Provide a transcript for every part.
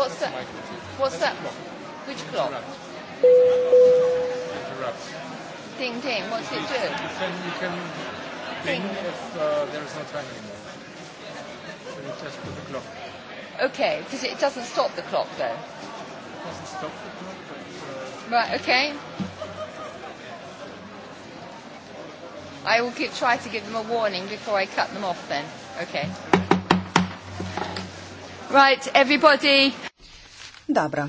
what's that? What's that? Which clock? Interrupts. Ding ding. What's it do? You can, you can ding if uh, there is no time anymore. So you just put the clock. Okay, because it doesn't stop the clock though. It doesn't stop the clock. But, uh, right. Okay. I will keep, try to give them a warning before I cut them off then. Okay. Right, everybody. Dobro.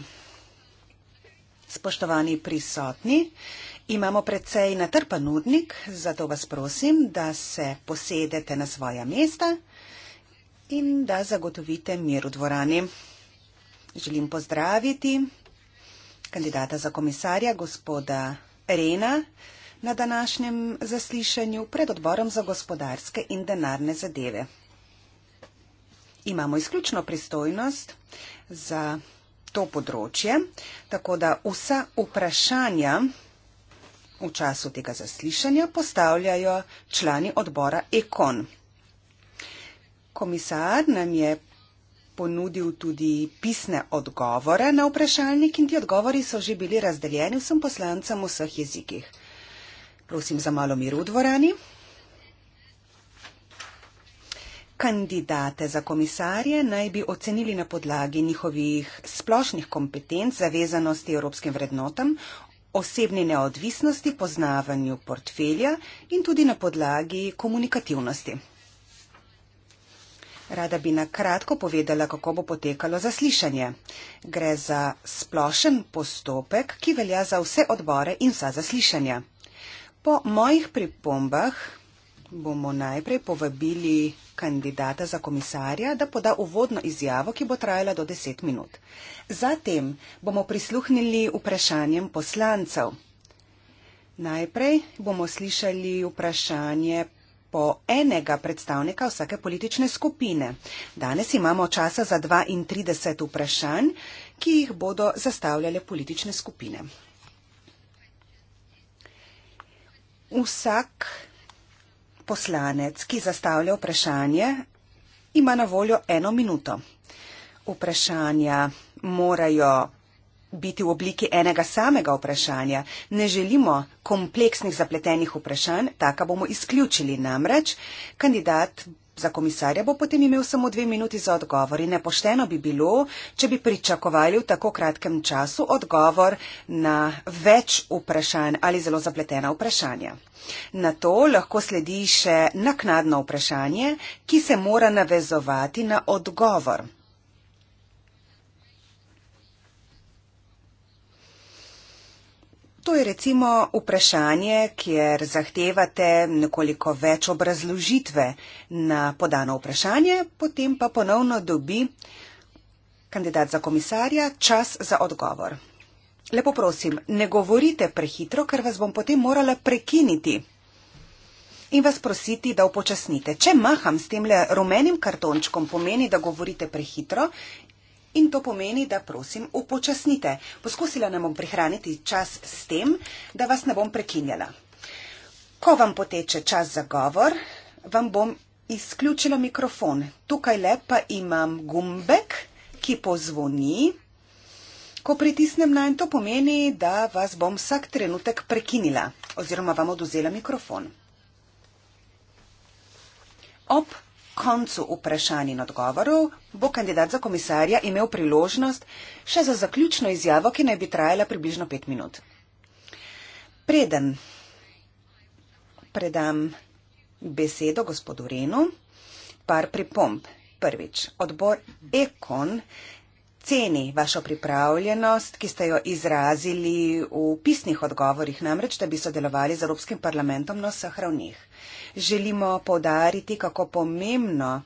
Spoštovani prisotni, imamo precej natrpan nudnik, zato vas prosim, da se posedete na svoja mesta in da zagotovite mir v dvorani. Želim pozdraviti kandidata za komisarja, gospoda Rena, na današnjem zaslišanju pred odborom za gospodarske in denarne zadeve. Imamo izključno pristojnost za to področje, tako da vsa vprašanja v času tega zaslišanja postavljajo člani odbora Ekon. Komisar nam je ponudil tudi pisne odgovore na vprašalnik in ti odgovori so že bili razdeljeni vsem poslancem v vseh jezikih. Prosim za malo miru v dvorani. Kandidate za komisarje naj bi ocenili na podlagi njihovih splošnih kompetenc, zavezanosti evropskim vrednotam, osebni neodvisnosti, poznavanju portfelja in tudi na podlagi komunikativnosti. Rada bi na kratko povedala, kako bo potekalo zaslišanje. Gre za splošen postopek, ki velja za vse odbore in vsa zaslišanja. Po mojih pripombah bomo najprej povabili kandidata za komisarja, da poda uvodno izjavo, ki bo trajala do 10 minut. Zatem bomo prisluhnili vprašanjem poslancev. Najprej bomo slišali vprašanje po enega predstavnika vsake politične skupine. Danes imamo časa za 32 vprašanj, ki jih bodo zastavljale politične skupine. Vsak poslanec, ki zastavlja vprašanje, ima na voljo eno minuto. Vprašanja morajo biti v obliki enega samega vprašanja. Ne želimo kompleksnih zapletenih vprašanj, taka bomo izključili namreč. Kandidat Za komisarja bo potem imel samo dve minuti za odgovor in nepošteno bi bilo, če bi pričakovali v tako kratkem času odgovor na več vprašanj ali zelo zapletena vprašanja. Na to lahko sledi še naknadno vprašanje, ki se mora navezovati na odgovor. To je recimo vprašanje, kjer zahtevate nekoliko več obrazložitve na podano vprašanje, potem pa ponovno dobi kandidat za komisarja čas za odgovor. Lepo prosim, ne govorite prehitro, ker vas bom potem morala prekiniti in vas prositi, da upočasnite. Če maham s tem le rumenim kartončkom, pomeni, da govorite prehitro In to pomeni, da prosim upočasnite. Poskusila ne bom prihraniti čas s tem, da vas ne bom prekinjala. Ko vam poteče čas za govor, vam bom izključila mikrofon. Tukaj lepa imam gumbek, ki pozvoni. Ko pritisnem na en, to pomeni, da vas bom vsak trenutek prekinila oziroma vam oduzela mikrofon. Ob koncu vprašanj in odgovorov bo kandidat za komisarja imel priložnost še za zaključno izjavo, ki naj bi trajala približno pet minut. Preden predam besedo gospodu Renu, par pripomb. Prvič, odbor Ekon ceni vašo pripravljenost, ki ste jo izrazili v pisnih odgovorih, namreč, da bi sodelovali z Evropskim parlamentom na vseh ravnih želimo povdariti, kako pomembno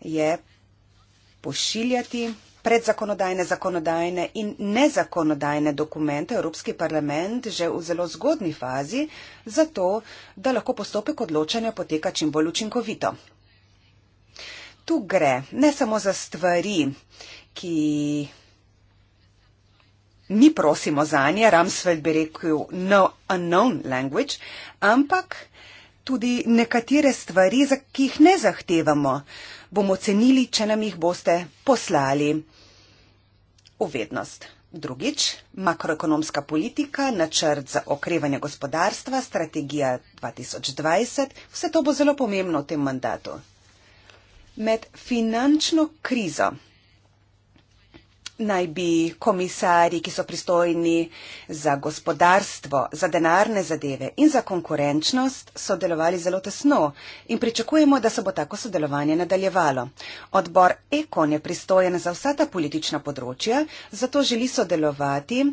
je pošiljati predzakonodajne, zakonodajne in nezakonodajne dokumente Evropski parlament že v zelo zgodni fazi, zato da lahko postopek odločanja poteka čim bolj učinkovito. Tu gre ne samo za stvari, ki mi prosimo za nje, Ramsfeld bi rekel no unknown language, ampak tudi nekatere stvari, za ki jih ne zahtevamo, bomo cenili, če nam jih boste poslali. Uvednost. Drugič, makroekonomska politika, načrt za okrevanje gospodarstva, strategija 2020, vse to bo zelo pomembno v tem mandatu. Med finančno krizo naj bi komisari, ki so pristojni za gospodarstvo, za denarne zadeve in za konkurenčnost, sodelovali zelo tesno in pričakujemo, da se bo tako sodelovanje nadaljevalo. Odbor Ekon je pristojen za vsa ta politična področja, zato želi sodelovati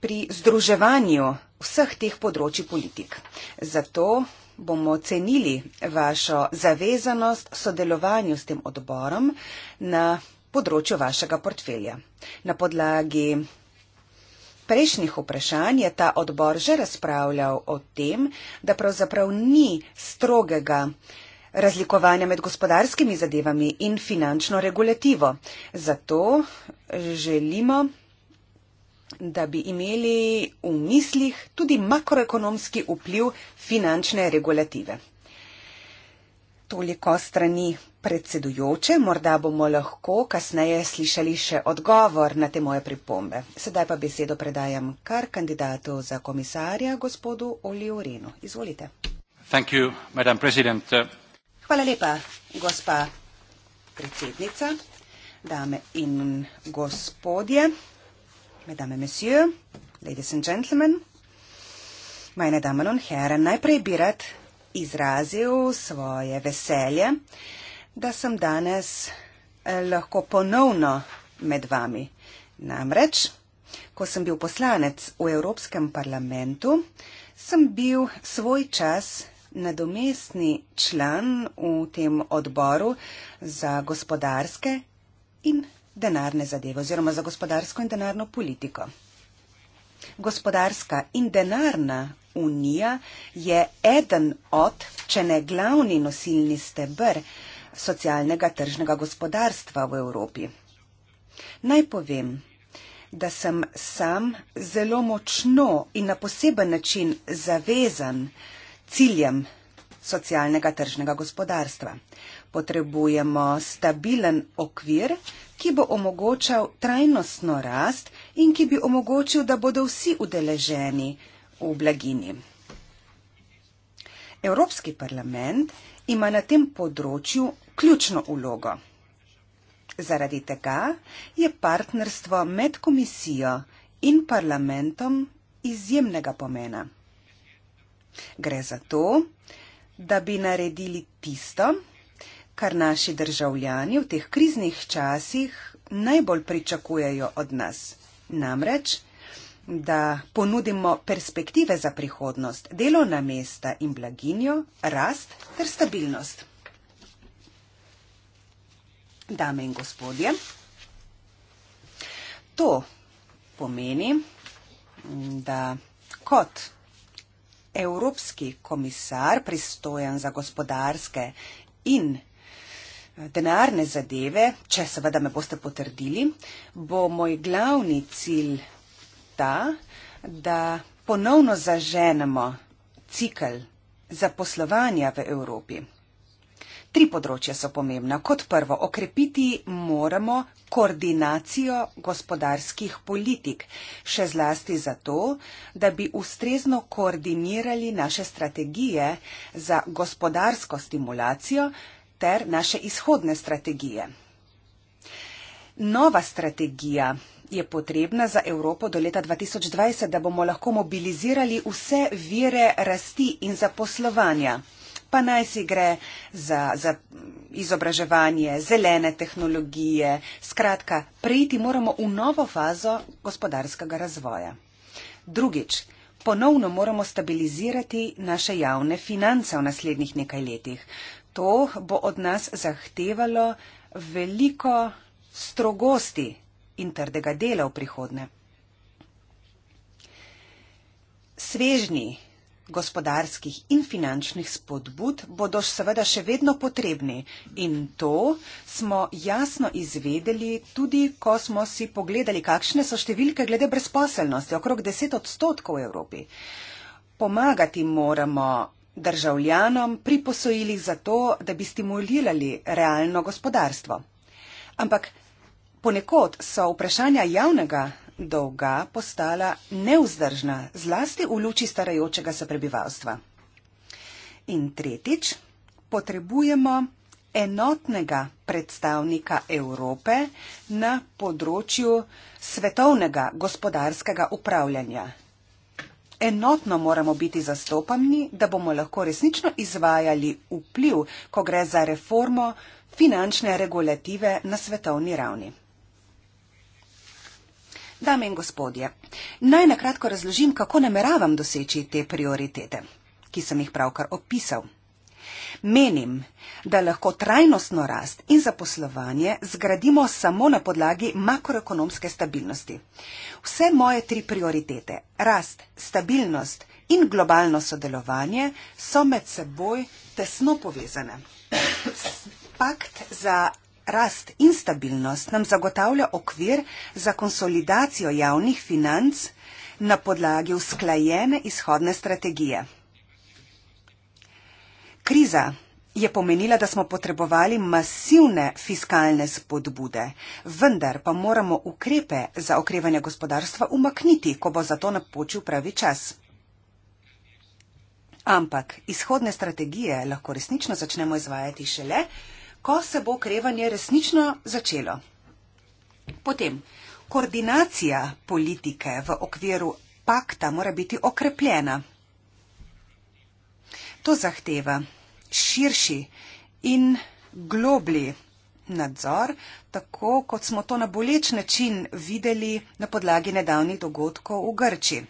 pri združevanju vseh teh področji politik. Zato bomo cenili vašo zavezanost sodelovanju s tem odborom na področju vašega portfelja. Na podlagi prejšnjih vprašanj je ta odbor že razpravljal o tem, da pravzaprav ni strogega razlikovanja med gospodarskimi zadevami in finančno regulativo. Zato želimo, da bi imeli v mislih tudi makroekonomski vpliv finančne regulative. Toliko strani predsedujoče, morda bomo lahko kasneje slišali še odgovor na te moje pripombe. Sedaj pa besedo predajam kar kandidatu za komisarja, gospodu Oliju Renu. Izvolite. You, Hvala lepa, gospa predsednica, dame in gospodje, medame, monsieur, ladies and gentlemen, majne dame in herre, najprej bi rad izrazil svoje veselje, da sem danes eh, lahko ponovno med vami. Namreč, ko sem bil poslanec v Evropskem parlamentu, sem bil svoj čas nadomestni član v tem odboru za gospodarske in denarne zadeve oziroma za gospodarsko in denarno politiko. Gospodarska in denarna unija je eden od, če ne glavni nosilni stebr socialnega tržnega gospodarstva v Evropi. Naj povem, da sem sam zelo močno in na poseben način zavezan ciljem socialnega tržnega gospodarstva. Potrebujemo stabilen okvir, ki bo omogočal trajnostno rast in ki bi omogočil, da bodo vsi udeleženi v blagini. Evropski parlament ima na tem področju ključno ulogo. Zaradi tega je partnerstvo med komisijo in parlamentom izjemnega pomena. Gre za to, da bi naredili tisto, kar naši državljani v teh kriznih časih najbolj pričakujejo od nas, namreč da ponudimo perspektive za prihodnost, delovna mesta in blaginjo, rast ter stabilnost. Dame in gospodje, to pomeni, da kot evropski komisar pristojen za gospodarske in eh, denarne zadeve, če seveda me boste potrdili, bo moj glavni cilj ta, da ponovno zaženemo cikl zaposlovanja v Evropi. Tri področja so pomembna. Kot prvo, okrepiti moramo koordinacijo gospodarskih politik, še zlasti zato, da bi ustrezno koordinirali naše strategije za gospodarsko stimulacijo ter naše izhodne strategije. Nova strategija je potrebna za Evropo do leta 2020, da bomo lahko mobilizirali vse vire rasti in zaposlovanja. Pa naj si gre za, za izobraževanje, zelene tehnologije, skratka, prejti moramo v novo fazo gospodarskega razvoja. Drugič, ponovno moramo stabilizirati naše javne finance v naslednjih nekaj letih. To bo od nas zahtevalo veliko strogosti, in trdega dela v prihodne. Svežni gospodarskih in finančnih spodbud bodo seveda še vedno potrebni in to smo jasno izvedeli tudi, ko smo si pogledali, kakšne so številke glede brezposelnosti, okrog 10 odstotkov v Evropi. Pomagati moramo državljanom pri posojilih za to, da bi stimulirali realno gospodarstvo. Ampak Ponekod so vprašanja javnega dolga postala neuzdržna, zlasti v luči starajočega se prebivalstva. In tretjič, potrebujemo enotnega predstavnika Evrope na področju svetovnega gospodarskega upravljanja. Enotno moramo biti zastopani, da bomo lahko resnično izvajali vpliv, ko gre za reformo finančne regulative na svetovni ravni. Dame in gospodje, naj na kratko razložim, kako nameravam doseči te prioritete, ki sem jih pravkar opisal. Menim, da lahko trajnostno rast in zaposlovanje zgradimo samo na podlagi makroekonomske stabilnosti. Vse moje tri prioritete - rast, stabilnost in globalno sodelovanje - so med seboj tesno povezane. Pakt za rast in stabilnost nam zagotavlja okvir za konsolidacijo javnih financ na podlagi usklajene izhodne strategije. Kriza je pomenila, da smo potrebovali masivne fiskalne spodbude, vendar pa moramo ukrepe za okrevanje gospodarstva umakniti, ko bo za to napočil pravi čas. Ampak izhodne strategije lahko resnično začnemo izvajati šele, ko se bo krevanje resnično začelo. Potem, koordinacija politike v okviru pakta mora biti okrepljena. To zahteva širši in globli nadzor, tako kot smo to na boleč način videli na podlagi nedavnih dogodkov v Grčiji.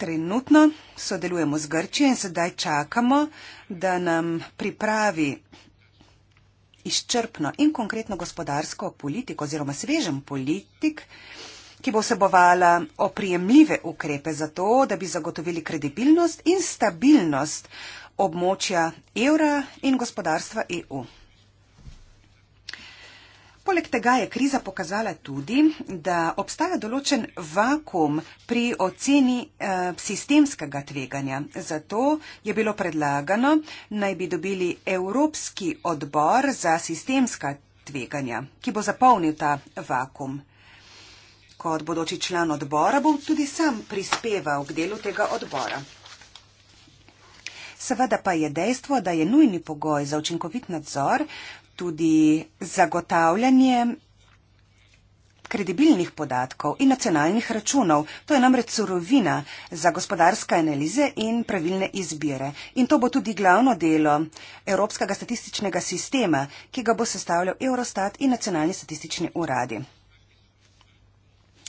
trenutno sodelujemo z Grčijo in sedaj čakamo, da nam pripravi izčrpno in konkretno gospodarsko politiko oziroma svežen politik, ki bo vsebovala oprijemljive ukrepe za to, da bi zagotovili kredibilnost in stabilnost območja evra in gospodarstva EU. Poleg tega je kriza pokazala tudi, da obstaja določen vakum pri oceni eh, sistemskega tveganja. Zato je bilo predlagano, naj bi dobili Evropski odbor za sistemska tveganja, ki bo zapolnil ta vakum. Kot bodoči član odbora bom tudi sam prispeval k delu tega odbora. Seveda pa je dejstvo, da je nujni pogoj za učinkovit nadzor tudi zagotavljanje kredibilnih podatkov in nacionalnih računov. To je namreč surovina za gospodarske analize in pravilne izbire. In to bo tudi glavno delo Evropskega statističnega sistema, ki ga bo sestavljal Eurostat in nacionalni statistični uradi.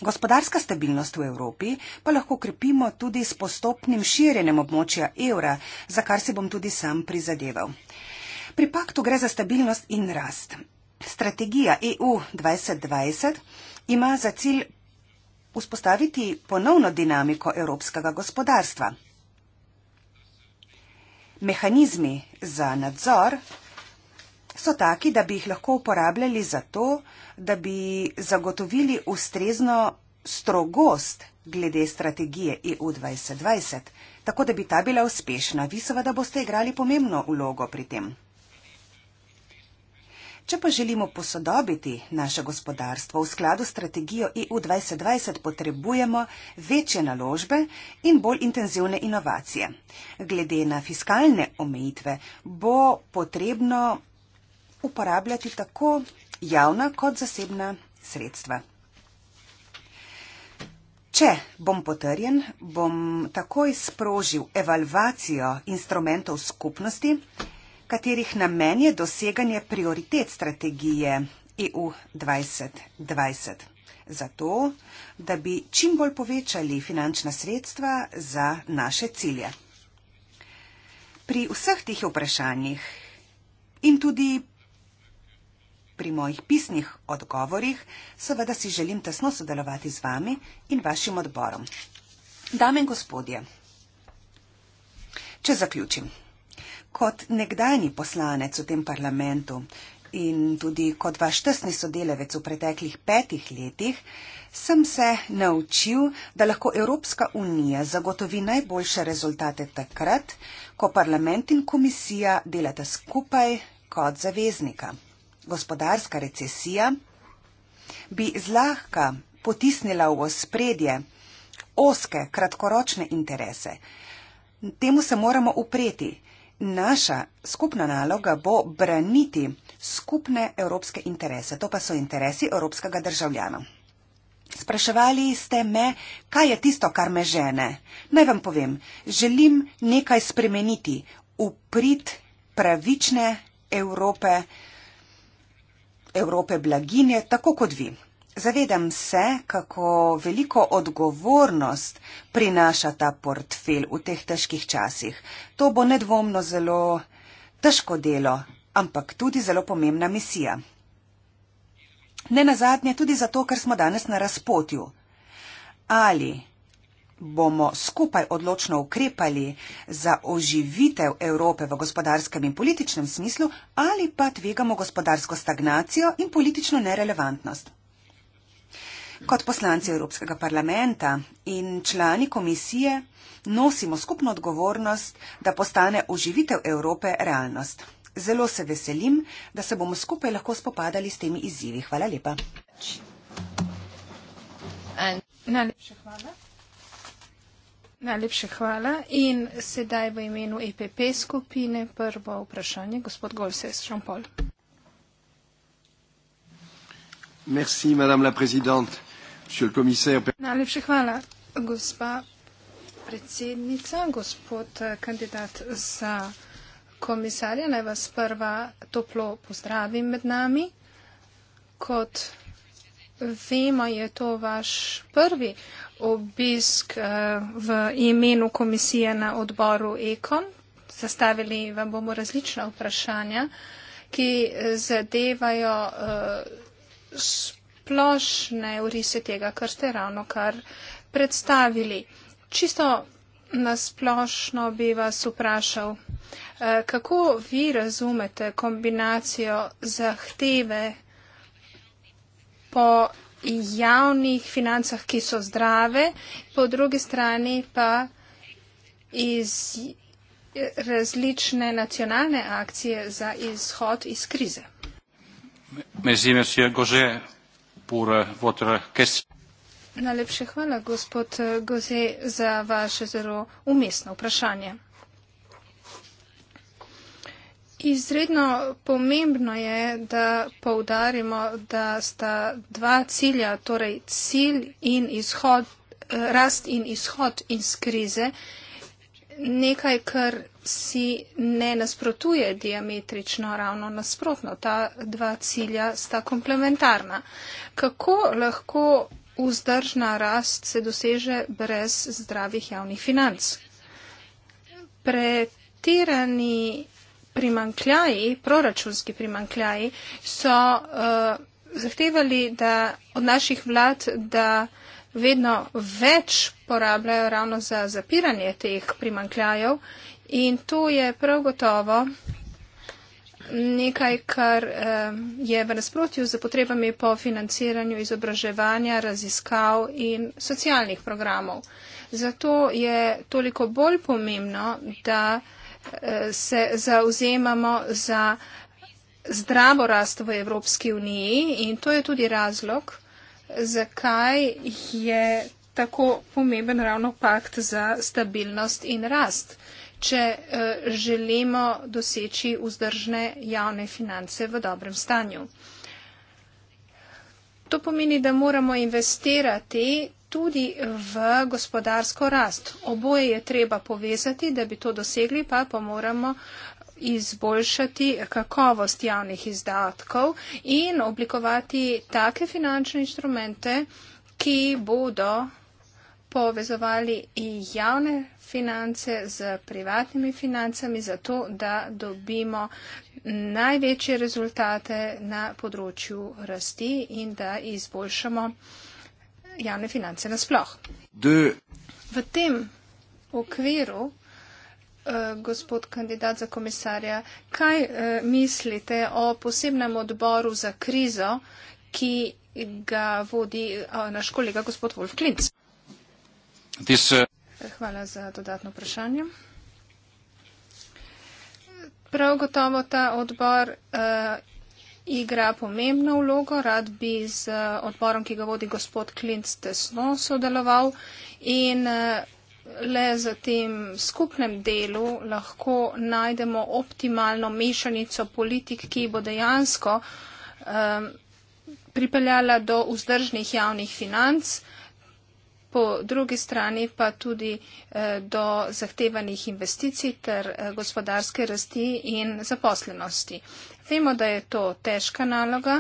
Gospodarska stabilnost v Evropi pa lahko krepimo tudi s postopnim širjenjem območja evra, za kar si bom tudi sam prizadeval. Pri paktu gre za stabilnost in rast. Strategija EU 2020 ima za cilj vzpostaviti ponovno dinamiko evropskega gospodarstva. Mehanizmi za nadzor so taki, da bi jih lahko uporabljali za to, da bi zagotovili ustrezno strogost glede strategije EU 2020, tako da bi ta bila uspešna. Vi seveda boste igrali pomembno vlogo pri tem. Če pa želimo posodobiti naše gospodarstvo v skladu s strategijo EU 2020, potrebujemo večje naložbe in bolj intenzivne inovacije. Glede na fiskalne omejitve bo potrebno uporabljati tako javna kot zasebna sredstva. Če bom potrjen, bom takoj sprožil evalvacijo instrumentov skupnosti, katerih namen je doseganje prioritet strategije EU 2020. Zato, da bi čim bolj povečali finančna sredstva za naše cilje. Pri vseh teh vprašanjih in tudi pri mojih pisnih odgovorih, seveda si želim tesno sodelovati z vami in vašim odborom. Dame in gospodje, če zaključim kot nekdani poslanec v tem parlamentu in tudi kot vaš tesni sodelavec v preteklih petih letih, sem se naučil, da lahko Evropska unija zagotovi najboljše rezultate takrat, ko parlament in komisija delata skupaj kot zaveznika. Gospodarska recesija bi zlahka potisnila v ospredje oske, kratkoročne interese. Temu se moramo upreti naša skupna naloga bo braniti skupne evropske interese. To pa so interesi evropskega državljana. Spraševali ste me, kaj je tisto, kar me žene. Naj vam povem, želim nekaj spremeniti v prid pravične Evrope, Evrope blaginje, tako kot vi. Zavedam se, kako veliko odgovornost prinaša ta portfelj v teh težkih časih. To bo nedvomno zelo težko delo, ampak tudi zelo pomembna misija. Ne na zadnje tudi zato, ker smo danes na razpotju. Ali bomo skupaj odločno ukrepali za oživitev Evrope v gospodarskem in političnem smislu, ali pa tvegamo gospodarsko stagnacijo in politično nerelevantnost. Kot poslanci Evropskega parlamenta in člani komisije nosimo skupno odgovornost, da postane oživitev Evrope realnost. Zelo se veselim, da se bomo skupaj lahko spopadali s temi izzivi. Hvala lepa. Najlepše hvala. Najlepše hvala. In sedaj v imenu EPP skupine prvo vprašanje, gospod Golses Šampol. Merci, madame la présidente. Najlepša hvala, gospa predsednica, gospod eh, kandidat za komisarja. Naj vas prva toplo pozdravim med nami. Kot vemo, je to vaš prvi obisk eh, v imenu komisije na odboru EKON. Zastavili vam bomo različna vprašanja, ki zadevajo eh, splošne urise tega, kar ste ravno kar predstavili. Čisto nasplošno bi vas vprašal, eh, kako vi razumete kombinacijo zahteve po javnih financah, ki so zdrave, po drugi strani pa iz različne nacionalne akcije za izhod iz krize. Merci, monsieur Gauger pour votre question. Najlepše hvala, gospod eh, Goze, za vaše zelo umestno vprašanje. Izredno pomembno je, da poudarimo, da sta dva cilja, torej cilj in izhod, eh, rast in izhod iz krize, nekaj, kar si ne nasprotuje diametrično ravno nasprotno. Ta dva cilja sta komplementarna. Kako lahko vzdržna rast se doseže brez zdravih javnih financ? Pretirani primankljaji, proračunski primankljaji, so uh, zahtevali da, od naših vlad, da vedno več porabljajo ravno za zapiranje teh primankljajev In to je prav gotovo nekaj, kar eh, je v nasprotju z potrebami po financiranju izobraževanja, raziskav in socialnih programov. Zato je toliko bolj pomembno, da eh, se zauzemamo za zdravo rast v Evropski uniji in to je tudi razlog, zakaj je tako pomemben ravno pakt za stabilnost in rast če eh, želimo doseči vzdržne javne finance v dobrem stanju. To pomeni, da moramo investirati tudi v gospodarsko rast. Oboje je treba povezati, da bi to dosegli, pa pa moramo izboljšati kakovost javnih izdatkov in oblikovati take finančne inštrumente, ki bodo povezovali javne finance z privatnimi financami, zato da dobimo največje rezultate na področju rasti in da izboljšamo javne finance nasploh. De. V tem okviru, eh, gospod kandidat za komisarja, kaj eh, mislite o posebnem odboru za krizo, ki ga vodi eh, naš kolega gospod Wolf Klinc? Uh, Hvala za dodatno vprašanje. Prav gotovo ta odbor uh, igra pomembno vlogo. Rad bi z uh, odborom, ki ga vodi gospod Klinc, tesno sodeloval in uh, le za tem skupnem delu lahko najdemo optimalno mešanico politik, ki bo dejansko uh, pripeljala do vzdržnih javnih financ. Uh, po drugi strani pa tudi eh, do zahtevanih investicij ter eh, gospodarske rasti in zaposlenosti. Vemo, da je to težka naloga.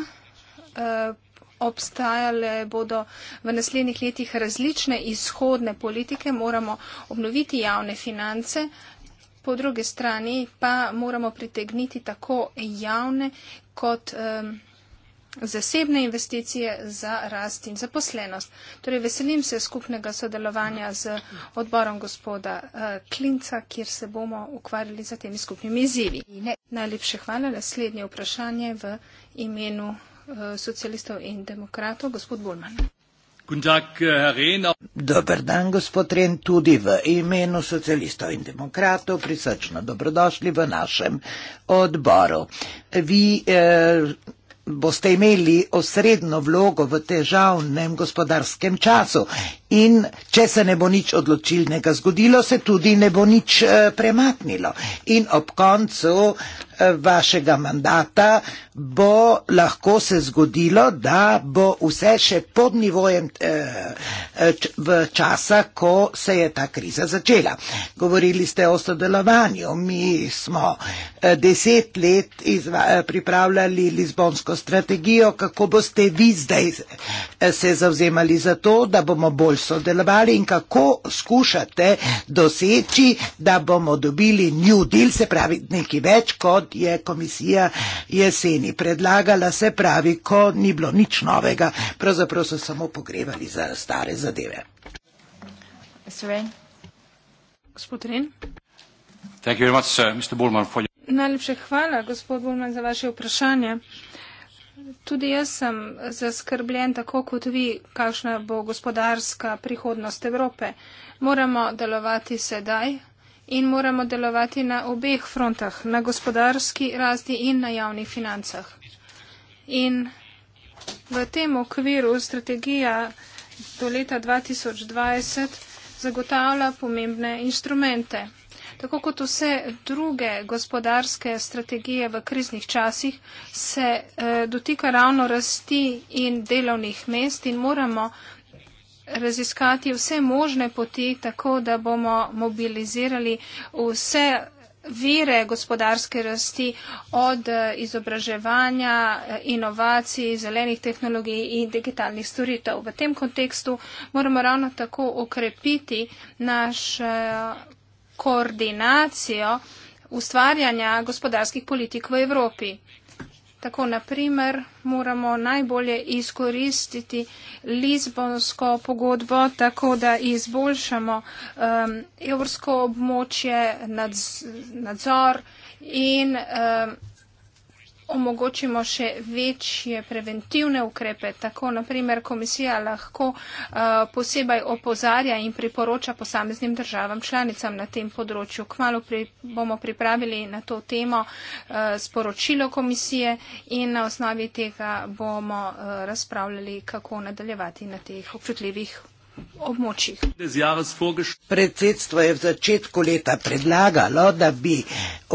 Eh, obstajale bodo v naslednjih letih različne izhodne politike, moramo obnoviti javne finance, po drugi strani pa moramo pritegniti tako javne kot. Um, zasebne investicije za rast in zaposlenost. Torej, veselim se skupnega sodelovanja z odborom gospoda eh, Klinca, kjer se bomo ukvarjali za temi skupnimi izzivi. Najlepše hvala. Naslednje vprašanje v imenu eh, socialistov in demokratov, gospod Bulman. Eh, Dobar dan, gospod Ren, tudi v imenu socialistov in demokratov prisrčno dobrodošli v našem odboru. Vi, eh, boste imeli osrednjo vlogo v težavnem gospodarskem času In če se ne bo nič odločilnega zgodilo, se tudi ne bo nič eh, premaknilo. In ob koncu eh, vašega mandata bo lahko se zgodilo, da bo vse še pod nivojem eh, v časa, ko se je ta kriza začela. Govorili ste o sodelovanju. Mi smo deset let pripravljali Lizbonsko strategijo, kako boste vi zdaj se zavzemali za to, da bomo bolj sodelovali in kako skušate doseči, da bomo dobili New Deal, se pravi nekaj več, kot je komisija jeseni predlagala, se pravi, ko ni bilo nič novega, pravzaprav so samo pogrevali za stare zadeve. Much, sir, Najlepše hvala, gospod Bulman, za vaše vprašanje tudi jaz sem zaskrbljen, tako kot vi, kakšna bo gospodarska prihodnost Evrope. Moramo delovati sedaj in moramo delovati na obeh frontah, na gospodarski razdi in na javnih financah. In v tem okviru strategija do leta 2020 zagotavlja pomembne instrumente. Tako kot vse druge gospodarske strategije v kriznih časih, se eh, dotika ravno rasti in delovnih mest in moramo raziskati vse možne poti, tako da bomo mobilizirali vse vire gospodarske rasti od eh, izobraževanja, eh, inovacij, zelenih tehnologij in digitalnih storitev. V tem kontekstu moramo ravno tako okrepiti naš koordinacijo ustvarjanja gospodarskih politik v Evropi. Tako, na primer, moramo najbolje izkoristiti Lizbonsko pogodbo, tako da izboljšamo um, evropsko območje, nadz, nadzor in um, omogočimo še večje preventivne ukrepe. Tako, naprimer, komisija lahko uh, posebej opozarja in priporoča posameznim državam članicam na tem področju. Kmalo pri, bomo pripravili na to temo uh, sporočilo komisije in na osnovi tega bomo uh, razpravljali, kako nadaljevati na teh občutljivih območjih. Predsedstvo je v začetku leta predlagalo, da bi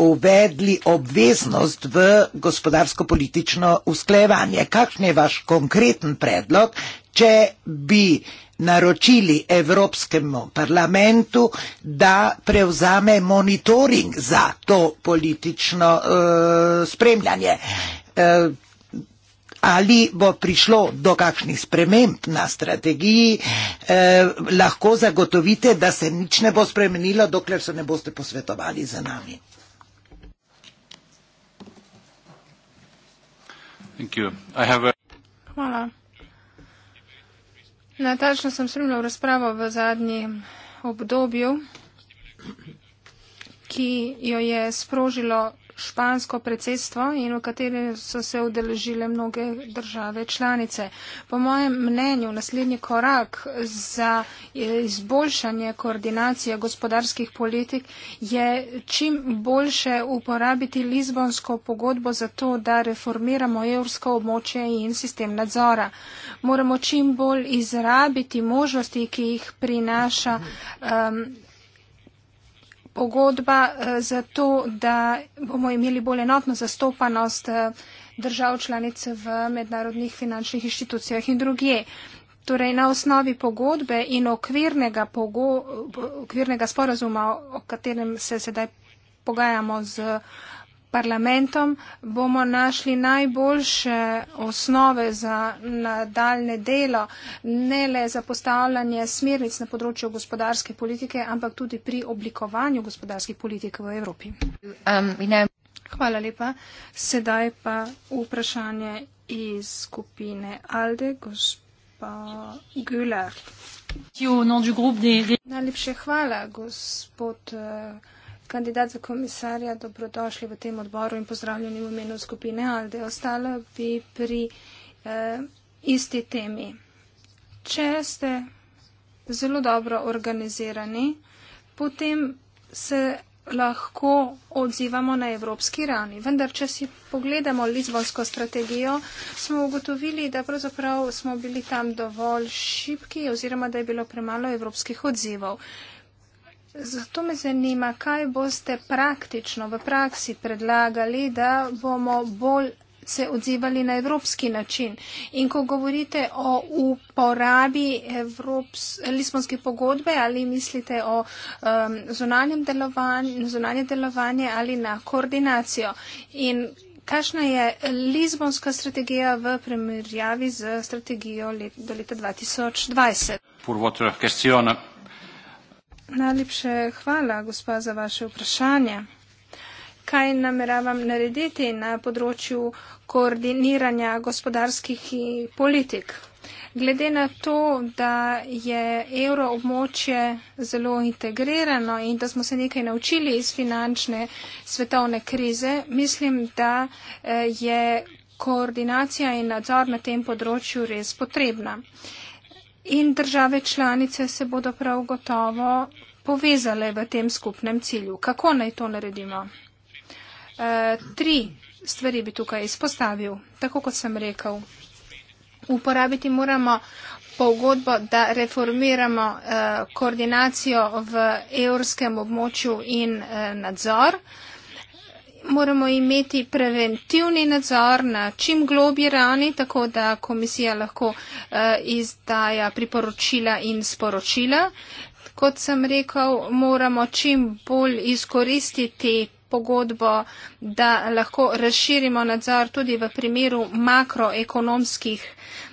uvedli obveznost v gospodarsko-politično usklejevanje. Kakšen je vaš konkreten predlog, če bi naročili Evropskemu parlamentu, da prevzame monitoring za to politično uh, spremljanje? Eh, ali bo prišlo do kakšnih sprememb na strategiji, eh, lahko zagotovite, da se nič ne bo spremenilo, dokler se ne boste posvetovali z nami. Hvala. Natačno sem spremljal razpravo v zadnjem obdobju, ki jo je sprožilo špansko predsedstvo in v kateri so se udeležile mnoge države članice. Po mojem mnenju, naslednji korak za izboljšanje koordinacije gospodarskih politik je čim boljše uporabiti Lizbonsko pogodbo za to, da reformiramo evropsko območje in sistem nadzora. Moramo čim bolj izrabiti možnosti, ki jih prinaša um, pogodba eh, za to, da bomo imeli bolj enotno zastopanost eh, držav članic v mednarodnih finančnih inštitucijah in drugje. Torej, na osnovi pogodbe in okvirnega, pogo, okvirnega sporazuma, o katerem se sedaj pogajamo z parlamentom bomo našli najboljše osnove za nadaljne delo, ne le za postavljanje smernic na področju gospodarske politike, ampak tudi pri oblikovanju gospodarskih politik v Evropi. Um, hvala lepa. Sedaj pa vprašanje iz skupine Alde, gospa Güler. Najlepše hvala, gospod. Uh, kandidat za komisarja, dobrodošli v tem odboru in pozdravljeni v imenu skupine Alde. Ostala bi pri eh, isti temi. Če ste zelo dobro organizirani, potem se lahko odzivamo na evropski ravni. Vendar, če si pogledamo Lizbonsko strategijo, smo ugotovili, da pravzaprav smo bili tam dovolj šipki oziroma da je bilo premalo evropskih odzivov. Zato me zanima, kaj boste praktično v praksi predlagali, da bomo bolj se odzivali na evropski način. In ko govorite o uporabi Evrops Lisbonske pogodbe, ali mislite o um, zunanjem delovanju, zunanje delovanje ali na koordinacijo. In kakšna je Lisbonska strategija v primerjavi z strategijo let, do leta 2020? Najlepše hvala, gospa, za vaše vprašanje. Kaj nameravam narediti na področju koordiniranja gospodarskih politik? Glede na to, da je evroobmočje zelo integrirano in da smo se nekaj naučili iz finančne svetovne krize, mislim, da eh, je koordinacija in nadzor na tem področju res potrebna. Uh, in države članice se bodo prav gotovo povezale v tem skupnem cilju. Kako naj to naredimo? E, tri stvari bi tukaj izpostavil, tako kot sem rekel. Uporabiti moramo pogodbo, da reformiramo e, koordinacijo v evropskem območju in e, nadzor. E, moramo imeti preventivni nadzor na čim globji ravni, tako da komisija lahko uh, izdaja priporočila in sporočila. Kot sem rekel, moramo čim bolj izkoristiti pogodbo, da lahko razširimo nadzor tudi v primeru makroekonomskih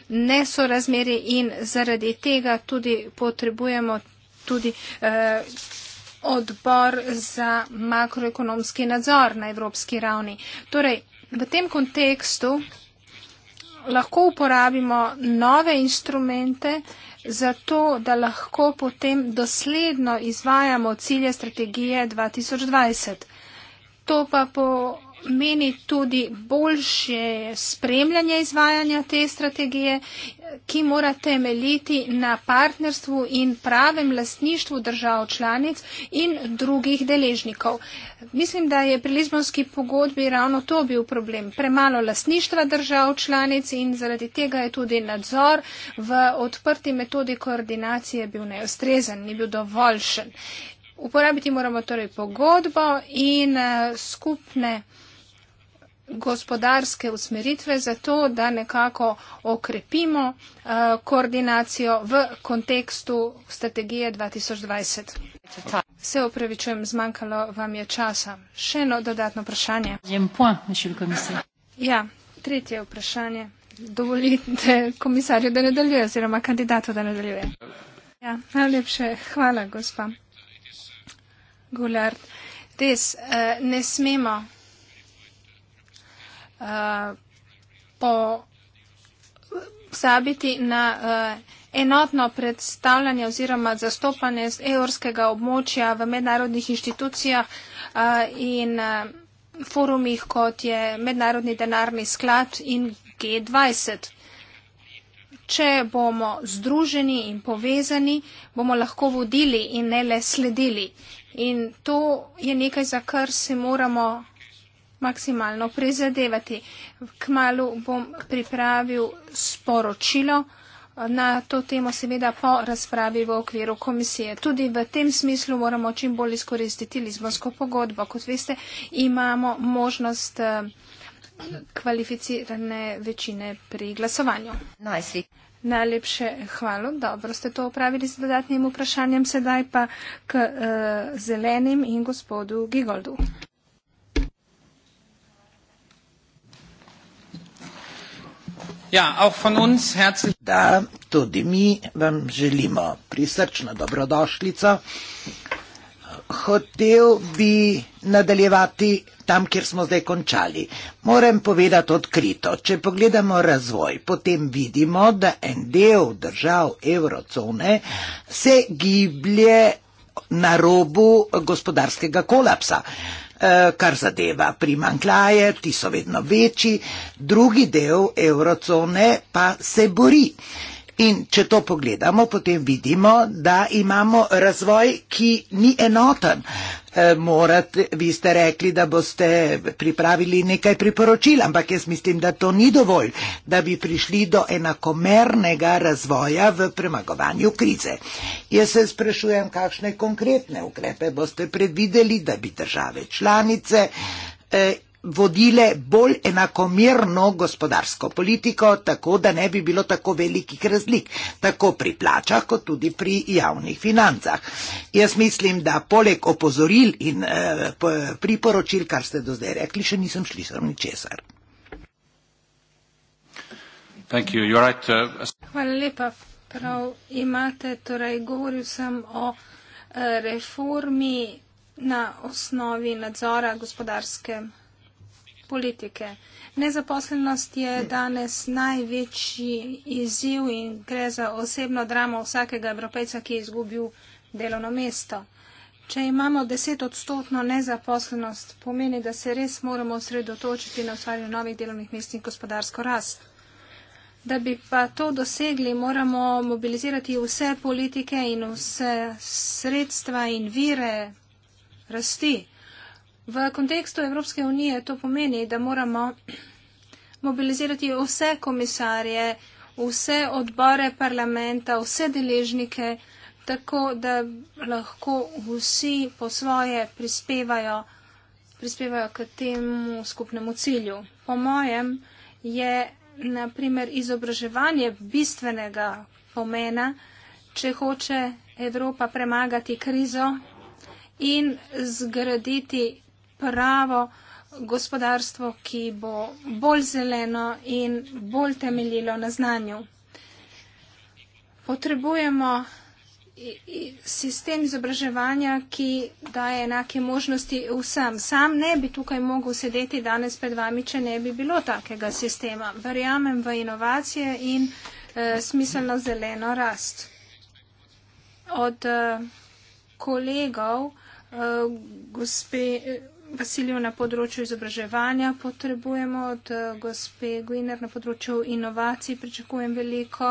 nesorazmeri in zaradi tega tudi potrebujemo tudi uh, odbor za makroekonomski nadzor na evropski ravni. Torej, v tem kontekstu lahko uporabimo nove instrumente za to, da lahko potem dosledno izvajamo cilje strategije 2020. To pa pomeni tudi boljše spremljanje izvajanja te strategije, ki mora temeljiti na partnerstvu in pravem lastništvu držav članic in drugih deležnikov. Mislim, da je pri Lizbonski pogodbi ravno to bil problem. Premalo lastništva držav članic in zaradi tega je tudi nadzor v odprti metodi koordinacije bil neustrezen, ni bil dovoljšen. Uporabiti moramo torej pogodbo in eh, skupne gospodarske usmeritve za to, da nekako okrepimo eh, koordinacijo v kontekstu strategije 2020. Se upravičujem, zmanjkalo vam je časa. Še eno dodatno vprašanje. Ja, tretje vprašanje. Dovolite komisarju, da nadaljuje, oziroma kandidatu, da nadaljuje. Ja, najlepše hvala, gospa Gulard. Res, eh, ne smemo po zabiti na uh, enotno predstavljanje oziroma zastopanje z evropskega območja v mednarodnih inštitucijah uh, in uh, forumih, kot je Mednarodni denarni sklad in G20. Če bomo združeni in povezani, bomo lahko vodili in ne le sledili. In to je nekaj, za kar se moramo maksimalno prizadevati. Kmalu bom pripravil sporočilo eh, na to temo, seveda po razpravi v okviru komisije. Tudi v tem smislu moramo čim bolj izkoristiti Lizbonsko pogodbo. Kot veste, imamo možnost eh, kvalificirane večine pri glasovanju. Najsi. Najlepše hvala, dobro ste to opravili z dodatnim vprašanjem, sedaj pa k uh, zelenim in gospodu Gigoldu. Ja, auch von uns herzlich. Da, tudi mi vam želimo prisrčno dobrodošlico. Hotel bi nadaljevati tam, kjer smo zdaj končali. Moram povedati odkrito, če pogledamo razvoj, potem vidimo, da en del držav eurocone se giblje na robu gospodarskega kolapsa. Eh, kar zadeva primankljaje, ti so vedno večji, drugi del eurozone pa se bori. In če to pogledamo, potem vidimo, da imamo razvoj, ki ni enoten. Eh, morate, vi ste rekli, da boste pripravili nekaj priporočil, ampak jaz mislim, da to ni dovolj, da bi prišli do enakomernega razvoja v premagovanju krize. Jaz se sprašujem, kakšne konkretne ukrepe boste predvideli, da bi države članice eh, vodile bolj enakomerno gospodarsko politiko, tako da ne bi bilo tako velikih razlik, tako pri plačah, kot tudi pri javnih financah. Jaz mislim, da poleg opozoril in eh, priporočil, kar ste do zdaj rekli, še nisem šli sem ničesar. Right, uh, Hvala lepa. Prav imate, torej govoril sem o eh, reformi na osnovi nadzora gospodarske politike. Nezaposlenost je danes največji izziv in gre za osebno dramo vsakega evropejca, ki je izgubil delovno mesto. Če imamo deset odstotno nezaposlenost, pomeni, da se res moramo osredotočiti na ustvarjanje novih delovnih mest in gospodarsko rast. Da bi pa to dosegli, moramo mobilizirati vse politike in vse sredstva in vire rasti. V kontekstu Evropske unije to pomeni, da moramo mobilizirati vse komisarje, vse odbore parlamenta, vse deležnike, tako da lahko vsi po svoje prispevajo, prispevajo k temu skupnemu cilju. Po mojem je naprimer izobraževanje bistvenega pomena, če hoče Evropa premagati krizo in zgraditi pravo gospodarstvo, ki bo bolj zeleno in bolj temeljilo na znanju. Potrebujemo sistem izobraževanja, ki daje enake možnosti vsem. Sam ne bi tukaj mogel sedeti danes pred vami, če ne bi bilo takega sistema. Verjamem v inovacije in eh, smiselno zeleno rast. Od eh, kolegov, eh, gospe. Eh, Vasiljev na področju izobraževanja potrebujemo, od eh, gospe Gwiner na področju inovacij pričakujem veliko,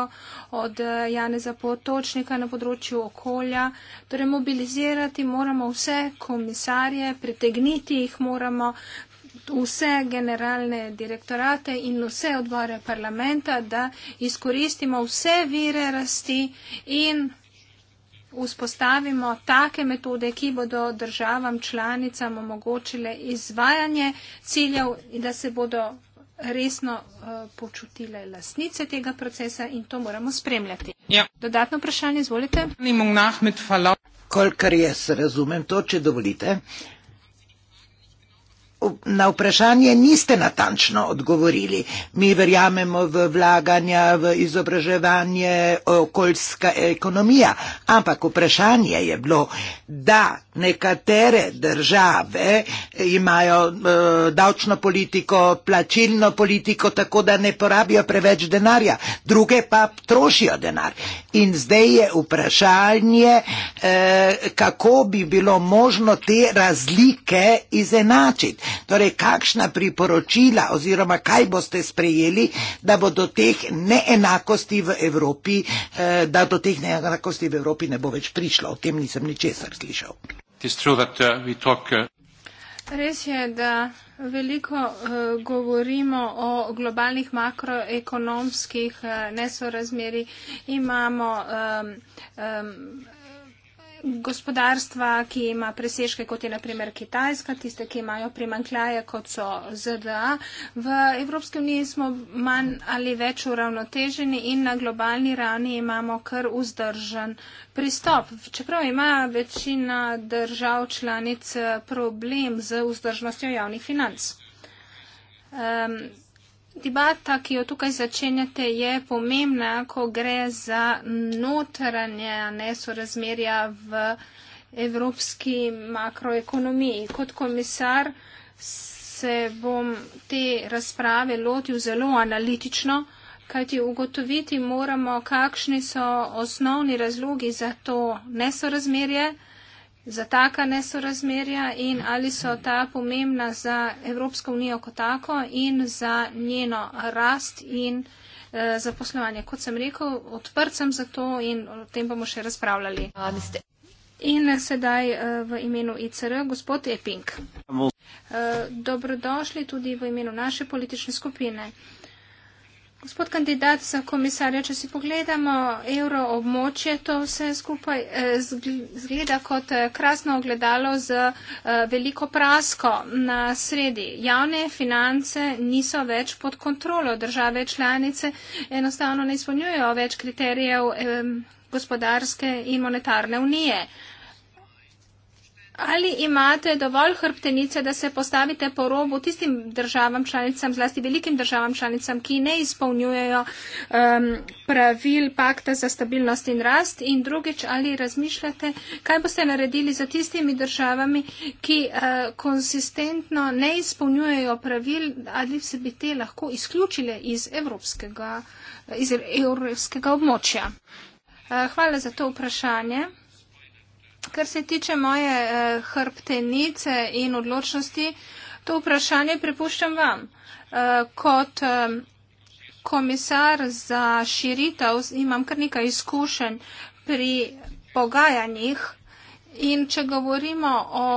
od eh, Janeza Potočnika na področju okolja. Torej mobilizirati moramo vse komisarje, pritegniti jih moramo vse generalne direktorate in vse odbore parlamenta, da izkoristimo vse vire rasti in vzpostavimo take metode, ki bodo državam članicam omogočile izvajanje ciljev in da se bodo resno uh, počutile lasnice tega procesa in to moramo spremljati. Ja. Dodatno vprašanje, izvolite. Kolikor jaz razumem to, če dovolite, uh, na vprašanje niste natančno odgovorili. Mi verjamemo v vlaganja, v izobraževanje, okoljska ekonomija, ampak vprašanje je bilo, da nekatere države imajo uh, davčno politiko, plačilno politiko, tako da ne porabijo preveč denarja, druge pa trošijo denar. In zdaj je vprašanje, uh, kako bi bilo možno te razlike izenačiti. Torej, kakšna priporočila oziroma kaj boste sprejeli, da bo do teh neenakosti v Evropi, eh, da do teh neenakosti v Evropi ne bo več prišlo. O tem nisem ničesar slišal. Uh, uh, Res je, da veliko uh, govorimo o globalnih makroekonomskih uh, eh, nesorazmeri. Imamo um, um, gospodarstva, ki ima presežke, kot je naprimer Kitajska, tiste, ki imajo primankljaje, kot so ZDA. V Evropski uniji smo manj ali več uravnoteženi in na globalni ravni imamo kar vzdržen pristop. Čeprav ima večina držav članic problem z vzdržnostjo javnih financ. Um, Debata, ki jo tukaj začenjate, je pomembna, ko gre za notranje nesorazmerja v evropski makroekonomiji. Kot komisar se bom te razprave lotil zelo analitično, kajti ugotoviti moramo, kakšni so osnovni razlogi za to nesorazmerje za taka nesorazmerja in ali so ta pomembna za Evropsko unijo kot tako in za njeno rast in eh, zaposlovanje. Kot sem rekel, odprt sem za to in o tem bomo še razpravljali. In sedaj eh, v imenu ICR, gospod Eping. Eh, dobrodošli tudi v imenu naše politične skupine. Gospod kandidat za komisarja, če si pogledamo evro območje, to vse skupaj eh, zgleda kot eh, krasno ogledalo z eh, veliko prasko na sredi. Javne finance niso več pod kontrolo države članice, enostavno ne izpolnjujejo več kriterijev gospodarske in monetarne unije. Ali imate dovolj hrbtenice, da se postavite po robu tistim državam članicam, zlasti velikim državam članicam, ki ne izpolnjujejo um, pravil pakta za stabilnost in rast? In drugič, ali razmišljate, kaj boste naredili za tistimi državami, ki uh, konsistentno ne izpolnjujejo pravil, ali se bi te lahko izključile iz evropskega, iz evropskega območja? Uh, hvala za to vprašanje kar se tiče moje uh, hrbtenice in odločnosti, to vprašanje prepuščam vam. Uh, kot um, komisar za širitev imam kar nekaj izkušenj pri pogajanjih in če govorimo o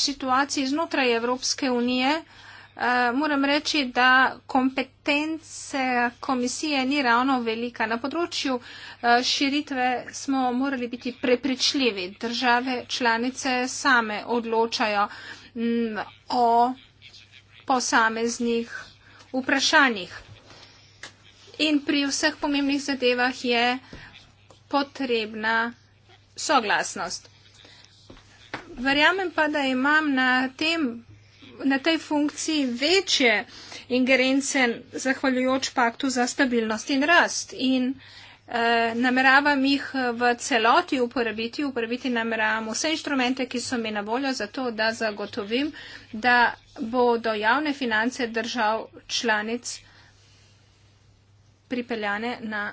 situaciji znotraj Evropske unije, uh, Eh, moram reči, da kompetence komisije ni ravno velika. Na področju eh, širitve smo morali biti prepričljivi. Države članice same odločajo mm, o posameznih vprašanjih. In pri vseh pomembnih zadevah je potrebna soglasnost. Verjamem pa, da imam na tem na tej funkciji večje ingerence, zahvaljujoč paktu za stabilnost in rast. In eh, nameravam jih eh, v celoti uporabiti, uporabiti nameravam vse inštrumente, ki so mi na voljo, zato da zagotovim, da bodo javne finance držav članic pripeljane na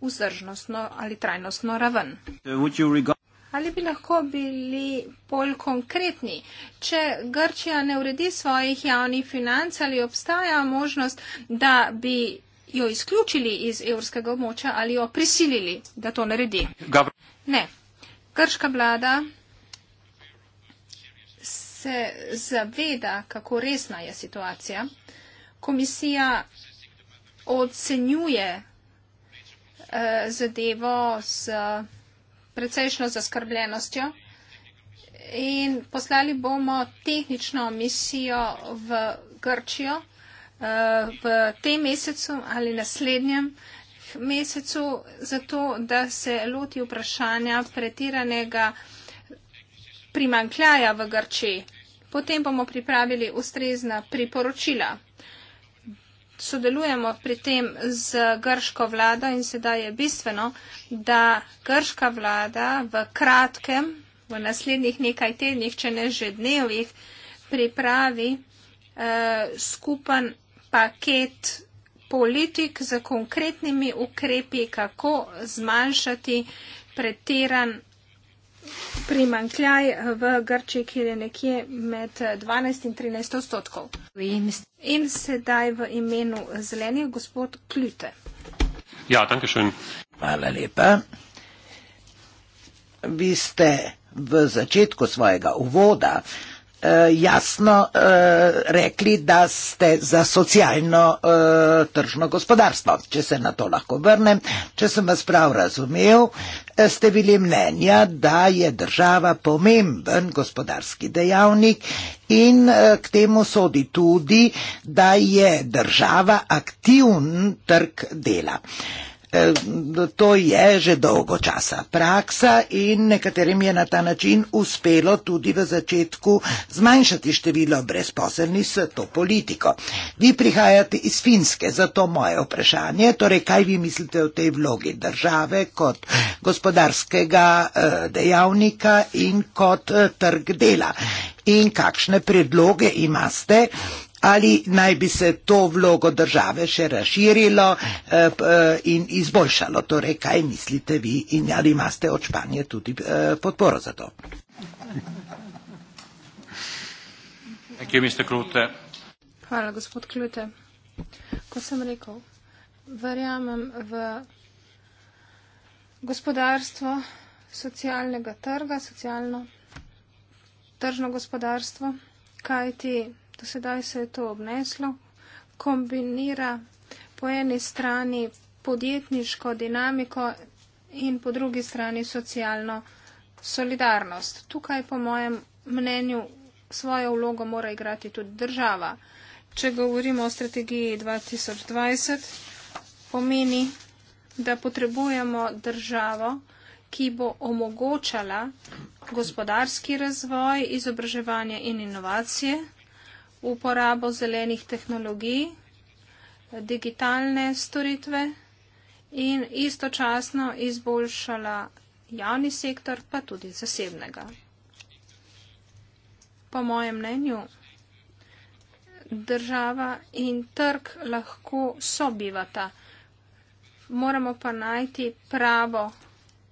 vzdržnostno ali trajnostno raven. Uh, Ali bi lahko bili bolj konkretni? Če Grčija ne uredi svojih javnih financ, ali obstaja možnost, da bi jo izključili iz evropskega območja ali jo prisilili, da to naredi? Gabr ne. Grška vlada se zaveda, kako resna je situacija. Komisija ocenjuje uh, zadevo z. Uh, precejšno zaskrbljenostjo in poslali bomo tehnično misijo v Grčijo eh, v tem mesecu ali naslednjem mesecu, zato da se loti vprašanja pretiranega primankljaja v Grčiji. Potem bomo pripravili ustrezna priporočila. Uh, sodelujemo pri tem z grško vlado in sedaj je bistveno, da grška vlada v kratkem, v naslednjih nekaj tednih, če ne že dnevih, pripravi eh, skupen paket politik z konkretnimi ukrepi, kako zmanjšati pretiran primankljaj v Grčiji, kjer je nekje med 12 in 13 odstotkov. In sedaj v imenu zelenih gospod Klute. Ja, tanke še. Hvala lepa. Vi ste v začetku svojega uvoda eh, jasno eh, rekli, da ste za socialno eh, tržno gospodarstvo. Če se na to lahko vrnem, če sem vas prav razumel, eh, ste bili mnenja, da je država pomemben gospodarski dejavnik in eh, k temu sodi tudi, da je država aktivn trg dela. Eh, to je že dolgo časa praksa in nekaterim je na ta način uspelo tudi v začetku zmanjšati število brezposelnih s to politiko. Vi prihajate iz Finske, zato moje vprašanje, torej kaj vi mislite o tej vlogi države kot gospodarskega eh, dejavnika in kot eh, trg dela in kakšne predloge imate ali naj bi se to vlogo države še razširilo eh, eh, in izboljšalo. Torej, kaj mislite vi in ali imate od Španije tudi eh, podporo za to? Thank you, Mr. Klute. Hvala, gospod Klute. Ko sem rekel, verjamem v gospodarstvo socialnega trga, socialno tržno gospodarstvo, kaj ti do sedaj se je to obneslo, kombinira po eni strani podjetniško dinamiko in po drugi strani socialno solidarnost. Tukaj, po mojem mnenju, svojo vlogo mora igrati tudi država. Če govorimo o strategiji 2020, pomeni, da potrebujemo državo, ki bo omogočala gospodarski razvoj, izobraževanje in inovacije uporabo zelenih tehnologij, digitalne storitve in istočasno izboljšala javni sektor, pa tudi zasebnega. Po mojem mnenju, država in trg lahko sobivata. Moramo pa najti pravo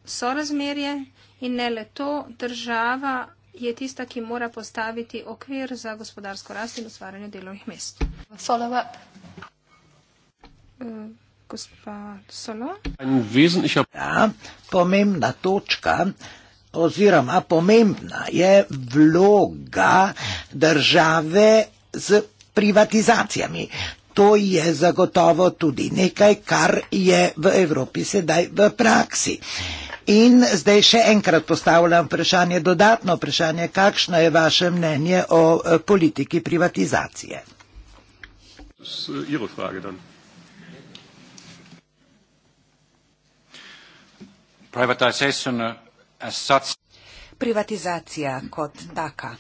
sorazmerje in ne le to, država je tista, ki mora postaviti okvir za gospodarsko rast in ustvarjanje delovnih mest. Follow-up. Eh, gospa Solo. Ja, pomembna točka oziroma pomembna je vloga države z privatizacijami. To je zagotovo tudi nekaj, kar je v Evropi sedaj v praksi. Uh, In zdaj še enkrat postavljam vprašanje, dodatno vprašanje, kakšno je vaše mnenje o e, politiki privatizacije? Uh, Privatizacija kot taka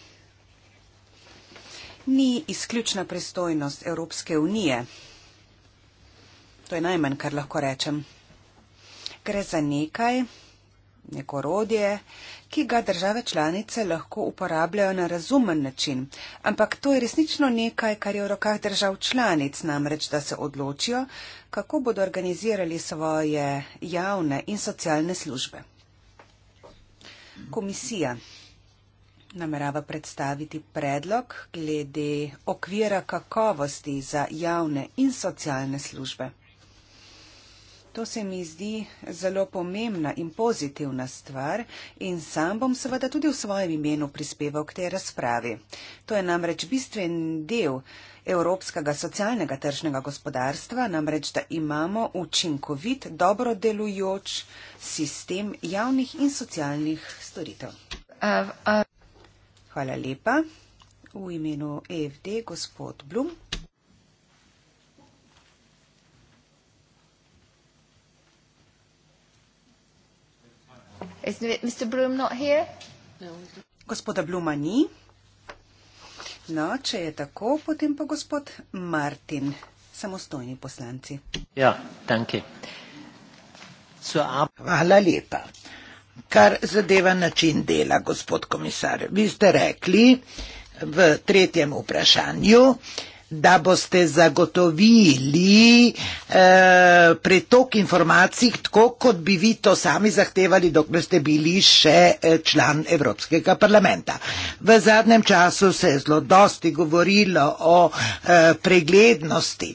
ni izključna pristojnost Evropske unije. To je najmanj, kar lahko rečem. Gre za nekaj, neko orodje, ki ga države članice lahko uporabljajo na razumen način. Ampak to je resnično nekaj, kar je v rokah držav članic, namreč da se odločijo, kako bodo organizirali svoje javne in socialne službe. Komisija namerava predstaviti predlog glede okvira kakovosti za javne in socialne službe. To se mi zdi zelo pomembna in pozitivna stvar in sam bom seveda tudi v svojem imenu prispeval k tej razpravi. To je namreč bistven del evropskega socialnega tržnega gospodarstva, namreč da imamo učinkovit, dobro delujoč sistem javnih in socialnih storitev. Uh, uh. Hvala lepa. V imenu EFD gospod Blum. Is Mr. Bloom not here? No, Gospoda Bluma ni. No, če je tako, potem pa gospod Martin, samostojni poslanci. Ja, danke. Um, Hvala lepa. Kar zadeva način dela, gospod komisar, vi ste rekli v tretjem vprašanju, da boste zagotovili eh, pretok informacij, tako kot bi vi to sami zahtevali, dokler ste bili še eh, član Evropskega parlamenta. V zadnjem času se je zelo dosti govorilo o eh, preglednosti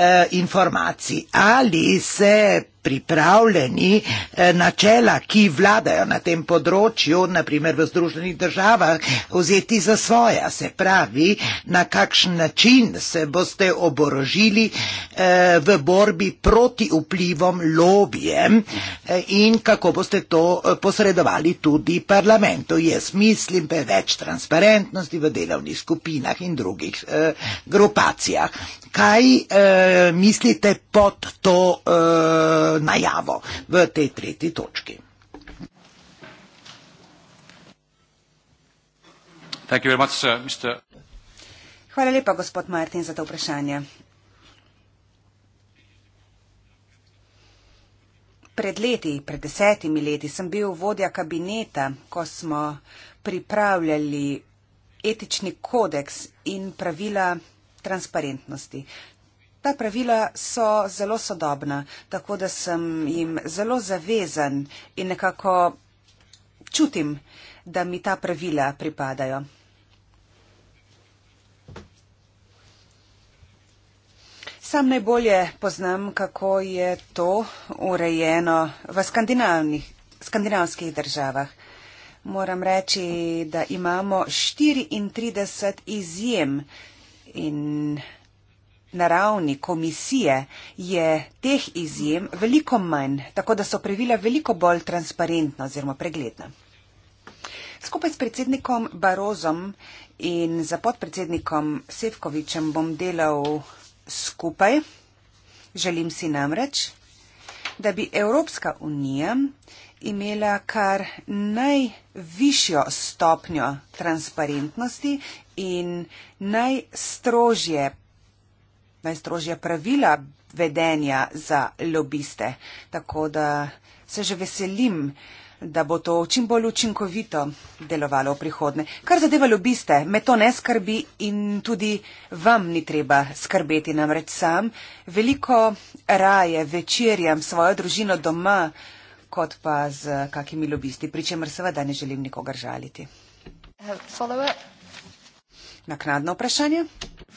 eh, informacij. Ali se pripravljeni eh, načela, ki vladajo na tem področju, naprimer v Združenih državah, vzeti za svoja. Se pravi, na kakšen način se boste oborožili eh, v borbi proti vplivom lobijem eh, in kako boste to posredovali tudi parlamentu. Jaz mislim, da je več transparentnosti v delovnih skupinah in drugih grupacijah. Kaj mislite pod to? najavo v tej tretji točki. Much, sir, Mr... Hvala lepa, gospod Martin, za to vprašanje. Pred leti, pred desetimi leti sem bil vodja kabineta, ko smo pripravljali etični kodeks in pravila transparentnosti. Ta pravila so zelo sodobna, tako da sem jim zelo zavezan in nekako čutim, da mi ta pravila pripadajo. Sam najbolje poznam, kako je to urejeno v skandinavskih državah. Moram reči, da imamo 34 izjem in na ravni komisije je teh izjem veliko manj, tako da so pravila veliko bolj transparentna oziroma pregledna. Skupaj s predsednikom Barozom in za podpredsednikom Sevkovičem bom delal skupaj. Želim si namreč, da bi Evropska unija imela kar najvišjo stopnjo transparentnosti in najstrožje najstrožja pravila vedenja za lobiste. Tako da se že veselim, da bo to čim bolj učinkovito delovalo v prihodne. Kar zadeva lobiste, me to ne skrbi in tudi vam ni treba skrbeti namreč sam. Veliko raje večerjam svojo družino doma, kot pa z kakimi lobisti, pri čemer seveda ne želim nikogar žaliti. Naknadno vprašanje.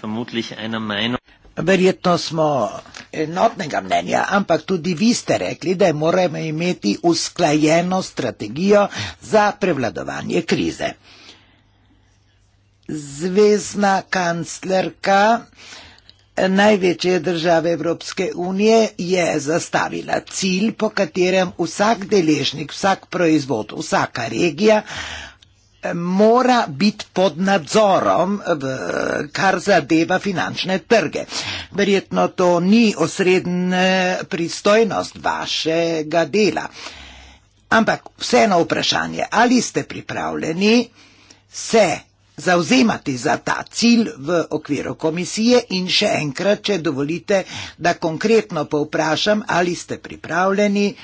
Vermutlich eine Meinung. Verjetno smo enotnega mnenja, ampak tudi vi ste rekli, da moramo imeti usklajeno strategijo za prevladovanje krize. Zvezna kanclerka največje države Evropske unije je zastavila cilj, po katerem vsak deležnik, vsak proizvod, vsaka regija mora biti pod nadzorom, eh, kar zadeva finančne trge. Verjetno to ni osrednja pristojnost vašega dela. Ampak vseeno vprašanje, ali ste pripravljeni se zauzemati za ta cilj v okviru komisije in še enkrat, če dovolite, da konkretno povprašam, ali ste pripravljeni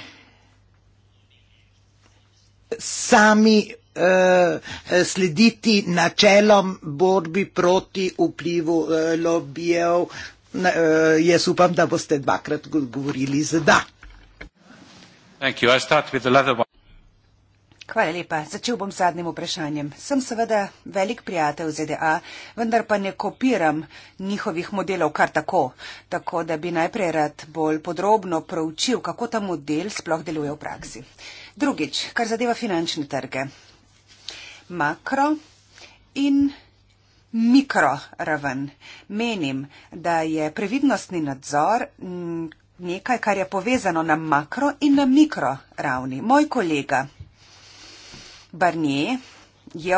sami Eh, slediti načelom borbi proti vplivu uh, lobijev. Uh, jaz upam, da boste dvakrat govorili z da. Hvala lepa. Začel bom z zadnjim vprašanjem. Sem seveda velik prijatelj ZDA, vendar pa ne kopiram njihovih modelov kar tako. Tako da bi najprej rad bolj podrobno proučil, kako ta model sploh deluje v praksi. Drugič, kar zadeva finančne trge makro in mikro raven. Menim, da je previdnostni nadzor mm, nekaj, kar je povezano na makro in na mikro ravni. Moj kolega Barnier je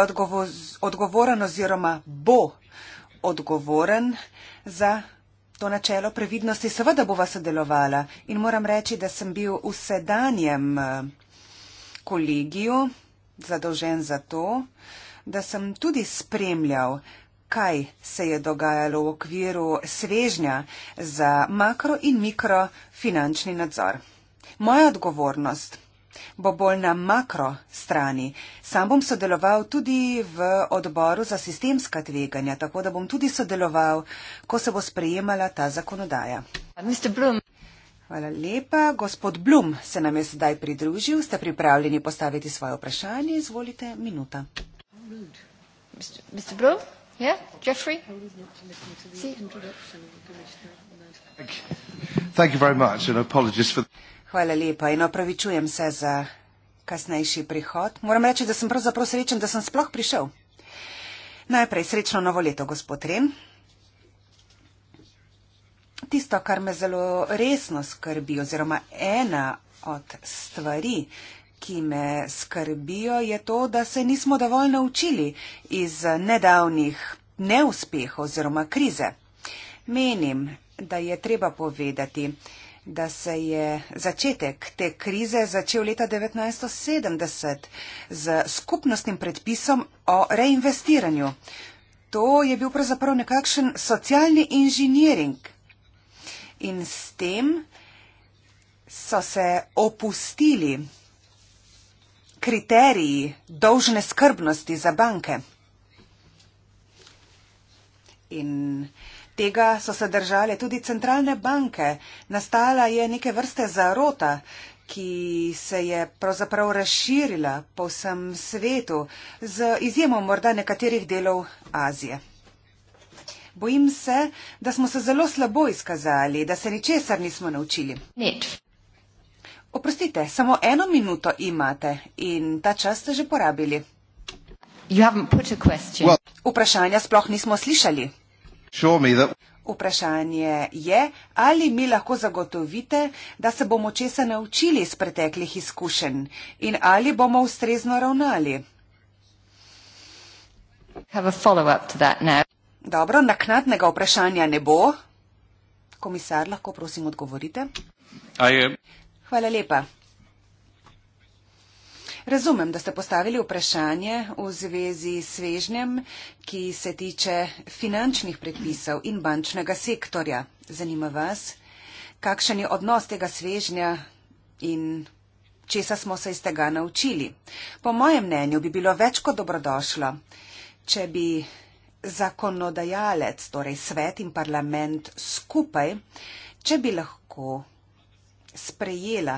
odgovoren oziroma bo odgovoren za to načelo previdnosti. Seveda bova sodelovala in moram reči, da sem bil v sedanjem eh, kolegiju zadolžen za to, da sem tudi spremljal, kaj se je dogajalo v okviru svežnja za makro in mikro finančni nadzor. Moja odgovornost bo bolj na makro strani. Sam bom sodeloval tudi v odboru za sistemska tveganja, tako da bom tudi sodeloval, ko se bo sprejemala ta zakonodaja. Hvala lepa. Gospod Blum se nam je sedaj pridružil. Ste pripravljeni postaviti svoje vprašanje? Izvolite, minuta. Mr. Blum? Yeah, Jeffrey. Thank you very much and apologies for. Hvala lepa in opravičujem se za kasnejši prihod. Moram reči, da sem pravzaprav srečen, da sem sploh prišel. Najprej srečno novo leto, gospod Ren tisto, kar me zelo resno skrbi, oziroma ena od stvari, ki me skrbijo, je to, da se nismo dovolj naučili iz nedavnih neuspehov oziroma krize. Menim, da je treba povedati, da se je začetek te krize začel leta 1970 z skupnostnim predpisom o reinvestiranju. To je bil pravzaprav nekakšen socialni inženiring, in s tem so se opustili kriteriji dolžne skrbnosti za banke. In tega so se držale tudi centralne banke. Nastala je neke vrste zarota, ki se je pravzaprav razširila po vsem svetu, z izjemo morda nekaterih delov Azije. Bojim se, da smo se zelo slabo izkazali, da se ničesar nismo naučili. Nič. Oprostite, samo eno minuto imate in ta čas ste že porabili. Vprašanja sploh nismo slišali. Vprašanje je, ali mi lahko zagotovite, da se bomo česa naučili iz preteklih izkušenj in ali bomo ustrezno ravnali. Have a follow-up to that now. Dobro, naknadnega vprašanja ne bo. Komisar, lahko prosim odgovorite. Hvala lepa. Razumem, da ste postavili vprašanje v zvezi s svežnjem, ki se tiče finančnih predpisov in bančnega sektorja. Zanima vas, kakšen je odnos tega svežnja in česa smo se iz tega naučili. Po mojem mnenju bi bilo več kot dobrodošlo, če bi zakonodajalec, torej svet in parlament skupaj, če bi lahko sprejela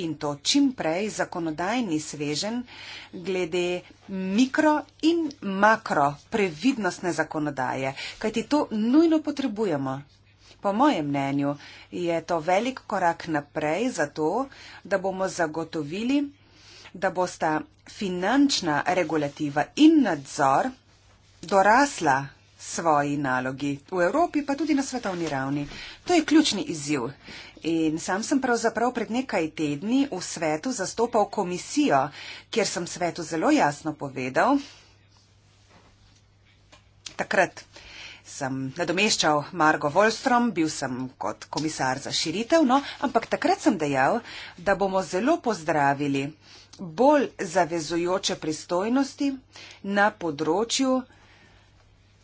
in to čimprej zakonodajni svežen glede mikro in makro previdnostne zakonodaje, kajti to nujno potrebujemo. Po mojem mnenju je to velik korak naprej za to, da bomo zagotovili, da bosta finančna regulativa in nadzor dorasla svoji nalogi v Evropi, pa tudi na svetovni ravni. To je ključni izziv. In sam sem pravzaprav pred nekaj tedni v svetu zastopal komisijo, kjer sem svetu zelo jasno povedal, takrat sem nadomeščal Margo Volstrom, bil sem kot komisar za širitev, no, ampak takrat sem dejal, da bomo zelo pozdravili bolj zavezujoče pristojnosti na področju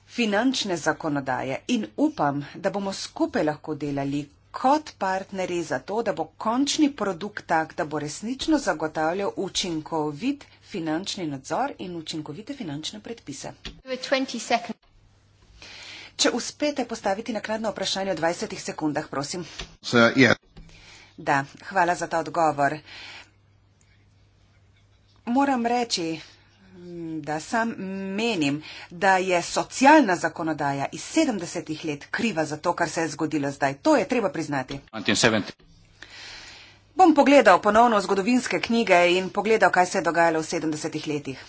finančne zakonodaje in upam, da bomo skupaj lahko delali kot partnerji za to, da bo končni produkt tak, da bo resnično zagotavljal učinkovit finančni nadzor in učinkovite finančne predpise. Če uspete postaviti nakladno vprašanje v 20 sekundah, prosim. So, yeah. Da, hvala za ta odgovor. Moram reči, da sam menim, da je socialna zakonodaja iz 70-ih let kriva za to, kar se je zgodilo zdaj. To je treba priznati. Bom pogledal ponovno zgodovinske knjige in pogledal, kaj se je dogajalo v 70-ih letih.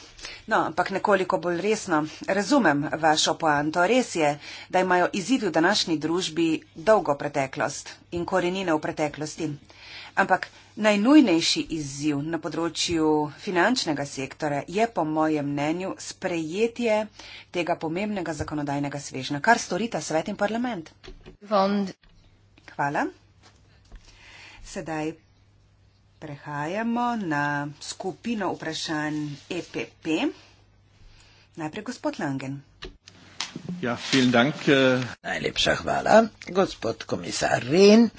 No, ampak nekoliko bolj resno, razumem vašo poanto. Res je, da imajo izidi v današnji družbi dolgo preteklost in korenine v preteklosti. Ampak Najnujnejši izziv na področju finančnega sektora je, po mojem mnenju, sprejetje tega pomembnega zakonodajnega svežna, kar storita svet in parlament. Hvala. Sedaj prehajamo na skupino vprašanj EPP. Najprej gospod Langen. Ja, dank, uh... Najlepša hvala. Gospod komisar Ren,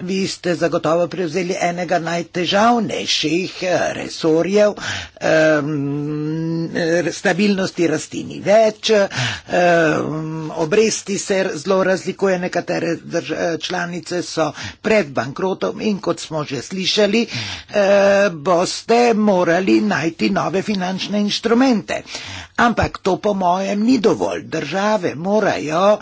vi ste zagotovo prevzeli enega najtežavnejših äh, resorjev um, stabilnosti rastini več. Um, obresti se zelo razlikuje, nekatere drž, äh, članice so pred bankrotom in kot smo že slišali, uh, boste morali najti nove finančne inštrumente. Ampak to po mojem ni dovolj. Država države morajo uh,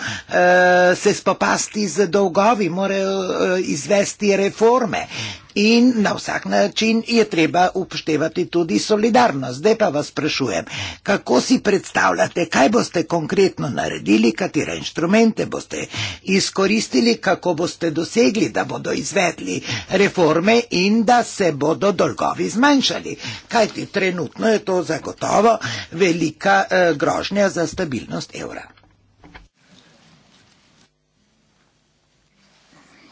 se spopasti z dolgovi, morajo uh, izvesti reforme. Uh, in na vsak način je treba upoštevati tudi solidarnost. Zdaj pa vas sprašujem, kako si predstavljate, kaj boste konkretno naredili, katere inštrumente boste izkoristili, kako boste dosegli, da bodo izvedli reforme in da se bodo dolgovi zmanjšali. Kaj ti trenutno je to zagotovo velika eh, grožnja za stabilnost evra.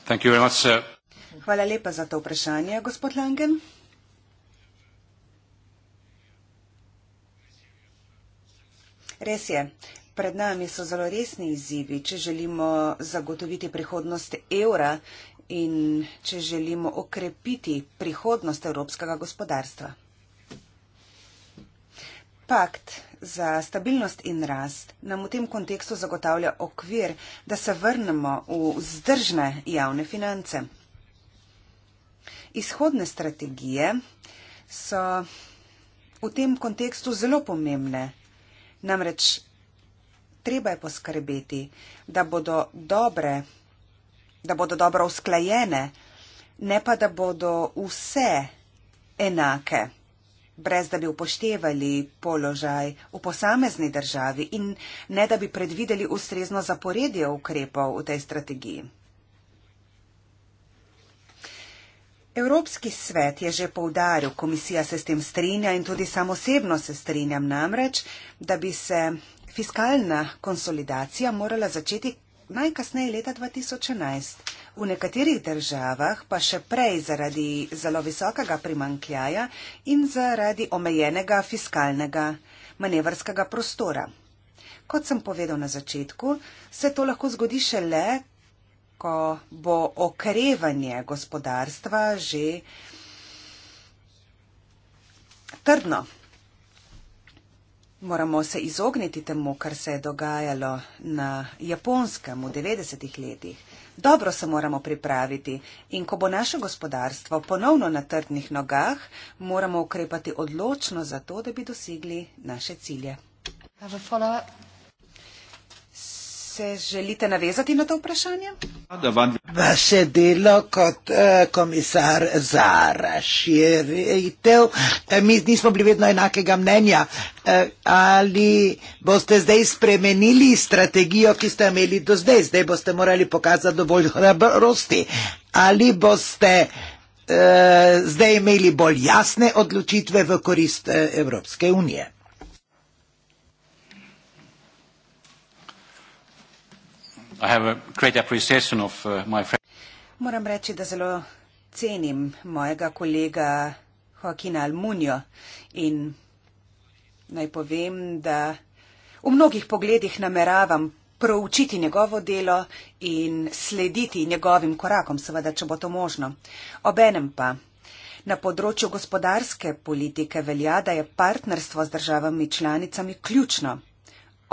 Thank you very much, sir. Hvala lepa za to vprašanje, gospod Langen. Res je, pred nami so zelo resni izzivi, če želimo zagotoviti prihodnost evra in če želimo okrepiti prihodnost evropskega gospodarstva. Pakt za stabilnost in rast nam v tem kontekstu zagotavlja okvir, da se vrnemo v zdržne javne finance. Izhodne strategije so v tem kontekstu zelo pomembne. Namreč treba je poskrbeti, da bodo dobre, da bodo dobro usklajene, ne pa da bodo vse enake, brez da bi upoštevali položaj v posamezni državi in ne da bi predvideli ustrezno zaporedje ukrepov v tej strategiji. Evropski svet je že povdaril, komisija se s tem strinja in tudi sam osebno se strinjam namreč, da bi se fiskalna konsolidacija morala začeti najkasneje leta 2011. V nekaterih državah pa še prej zaradi zelo visokega primankljaja in zaradi omejenega fiskalnega manevrskega prostora. Kot sem povedal na začetku, se to lahko zgodi šele, ko bo okrevanje gospodarstva že trdno. Moramo se izogniti temu, kar se je dogajalo na japonskem v 90-ih letih. Dobro se moramo pripraviti in ko bo naše gospodarstvo ponovno na trdnih nogah, moramo ukrepati odločno za to, da bi dosegli naše cilje se želite navezati na to vprašanje? Vaše delo kot uh, komisar za razširitev. Eh, mi nismo bili vedno enakega mnenja. Uh, ali boste zdaj spremenili strategijo, ki ste imeli do zdaj? Zdaj boste morali pokazati dovolj hrabrosti. Ali boste uh, zdaj imeli bolj jasne odločitve v korist uh, Evropske unije? I have a great appreciation of uh, my friend. Moram reči, da zelo cenim mojega kolega Joaquina Almunjo in naj povem, da v mnogih pogledih nameravam proučiti njegovo delo in slediti njegovim korakom, seveda, če bo to možno. Obenem pa. Na področju gospodarske politike velja, da je partnerstvo z državami članicami ključno.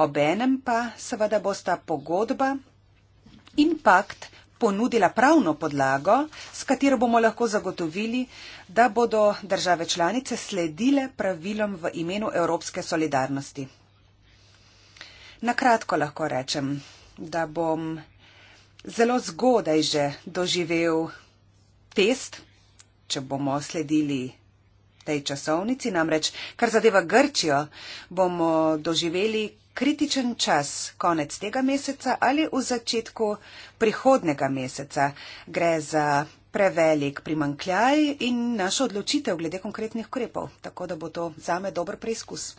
Obenem pa seveda bosta pogodba Impact ponudila pravno podlago, s katero bomo lahko zagotovili, da bodo države članice sledile pravilom v imenu Evropske solidarnosti. Na kratko lahko rečem, da bom zelo zgodaj že doživel test, če bomo sledili tej časovnici, namreč kar zadeva Grčijo, bomo doživeli kritičen čas konec tega meseca ali v začetku prihodnega meseca. Gre za prevelik primankljaj in našo odločitev glede konkretnih ukrepov. Tako da bo to zame dober preizkus.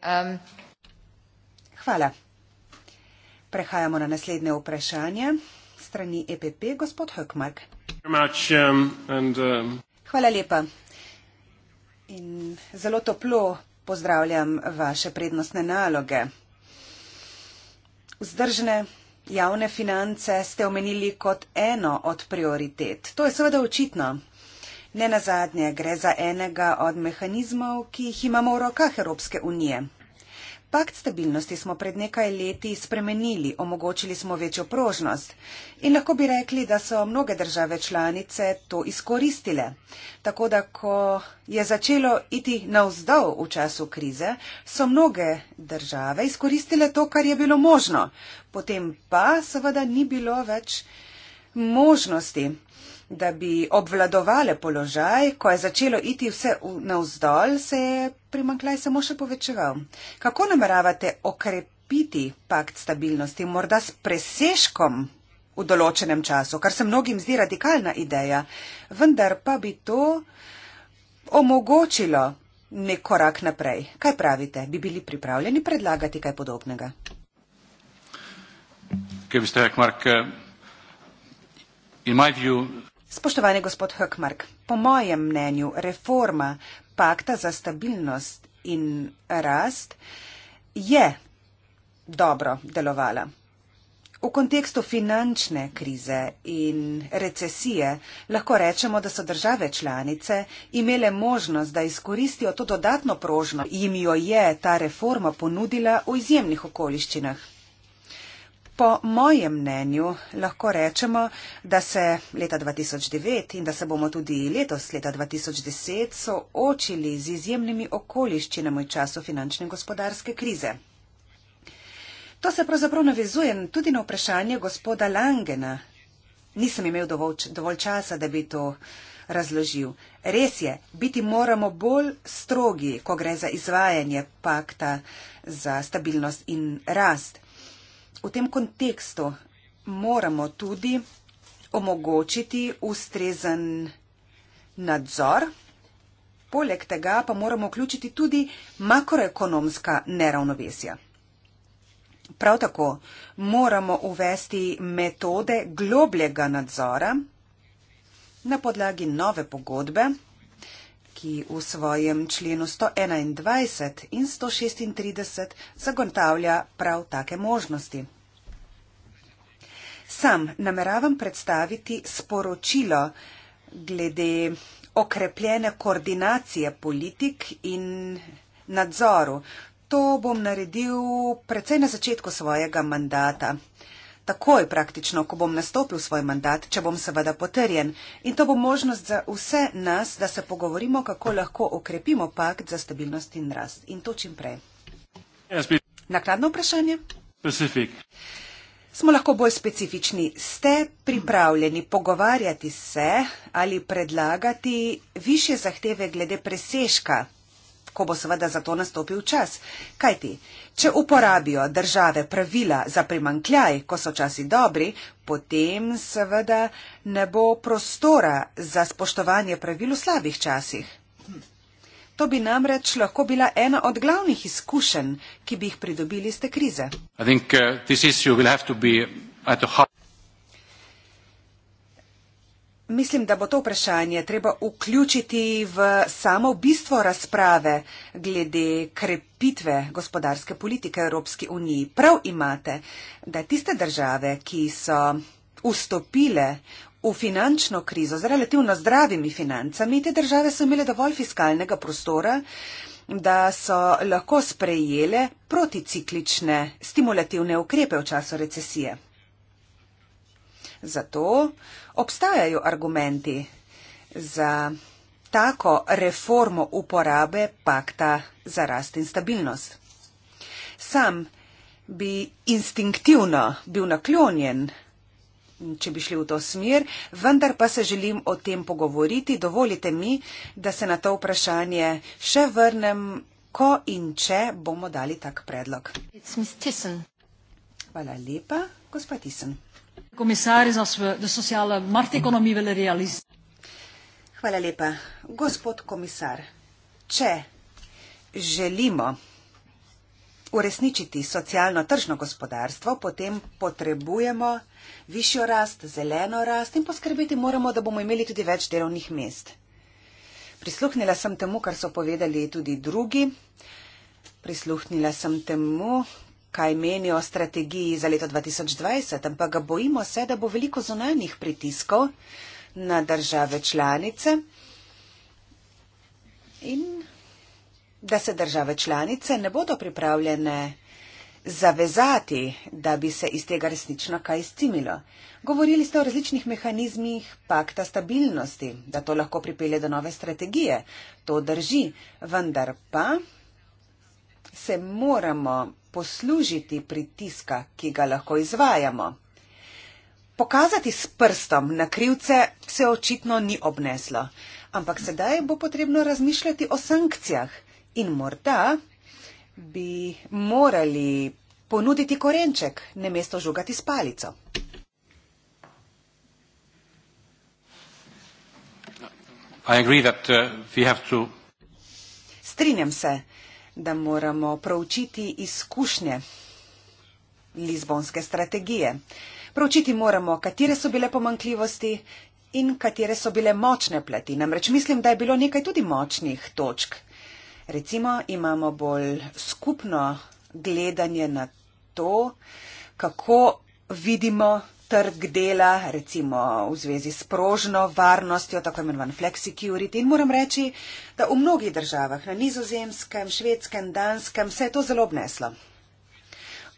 Um. Hvala. Prehajamo na naslednje vprašanje strani EPP, gospod Hökmark. Um, um, Hvala lepa. In zelo toplo pozdravljam vaše prednostne naloge. Vzdržne javne finance ste omenili kot eno od prioritet. To je seveda očitno. Ne nazadnje gre za enega od mehanizmov, ki jih imamo v rokah Evropske unije. Pakt stabilnosti smo pred nekaj leti spremenili, omogočili smo večjo prožnost in lahko bi rekli, da so mnoge države članice to izkoristile. Tako da, ko je začelo iti navzdol v času krize, so mnoge države izkoristile to, kar je bilo možno. Potem pa seveda ni bilo več možnosti da bi obvladovale položaj, ko je začelo iti vse navzdol, se je primanklaj samo še povečeval. Kako nameravate okrepiti pakt stabilnosti, morda s preseškom v določenem času, kar se mnogim zdi radikalna ideja, vendar pa bi to omogočilo nek korak naprej? Kaj pravite, bi bili pripravljeni predlagati kaj podobnega? Eh, in my view, Spoštovani gospod Hökmark, po mojem mnenju reforma pakta za stabilnost in rast je dobro delovala. V kontekstu finančne krize in recesije lahko rečemo, da so države članice imele možnost, da izkoristijo to dodatno prožnost, ki jim jo je ta reforma ponudila v izjemnih okoliščinah. Po mojem mnenju lahko rečemo, da se leta 2009 in da se bomo tudi letos leta 2010 soočili z izjemnimi okoliščinami v času finančne gospodarske krize. To se pravzaprav navezuje tudi na vprašanje gospoda Langena. Nisem imel dovolj, dovolj časa, da bi to razložil. Res je, biti moramo bolj strogi, ko gre za izvajanje pakta za stabilnost in rast v tem kontekstu moramo tudi omogočiti ustrezen nadzor. Poleg tega pa moramo vključiti tudi makroekonomska neravnovesja. Prav tako moramo uvesti metode globljega nadzora na podlagi nove pogodbe ki v svojem členu 121 in 136 zagotavlja prav take možnosti. Sam nameravam predstaviti sporočilo glede okrepljene koordinacije politik in nadzoru. To bom naredil predvsej na začetku svojega mandata takoj praktično, ko bom nastopil svoj mandat, če bom seveda potrjen. In to bo možnost za vse nas, da se pogovorimo, kako lahko okrepimo pakt za stabilnost in rast. In to čim prej. Nakladno vprašanje? Specific. Smo lahko bolj specifični. Ste pripravljeni pogovarjati se ali predlagati više zahteve glede preseška, ko bo seveda za to nastopil čas? Kaj ti? Če uporabijo države pravila za primankljaj, ko so časi dobri, potem seveda ne bo prostora za spoštovanje pravil v slabih časih. To bi namreč lahko bila ena od glavnih izkušenj, ki bi jih pridobili iz te krize. Mislim, da bo to vprašanje treba vključiti v samo bistvo razprave glede krepitve gospodarske politike Evropske unije. Prav imate, da tiste države, ki so vstopile v finančno krizo z relativno zdravimi financami, te države so imele dovolj fiskalnega prostora, da so lahko sprejele proticiklične stimulativne ukrepe v času recesije. Zato Obstajajo argumenti za tako reformo uporabe pakta za rast in stabilnost. Sam bi instinktivno bil naklonjen, če bi šli v to smer, vendar pa se želim o tem pogovoriti. Dovolite mi, da se na to vprašanje še vrnem, ko in če bomo dali tak predlog. Hvala lepa, gospod Tisen. Komisaris, als we de sociale markteconomie willen realiseren. Hvala lepa. Gospod komisar, če želimo uresničiti socialno tržno gospodarstvo, potem potrebujemo višjo rast, zeleno rast in poskrbeti moramo, da bomo imeli tudi več delovnih mest. Prisluhnila sem temu, kar so povedali tudi drugi. Prisluhnila sem temu, kaj meni o strategiji za leto 2020, ampak ga bojimo se, da bo veliko zunanjih pritiskov na države članice in da se države članice ne bodo pripravljene zavezati, da bi se iz tega resnično kaj stimilo. Govorili ste o različnih mehanizmih pakta stabilnosti, da to lahko pripelje do nove strategije. To drži, vendar pa se moramo poslužiti pritiska, ki ga lahko izvajamo. Pokazati s prstom na krivce se očitno ni obneslo, ampak sedaj bo potrebno razmišljati o sankcijah in morda bi morali ponuditi korenček, namesto žugati spalico. That, uh, to... Strinjam se, da moramo proučiti izkušnje Lizbonske strategije. Proučiti moramo, katere so bile pomankljivosti in katere so bile močne plati. Namreč mislim, da je bilo nekaj tudi močnih točk. Recimo imamo bolj skupno gledanje na to, kako vidimo trg dela, recimo v zvezi s prožno varnostjo, tako imenovan flexicurity. In moram reči, da v mnogih državah, na nizozemskem, švedskem, danskem, se je to zelo obneslo.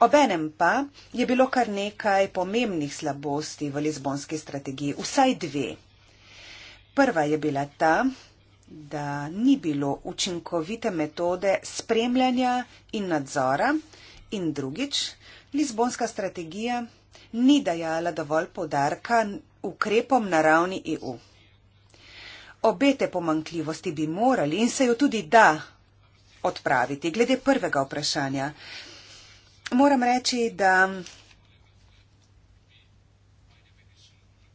Obenem pa je bilo kar nekaj pomembnih slabosti v lizbonski strategiji, vsaj dve. Prva je bila ta, da ni bilo učinkovite metode spremljanja in nadzora, in drugič, lizbonska strategija ni dajala dovolj podarka ukrepom na ravni EU. Obe te pomankljivosti bi morali in se jo tudi da odpraviti. Glede prvega vprašanja, moram reči, da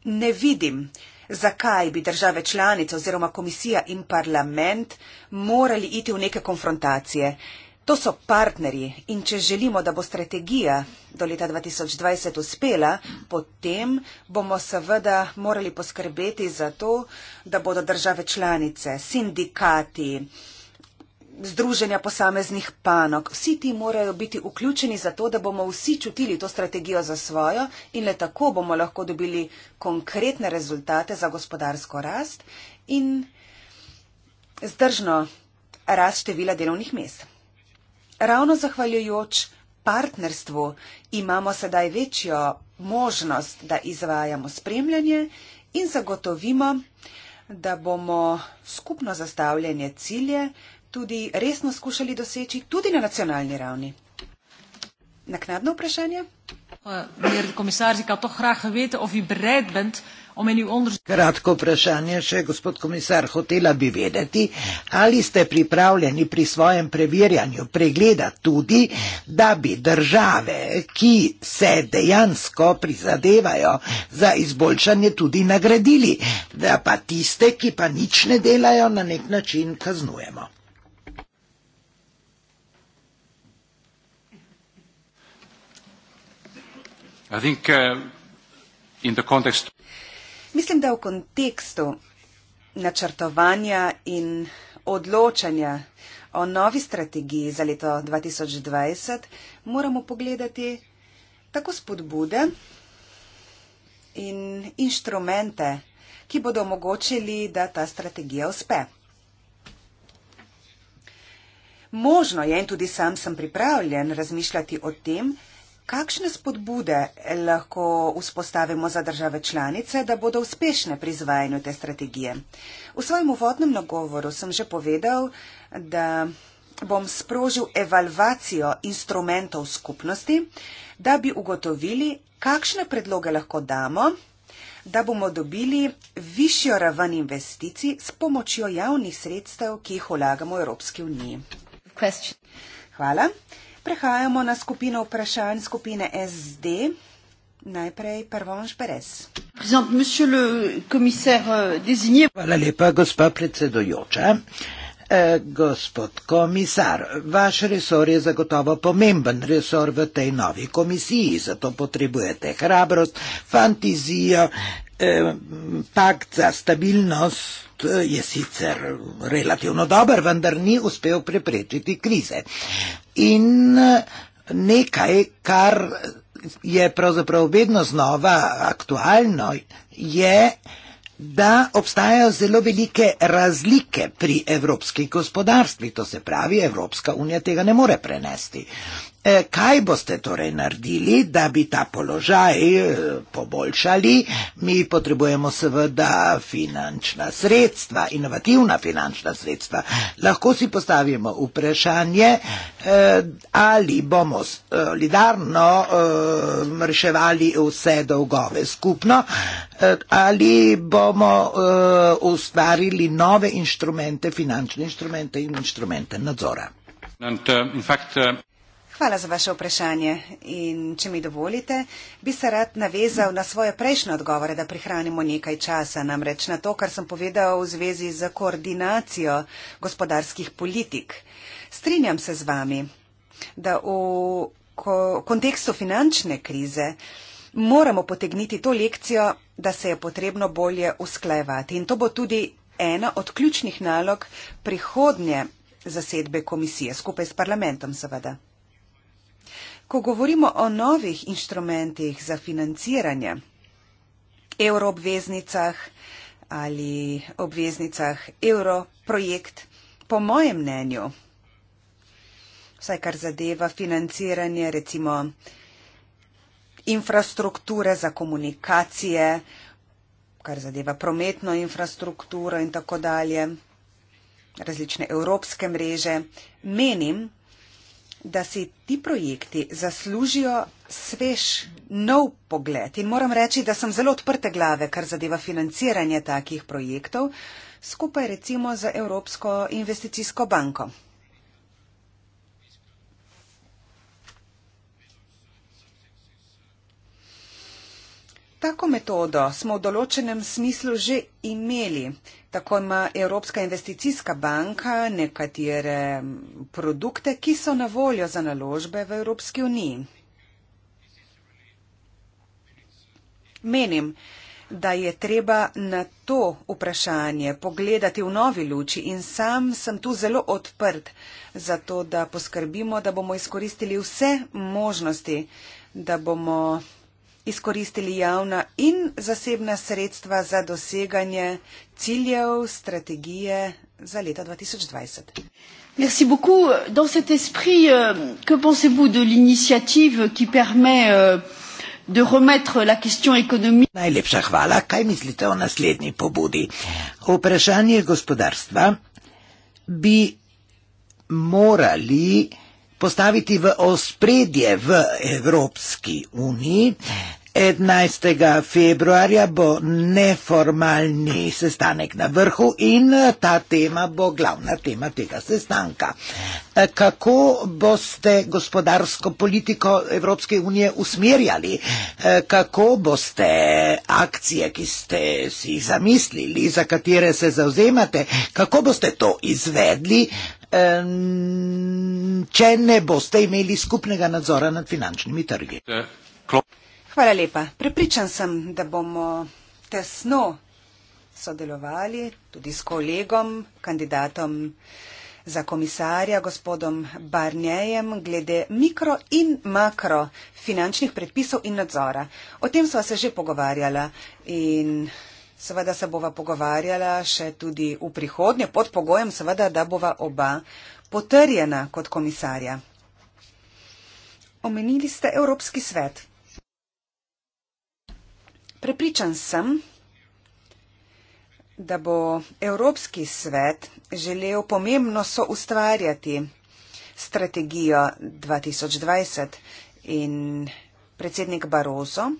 ne vidim, zakaj bi države članice oziroma komisija in parlament morali iti v neke konfrontacije. To so partnerji in če želimo, da bo strategija do leta 2020 uspela, potem bomo seveda morali poskrbeti za to, da bodo države članice, sindikati, združenja posameznih panok, vsi ti morajo biti vključeni za to, da bomo vsi čutili to strategijo za svojo in le tako bomo lahko dobili konkretne rezultate za gospodarsko rast in zdržno rast števila delovnih mest ravno zahvaljujoč partnerstvu imamo sedaj večjo možnost, da izvajamo spremljanje in zagotovimo, da bomo skupno zastavljene cilje tudi resno skušali doseči tudi na nacionalni ravni. Naknadno vprašanje? Uh, meneer de commissaris, ik had toch graag geweten of u bereid bent omenil onrzo. Kratko vprašanje še, gospod komisar, hotela bi vedeti, ali ste pripravljeni pri svojem preverjanju pregleda tudi, da bi države, ki se dejansko prizadevajo za izboljšanje, tudi nagradili, da pa tiste, ki pa nič ne delajo, na nek način kaznujemo. I think uh, in the context Mislim, da v kontekstu načrtovanja in odločanja o novi strategiji za leto 2020 moramo pogledati tako spodbude in inštrumente, ki bodo omogočili, da ta strategija uspe. Možno je in tudi sam sem pripravljen razmišljati o tem, Kakšne spodbude lahko vzpostavimo za države članice, da bodo uspešne pri izvajanju te strategije? V svojem uvodnem nagovoru sem že povedal, da bom sprožil evalvacijo instrumentov skupnosti, da bi ugotovili, kakšne predloge lahko damo, da bomo dobili višjo raven investicij s pomočjo javnih sredstev, ki jih vlagamo v Evropski uniji. Question. Hvala. Prehajamo na skupino vprašanj skupine SD. Najprej Pervonš Perez. Euh, Hvala lepa, gospa predsedojoča. Eh, gospod komisar, vaš resor je zagotovo pomemben resor v tej novi komisiji, zato potrebujete hrabrost, fantazijo, eh, pakt za stabilnost je sicer relativno dober, vendar ni uspel preprečiti krize. In nekaj, kar je pravzaprav vedno znova aktualno, je, da obstajajo zelo velike razlike pri evropskih gospodarstvih. To se pravi, Evropska unija tega ne more prenesti. Uh, E, kaj boste torej naredili, da bi ta položaj e, poboljšali? Mi potrebujemo seveda finančna sredstva, inovativna finančna sredstva. Lahko si postavimo vprašanje, e, ali bomo solidarno e, reševali vse dolgove skupno, e, ali bomo e, ustvarili nove inštrumente, finančne inštrumente in inštrumente nadzora. And, uh, in fact, uh... Hvala za vaše vprašanje. In če mi dovolite, bi se rad navezal na svoje prejšnje odgovore, da prihranimo nekaj časa, namreč na to, kar sem povedal v zvezi z koordinacijo gospodarskih politik. Strinjam se z vami, da v ko kontekstu finančne krize moramo potegniti to lekcijo, da se je potrebno bolje usklajevati. In to bo tudi ena od ključnih nalog prihodnje zasedbe komisije, skupaj s parlamentom seveda. Ko govorimo o novih inštrumentih za financiranje, evroobveznicah ali obveznicah evroprojekt, po mojem mnenju, vsaj kar zadeva financiranje recimo infrastrukture za komunikacije, kar zadeva prometno infrastrukturo in tako dalje, različne evropske mreže, menim, da si ti projekti zaslužijo svež, nov pogled. In moram reči, da sem zelo odprte glave, kar zadeva financiranje takih projektov, skupaj recimo z Evropsko investicijsko banko. Tako metodo smo v določenem smislu že imeli. Tako ima Evropska investicijska banka nekatere produkte, ki so na voljo za naložbe v Evropski uniji. Menim, da je treba na to vprašanje pogledati v novi luči in sam sem tu zelo odprt za to, da poskrbimo, da bomo izkoristili vse možnosti, da bomo izkoristili javna in zasebna sredstva za doseganje ciljev strategije za leta 2020. Merci beaucoup. Dans cet esprit, euh, que pensez-vous de l'initiative qui permet euh, de remettre la question économique Najlepša hvala. Kaj mislite o naslednji pobudi? Vprašanje gospodarstva bi morali postaviti v ospredje v Evropski uniji, 11. februarja bo neformalni sestanek na vrhu in eh, ta tema bo glavna tema tega sestanka. Eh, kako boste gospodarsko politiko Evropske unije usmerjali? Eh, kako boste akcije, ki ste si zamislili, za katere se zauzemate, kako boste to izvedli, če ne boste imeli skupnega nadzora nad finančnimi trgi? Klop. Hvala lepa. Prepričan sem, da bomo tesno sodelovali tudi s kolegom, kandidatom za komisarja, gospodom Barnjejem, glede mikro in makro finančnih predpisov in nadzora. O tem sva se že pogovarjala in seveda se bova pogovarjala še tudi v prihodnje, pod pogojem seveda, da bova oba potrjena kot komisarja. Omenili ste Evropski svet. Prepričan sem, da bo Evropski svet želel pomembno soustvarjati strategijo 2020 in predsednik Barozo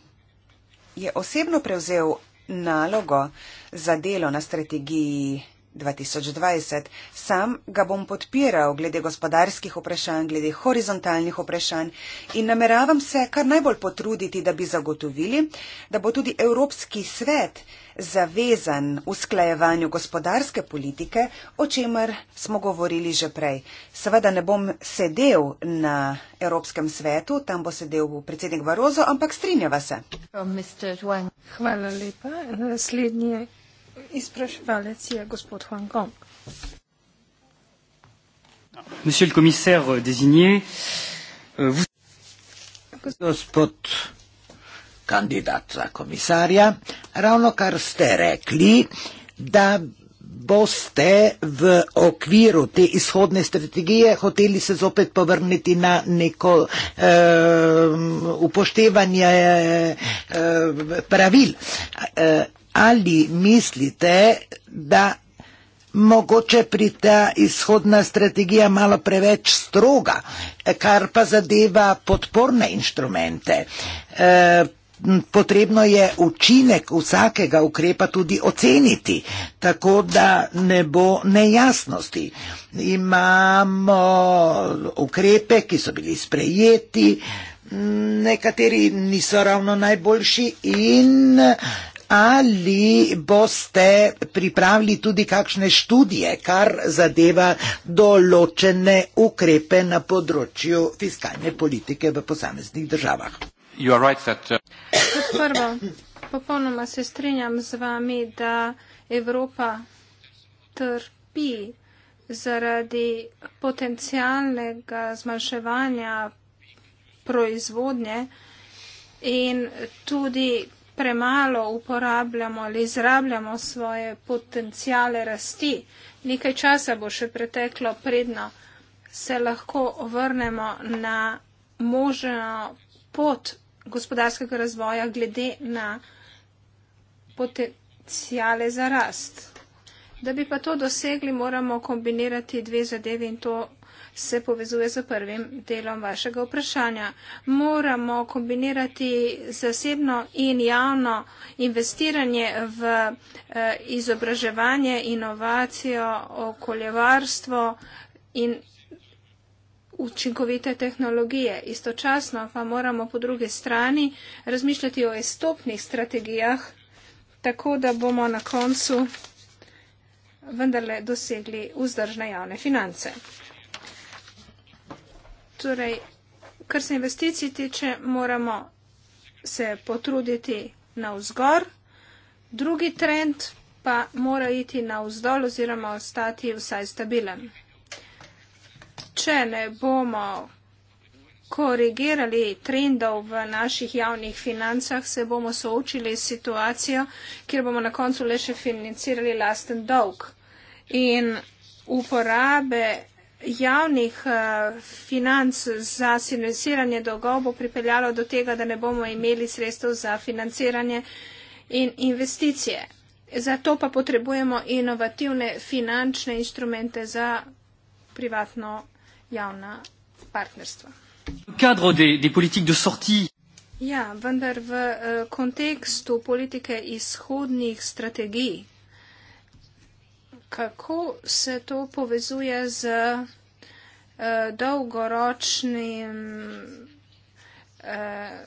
je osebno prevzel nalogo za delo na strategiji 2020. 2020. Sam ga bom podpiral glede gospodarskih vprašanj, glede horizontalnih vprašanj in nameravam se kar najbolj potruditi, da bi zagotovili, da bo tudi Evropski svet zavezan v sklajevanju gospodarske politike, o čemer smo govorili že prej. Seveda ne bom sedel na Evropskem svetu, tam bo sedel predsednik Varozo, ampak strinjava se. Hvala lepa. Naslednji je Monsieur le commissaire euh, désigné, euh, vous. Gospod kandidat za komisarja, ravno kar ste rekli, da boste v okviru te izhodne strategije hoteli se zopet povrniti na neko eh, upoštevanje eh, pravil. Eh, ali mislite, da mogoče pri ta izhodna strategija malo preveč stroga, kar pa zadeva podporne inštrumente. E, potrebno je učinek vsakega ukrepa tudi oceniti, tako da ne bo nejasnosti. Imamo ukrepe, ki so bili sprejeti, nekateri niso ravno najboljši in Ali boste pripravili tudi kakšne študije, kar zadeva določene ukrepe na področju fiskalne politike v posameznih državah? Right that, uh... Prvo, popolnoma se strinjam z vami, da Evropa trpi zaradi potencijalnega zmanjševanja proizvodnje in tudi premalo uporabljamo ali izrabljamo svoje potencijale rasti. Nekaj časa bo še preteklo, predno se lahko vrnemo na možno pot gospodarskega razvoja glede na potencijale za rast. Da bi pa to dosegli, moramo kombinirati dve zadevi in to se povezuje z prvim delom vašega vprašanja. Moramo kombinirati zasebno in javno investiranje v eh, izobraževanje, inovacijo, okoljevarstvo in učinkovite tehnologije. Istočasno pa moramo po drugi strani razmišljati o estopnih strategijah, tako da bomo na koncu vendarle dosegli vzdržne javne finance. Torej, kar se investicij tiče, moramo se potruditi na vzgor. Drugi trend pa mora iti na vzdol oziroma ostati vsaj stabilen. Če ne bomo korigirali trendov v naših javnih financah, se bomo soočili s situacijo, kjer bomo na koncu le še financirali lasten dolg. In uporabe javnih eh, financ za financiranje dolgov bo pripeljalo do tega, da ne bomo imeli sredstev za financiranje in investicije. Zato pa potrebujemo inovativne finančne instrumente za privatno javna partnerstva. Ja, vendar v eh, kontekstu politike izhodnih strategij kako se to povezuje z eh, dolgoročnim eh,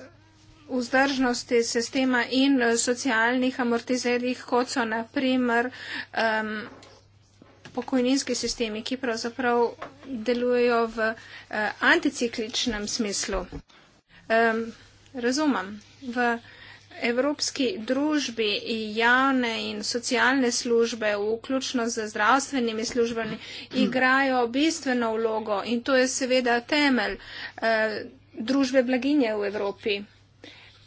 vzdržnosti sistema in socialnih amortizerjih, kot so naprimer eh, pokojninski sistemi, ki pravzaprav delujejo v eh, anticikličnem smislu. Eh, razumem. V, eh, evropski družbi javne in socialne službe, vključno z zdravstvenimi službami, igrajo bistveno vlogo in to je seveda temelj eh, družbe blaginje v Evropi.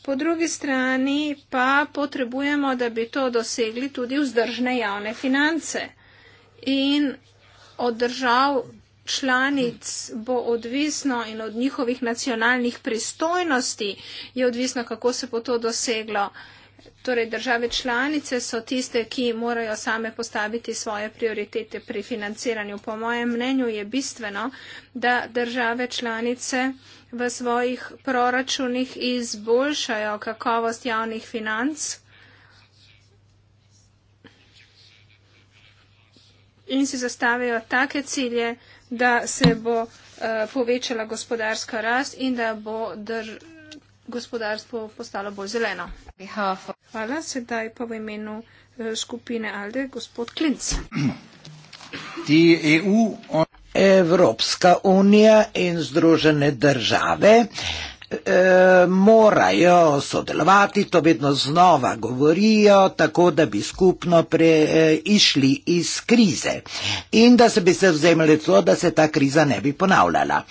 Po drugi strani pa potrebujemo, da bi to dosegli tudi vzdržne javne finance in od držav članic bo odvisno in od njihovih nacionalnih pristojnosti je odvisno, kako se bo to doseglo. Torej, države članice so tiste, ki morajo same postaviti svoje prioritete pri financiranju. Po mojem mnenju je bistveno, da države članice v svojih proračunih izboljšajo kakovost javnih financ. In si zastavijo take cilje, da se bo eh, povečala gospodarska rast in da bo dr gospodarstvo postalo bolj zeleno. Hvala, sedaj pa v imenu eh, skupine Alde, gospod Klinc. E Evropska unija in združene države. E, morajo sodelovati, to vedno znova govorijo, tako da bi skupno pre, e, išli iz krize in da se bi se vzemali to, da se ta kriza ne bi ponavljala.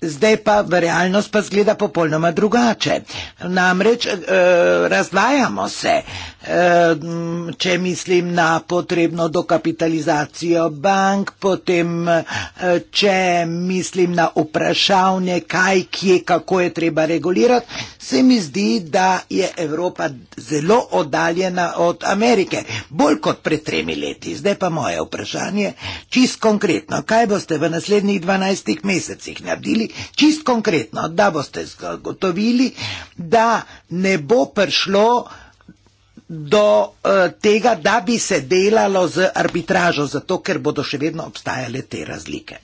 Zdaj pa v realnost pa zgleda popolnoma drugače. Namreč e, razdvajamo se če mislim na potrebno dokapitalizacijo bank, potem eh, če mislim na vprašanje, kaj, kje, kako je treba regulirati, se mi zdi, da je Evropa zelo oddaljena od Amerike, bolj kot pred tremi leti. Zdaj pa moje vprašanje, čist konkretno, kaj boste v naslednjih dvanajstih mesecih naredili, čist konkretno, da boste zagotovili, da ne bo prišlo do eh, tega, da bi se delalo z arbitražo, zato ker bodo še vedno obstajale te razlike.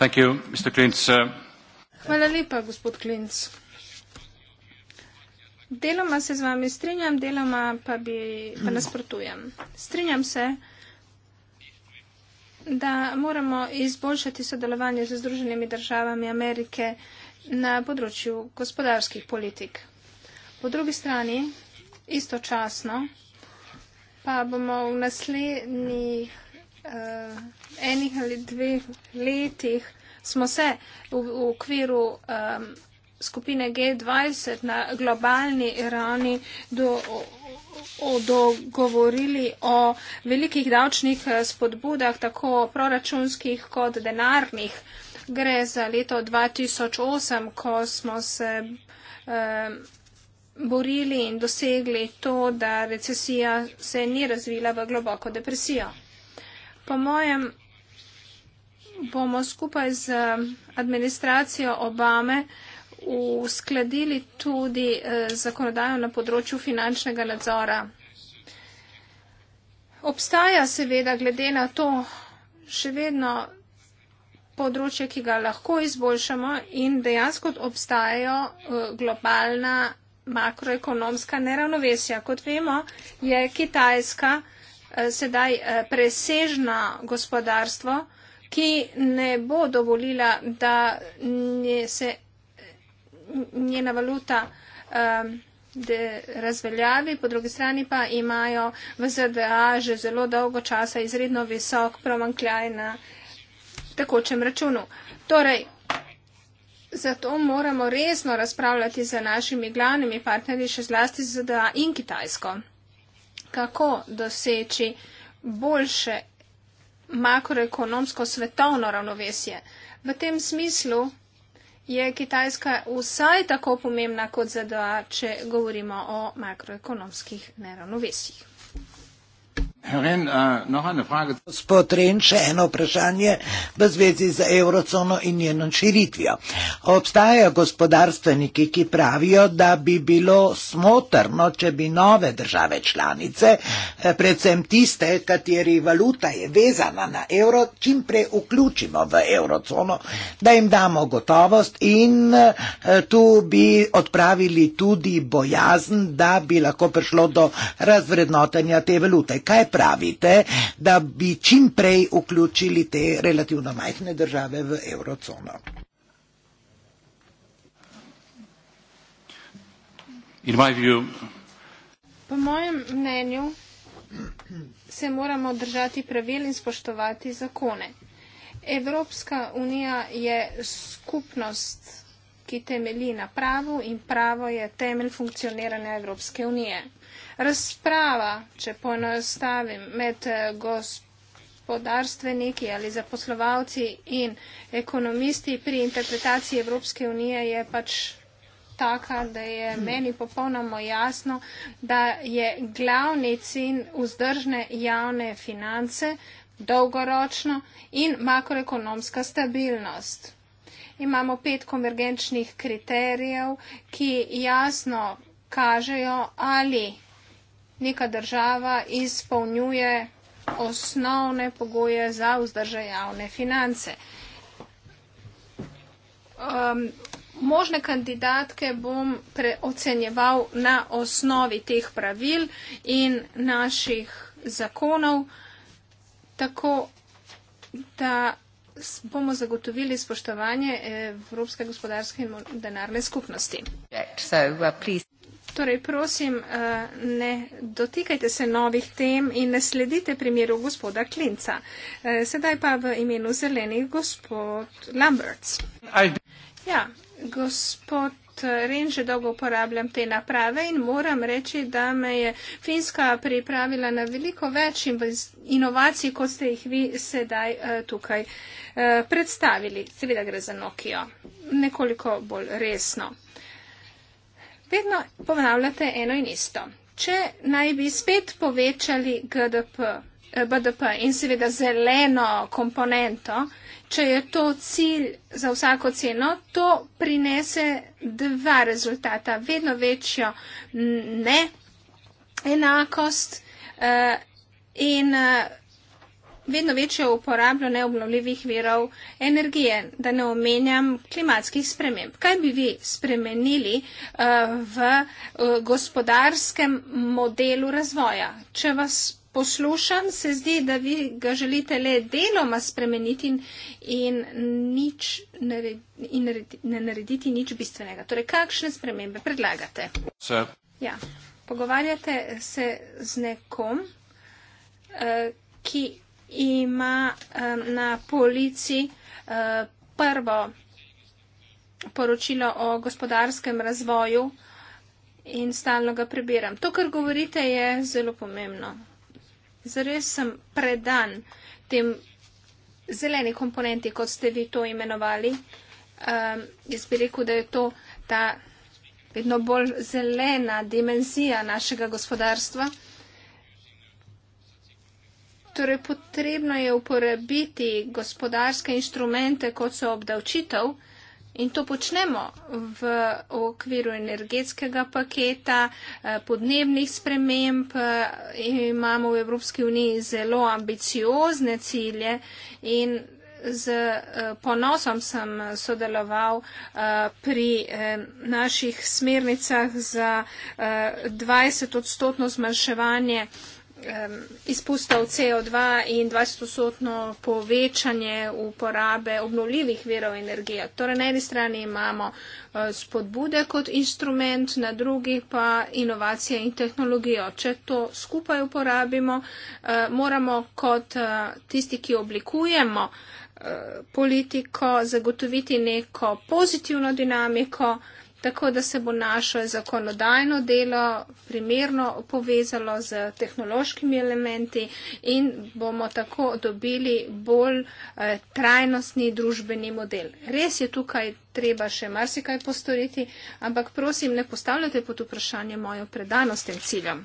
You, uh, Hvala lepa, gospod Klinc. Deloma se z vami strinjam, deloma pa, bi, pa nasprotujem. Strinjam se, da moramo izboljšati sodelovanje z Združenimi državami Amerike, na področju gospodarskih politik. Po drugi strani, istočasno, pa bomo v naslednjih eh, uh, enih ali dveh letih, smo se v, v okviru um, skupine G20 na globalni Irani do, o, o, dogovorili o velikih davčnih eh, spodbudah, tako proračunskih kot denarnih. Uh, Gre za leto 2008, ko smo se eh, borili in dosegli to, da recesija se ni razvila v globoko depresijo. Po mojem bomo skupaj z administracijo Obame uskladili tudi eh, zakonodajo na področju finančnega nadzora. Obstaja seveda glede na to še vedno področje, ki ga lahko izboljšamo in dejansko obstajajo eh, globalna makroekonomska neravnovesja. Kot vemo, je Kitajska eh, sedaj eh, presežna gospodarstvo, ki ne bo dovolila, da se njena valuta razveljavi, po drugi strani pa imajo v ZDA že zelo dolgo časa izredno visok promankljaj na tekočem računu. Torej, zato moramo resno razpravljati z našimi glavnimi partnerji, še zlasti ZDA in Kitajsko, kako doseči boljše makroekonomsko svetovno ravnovesje. V tem smislu je Kitajska vsaj tako pomembna kot ZDA, če govorimo o makroekonomskih neravnovesjih. Ren, uh, äh, noha ne frage. Gospod Ren, še eno vprašanje v zvezi z eurocono in njeno širitvijo. Obstajajo gospodarstveniki, ki pravijo, da bi bilo smotrno, če bi nove države članice, eh, predvsem tiste, kateri valuta je vezana na evro, čim prej vključimo v eurocono, da jim damo gotovost in eh, tu bi odpravili tudi bojazn, da bi lahko prišlo do razvrednotenja te valute. Kaj pravite, da bi čim prej vključili te relativno majhne države v eurocono? Po mojem mnenju se moramo držati pravil in spoštovati zakone. Evropska unija je skupnost, ki temelji na pravu in pravo je temelj funkcioniranja Evropske unije razprava, če ponostavim, med eh, gospodarstveniki ali zaposlovalci in ekonomisti pri interpretaciji Evropske unije je pač taka, da je meni popolnoma jasno, da je glavni cilj vzdržne javne finance dolgoročno in makroekonomska stabilnost. Imamo pet konvergenčnih kriterijev, ki jasno kažejo, ali neka država izpolnjuje osnovne pogoje za vzdržaj javne finance. Um, možne kandidatke bom ocenjeval na osnovi teh pravil in naših zakonov, tako da bomo zagotovili spoštovanje Evropske gospodarske in denarne skupnosti. So, uh, Torej, prosim, eh, ne dotikajte se novih tem in ne sledite primeru gospoda Klinca. Eh, sedaj pa v imenu zelenih gospod Lamberts. Ja, gospod. Ren že dolgo uporabljam te naprave in moram reči, da me je Finska pripravila na veliko več inovacij, kot ste jih vi sedaj eh, tukaj predstavili. Seveda gre za Nokio. Nekoliko bolj resno vedno ponavljate eno in isto. Če naj bi spet povečali GDP, eh, BDP in seveda zeleno komponento, če je to cilj za vsako ceno, to prinese dva rezultata. Vedno večjo neenakost eh, in eh, vedno večjo uporabo neobnovljivih verov energije, da ne omenjam klimatskih sprememb. Kaj bi vi spremenili eh, v eh, gospodarskem modelu razvoja? Če vas poslušam, se zdi, da vi ga želite le deloma spremeniti in, nič naredi, in naredi, ne narediti nič bistvenega. Torej, kakšne spremembe predlagate? Ja. Pogovarjate se z nekom, eh, ki ima na polici eh, prvo poročilo o gospodarskem razvoju in stalno ga prebiram. To, kar govorite, je zelo pomembno. Zares sem predan tem zeleni komponenti, kot ste vi to imenovali. Um, jaz bi rekel, da je to ta vedno bolj zelena dimenzija našega gospodarstva. Torej, potrebno je uporabiti gospodarske inštrumente, kot so obdavčitev, in to počnemo v okviru energetskega paketa, eh, podnebnih sprememb. Eh, imamo v Evropski uniji zelo ambiciozne cilje in z eh, ponosom sem sodeloval pri naših smernicah za 20 odstotno zmanjševanje um, izpustov CO2 in 20-stotno povečanje uporabe obnovljivih verov energije. Torej, na eni strani imamo uh, spodbude kot instrument, na drugi pa inovacije in tehnologijo. Če to skupaj uporabimo, uh, moramo kot uh, tisti, ki oblikujemo uh, politiko, zagotoviti neko pozitivno dinamiko, uh, tako da se bo naše zakonodajno delo primerno povezalo z tehnološkimi elementi in bomo tako dobili bolj eh, trajnostni družbeni model. Res je tukaj treba še marsikaj postoriti, ampak prosim, ne postavljate pod vprašanje mojo predanost tem ciljem.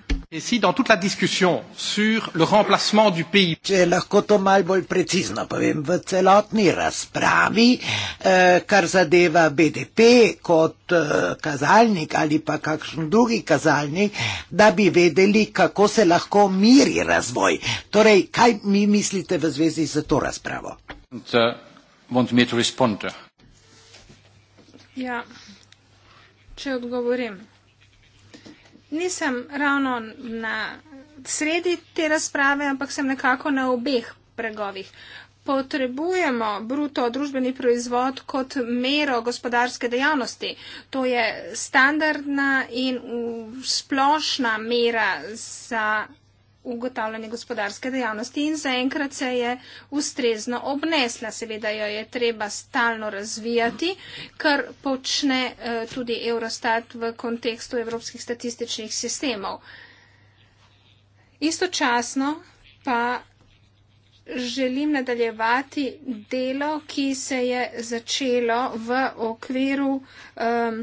Če lahko to malo bolj precizno povem, v celotni razpravi, eh, kar zadeva BDP kot eh, kazalnik ali pa kakšen drugi kazalnik, da bi vedeli, kako se lahko miri razvoj. Torej, kaj mi mislite v zvezi z to razpravo? Uh, Ja, če odgovorim. Nisem ravno na sredi te razprave, ampak sem nekako na obeh pregovih. Potrebujemo bruto družbeni proizvod kot mero gospodarske dejavnosti. To je standardna in splošna mera za ugotavljanje gospodarske dejavnosti in zaenkrat se je ustrezno obnesla. Seveda jo je treba stalno razvijati, kar počne eh, tudi Eurostat v kontekstu evropskih statističnih sistemov. Istočasno pa želim nadaljevati delo, ki se je začelo v okviru um,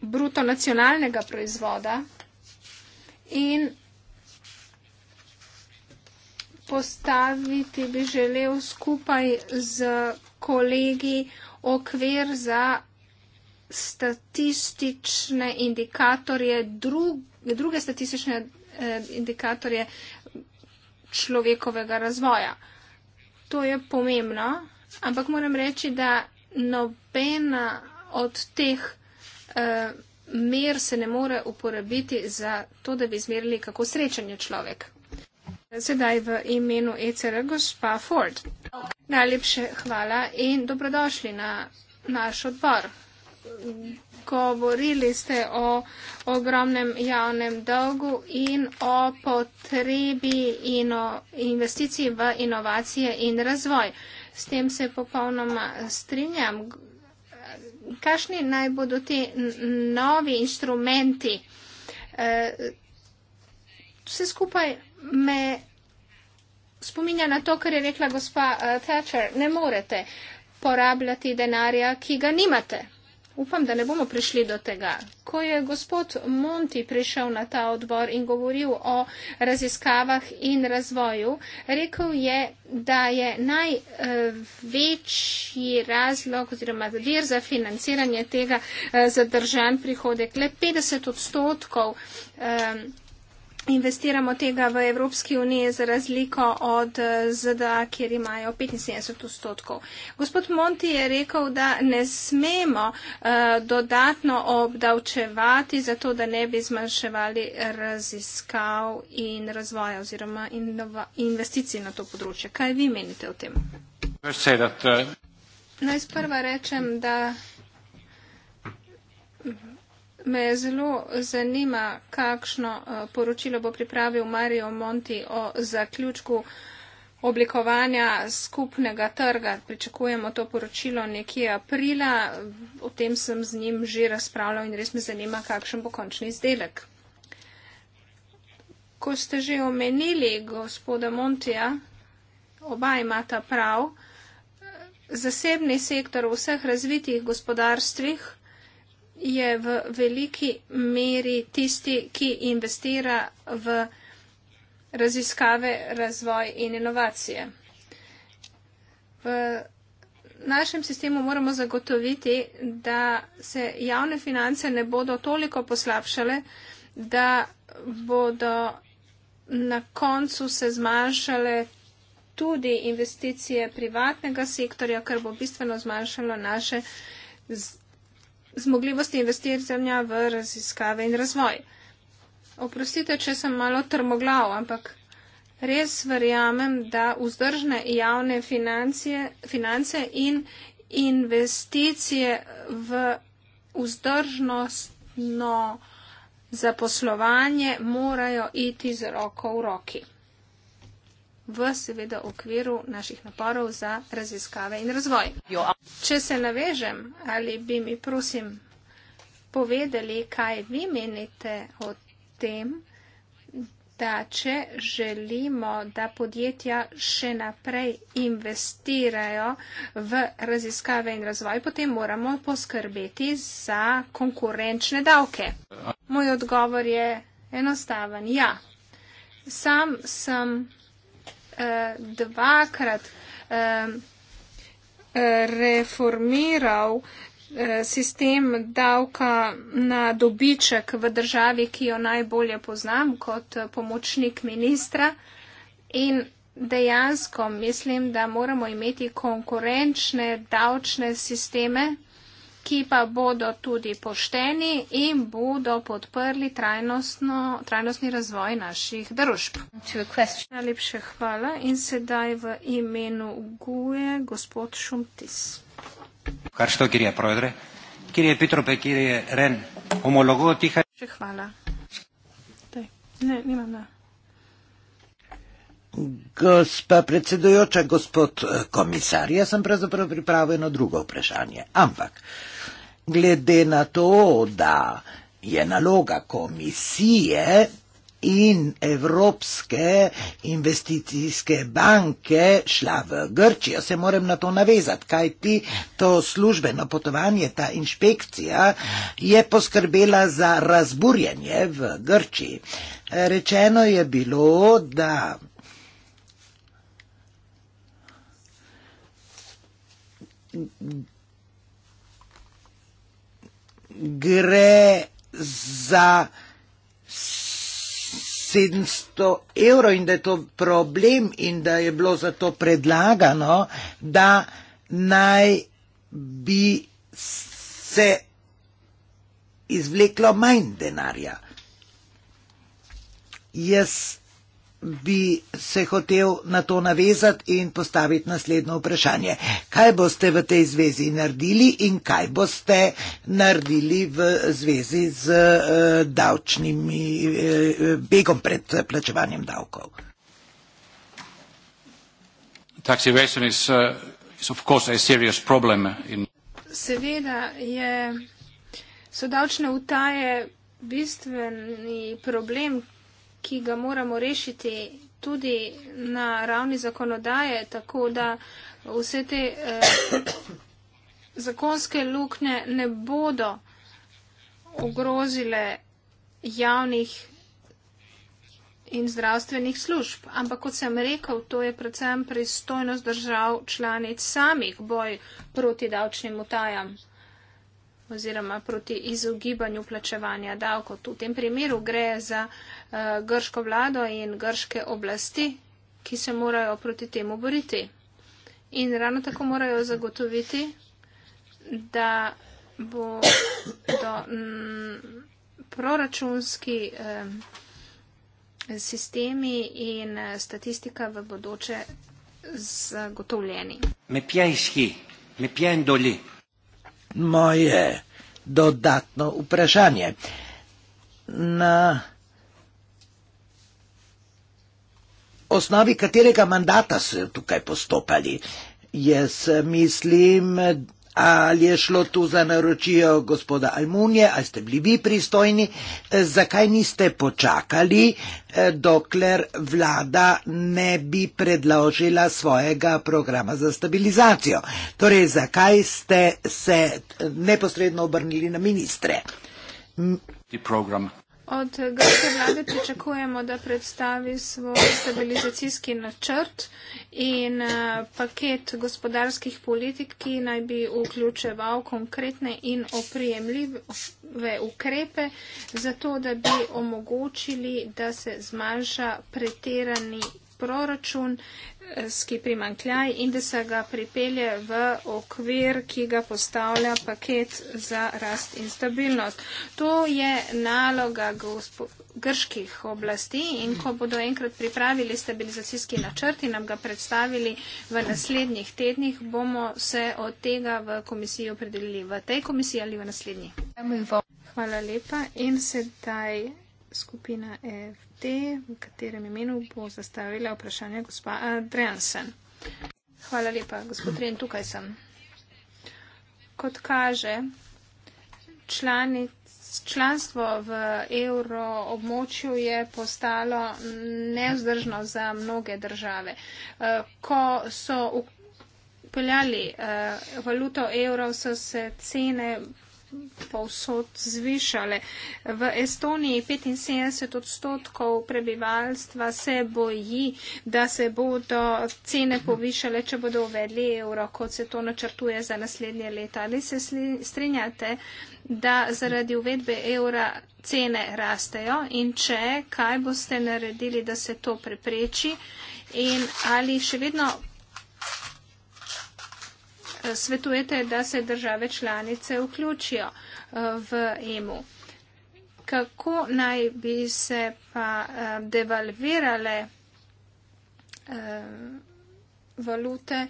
bruto nacionalnega proizvoda in postaviti bi želel skupaj z kolegi okvir za statistične indikatorje, druge, druge statistične eh, indikatorje človekovega razvoja. To je pomembno, ampak moram reči, da nobena od teh eh, mer se ne more uporabiti za to, da bi izmerili, kako srečen je človek sedaj v imenu ECR gospa Ford. Najlepše hvala in dobrodošli na naš odbor. Govorili ste o ogromnem javnem dolgu in o potrebi in o investiciji v inovacije in razvoj. S tem se popolnoma strinjam. Kakšni naj bodo ti novi instrumenti? Eh, vse skupaj me spominja na to, kar je rekla gospa uh, Thatcher. Ne morete porabljati denarja, ki ga nimate. Upam, da ne bomo prišli do tega. Ko je gospod Monti prišel na ta odbor in govoril o raziskavah in razvoju, rekel je, da je največji razlog oziroma vir za financiranje tega eh, zadržan prihodek. Le 50 odstotkov. Um, investiramo tega v Evropski uniji za razliko od eh, ZDA, kjer imajo 75 odstotkov. Gospod Monti je rekel, da ne smemo uh, dodatno obdavčevati, zato da ne bi zmanjševali raziskav in razvoja oziroma investicij na to področje. Kaj vi menite o tem? Eh. Naj sprva rečem, da. Me zelo zanima, kakšno eh, poročilo bo pripravil Mario Monti o zaključku oblikovanja skupnega trga. Pričakujemo to poročilo nekje aprila. O tem sem z njim že razpravljal in res me zanima, kakšen bo končni izdelek. Ko ste že omenili gospoda Montija, oba imata prav, zasebni sektor v vseh razvitih gospodarstvih je v veliki meri tisti, ki investira v raziskave, razvoj in inovacije. V našem sistemu moramo zagotoviti, da se javne finance ne bodo toliko poslabšale, da bodo na koncu se zmanjšale tudi investicije privatnega sektorja, kar bo bistveno zmanjšalo naše zmogljivosti investiranja v raziskave in razvoj. Oprostite, če sem malo trmoglav, ampak res verjamem, da vzdržne javne financije, finance in investicije v vzdržnostno zaposlovanje morajo iti z roko v roki v seveda okviru naših naporov za raziskave in razvoj. Če se navežem, ali bi mi prosim povedali, kaj vi menite o tem, da če želimo, da podjetja še naprej investirajo v raziskave in razvoj, potem moramo poskrbeti za konkurenčne davke. Moj odgovor je enostaven. Ja, sam sem uh, dvakrat uh, reformiral eh, sistem davka na dobiček v državi, ki jo najbolje poznam kot pomočnik ministra. In dejansko mislim, da moramo imeti konkurenčne davčne sisteme, ki pa bodo tudi pošteni in bodo podprli trajnostni razvoj naših družb. Najlepše hvala in sedaj v imenu Guje gospod Šumtis. Kar što, kjer je projedre? Kjer je Petrope, kjer je Ren? Homologo tiha? Še hvala. Daj, ne, nimam da. Gospa predsedujoča, gospod eh, komisar, jaz sem pravzaprav pripravil eno drugo vprašanje, ampak. Uh, glede na to, da je naloga komisije in Evropske investicijske banke šla v Grčijo, se moram na to navezati, kaj ti to službeno potovanje, ta inšpekcija je poskrbela za razburjenje v Grčiji. Rečeno je bilo, da Thank you gre za 700 evrov in da je to problem in da je bilo za to predlagano, da naj bi se izvleklo manj denarja. Jaz bi se hotel na to navezati in postaviti naslednjo vprašanje. Kaj boste v tej zvezi naredili in kaj boste naredili v zvezi z uh, davčnimi uh, begom pred plačevanjem davkov? Seveda je, so davčne utaje bistveni problem, ki ga moramo rešiti tudi na ravni zakonodaje, tako da vse te eh, zakonske luknje ne bodo ogrozile javnih in zdravstvenih služb. Ampak kot sem rekel, to je predvsem pristojnost držav članic samih boj proti davčnim utajam oziroma proti izogibanju plačevanja davkov. V tem primeru gre za eh, Eh, grško vlado in grške oblasti, ki se morajo proti temu boriti. In ravno tako morajo zagotoviti, da bo do mm, proračunski eh, sistemi in eh, statistika v bodoče zagotovljeni. Me pjajski, me pjendoli. Moje dodatno vprašanje. Na osnovi katerega mandata so tukaj postopali? Jaz mislim, ali je šlo tu za naročijo gospoda Almunije, ali ste bili vi pristojni, zakaj niste počakali, dokler vlada ne bi predložila svojega programa za stabilizacijo? Torej, zakaj ste se neposredno obrnili na ministre? Od grške vlade pričakujemo, da predstavi svoj stabilizacijski načrt in eh, paket gospodarskih politik, ki naj bi vključeval konkretne in oprijemljive ukrepe, zato da bi omogočili, da se zmanjša pretirani proračun, kadrovski primankljaj in da se ga pripelje v okvir, ki ga postavlja paket za rast in stabilnost. To je naloga grških oblasti in ko bodo enkrat pripravili stabilizacijski načrt in nam ga predstavili v naslednjih tednih, bomo se od tega v komisiji opredelili. V tej komisiji ali v naslednji? Hvala lepa in sedaj skupina EFT, v katerem imenu bo zastavila vprašanje gospa Adriansen. Hvala lepa, gospod Rejn, tukaj sem. Kot kaže, članic, članstvo v euroobmočju je postalo neuzdržno za mnoge države. Eh, ko so upeljali eh, valuto evro, so se cene povsod zvišale. V Estoniji 75 odstotkov prebivalstva se boji, da se bodo cene povišale, če bodo uvedli evro, kot se to načrtuje za naslednje leta. Ali se strinjate, da zaradi uvedbe evra cene rastejo in če, kaj boste naredili, da se to prepreči in ali še vedno svetujete, da se države članice vključijo eh, v EMU. Kako naj bi se pa eh, devalvirale eh, valute,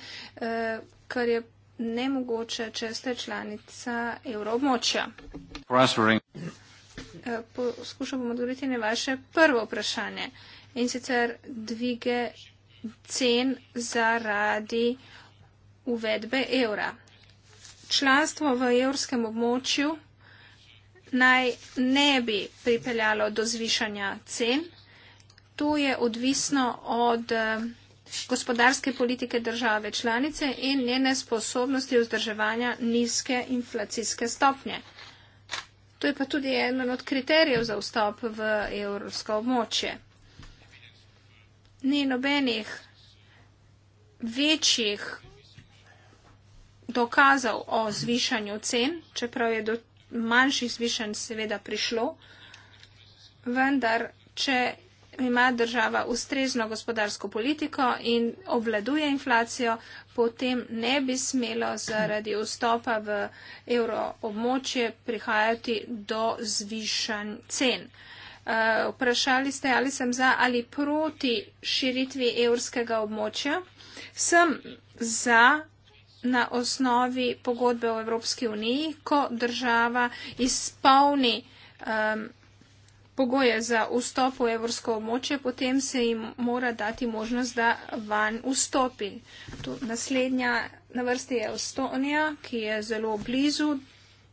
kar je nemogoče, če ste članica evromočja? Poskušal bomo odgovoriti na vaše prvo vprašanje in sicer dvige cen zaradi uh, uvedbe evra. Članstvo v evrskem območju naj ne bi pripeljalo do zvišanja cen. To je odvisno od eh, gospodarske politike države članice in njene sposobnosti vzdrževanja nizke inflacijske stopnje. To je pa tudi eden od kriterijev za vstop v evropsko območje. Ni nobenih večjih dokazov o zvišanju cen, čeprav je do manjših zvišanj seveda prišlo, vendar, če ima država ustrezno gospodarsko politiko in obvladuje inflacijo, potem ne bi smelo zaradi vstopa v evro območje prihajati do zvišanj cen. Uh, vprašali ste, ali sem za ali proti širitvi evrskega območja. Sem za na osnovi pogodbe o Evropski uniji, ko država izpolni um, pogoje za vstop v evropsko območje, potem se jim mora dati možnost, da van vstopi. Tu naslednja na vrsti je Estonija, ki je zelo blizu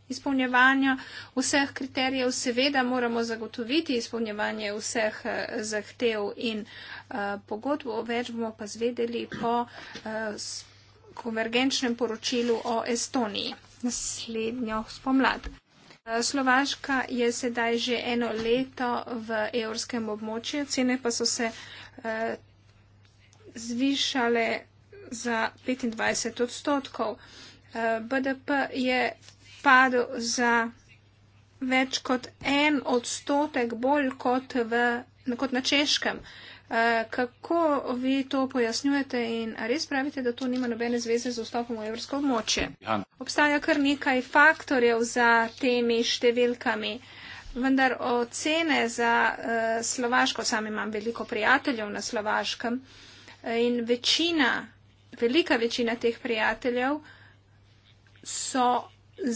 izpolnjevanja vseh kriterijev. Seveda moramo zagotoviti izpolnjevanje vseh eh, zahtev in uh, pogodb, več bomo pa zvedeli po uh, konvergenčnem poročilu o Estoniji naslednjo spomlad. Slovaška je sedaj že eno leto v evropskem območju, cene pa so se eh, zvišale za 25 odstotkov. Eh, BDP je padel za več kot en odstotek bolj kot, v, kot na češkem. Eh, Eh, kako vi to pojasnjujete in res pravite, da to nima nobene zveze z vstopom v evropsko območje? Ja. Obstaja kar nekaj faktorjev za temi številkami. Vendar ocene za uh, Slovaško, sam imam veliko prijateljev na Slovaškem eh, in večina, velika večina teh prijateljev so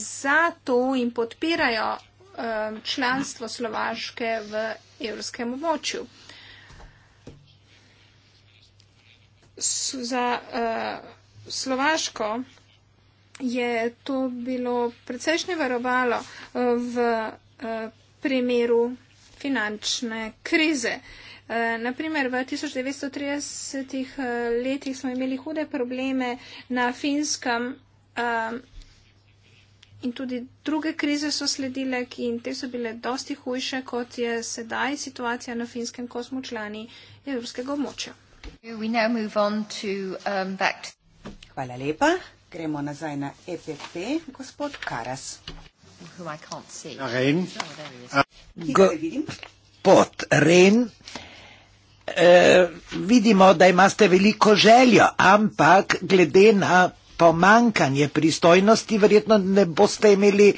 za to in podpirajo uh, članstvo Slovaške v evropskem območju. za uh, Slovaško je to bilo precejšnje varovalo eh, v uh, primeru finančne krize. Naprimer, v 1930. letih smo imeli hude probleme na finskem in tudi druge krize so sledile in te so bile dosti hujše, kot je sedaj situacija na finskem, ko smo člani evropskega območja. Um, Hvala lepa. Gremo nazaj na EPP, gospod Karas. Gospod Ren, oh, eh, vidimo, da imate veliko željo, ampak glede na pomankanje pristojnosti, verjetno ne boste imeli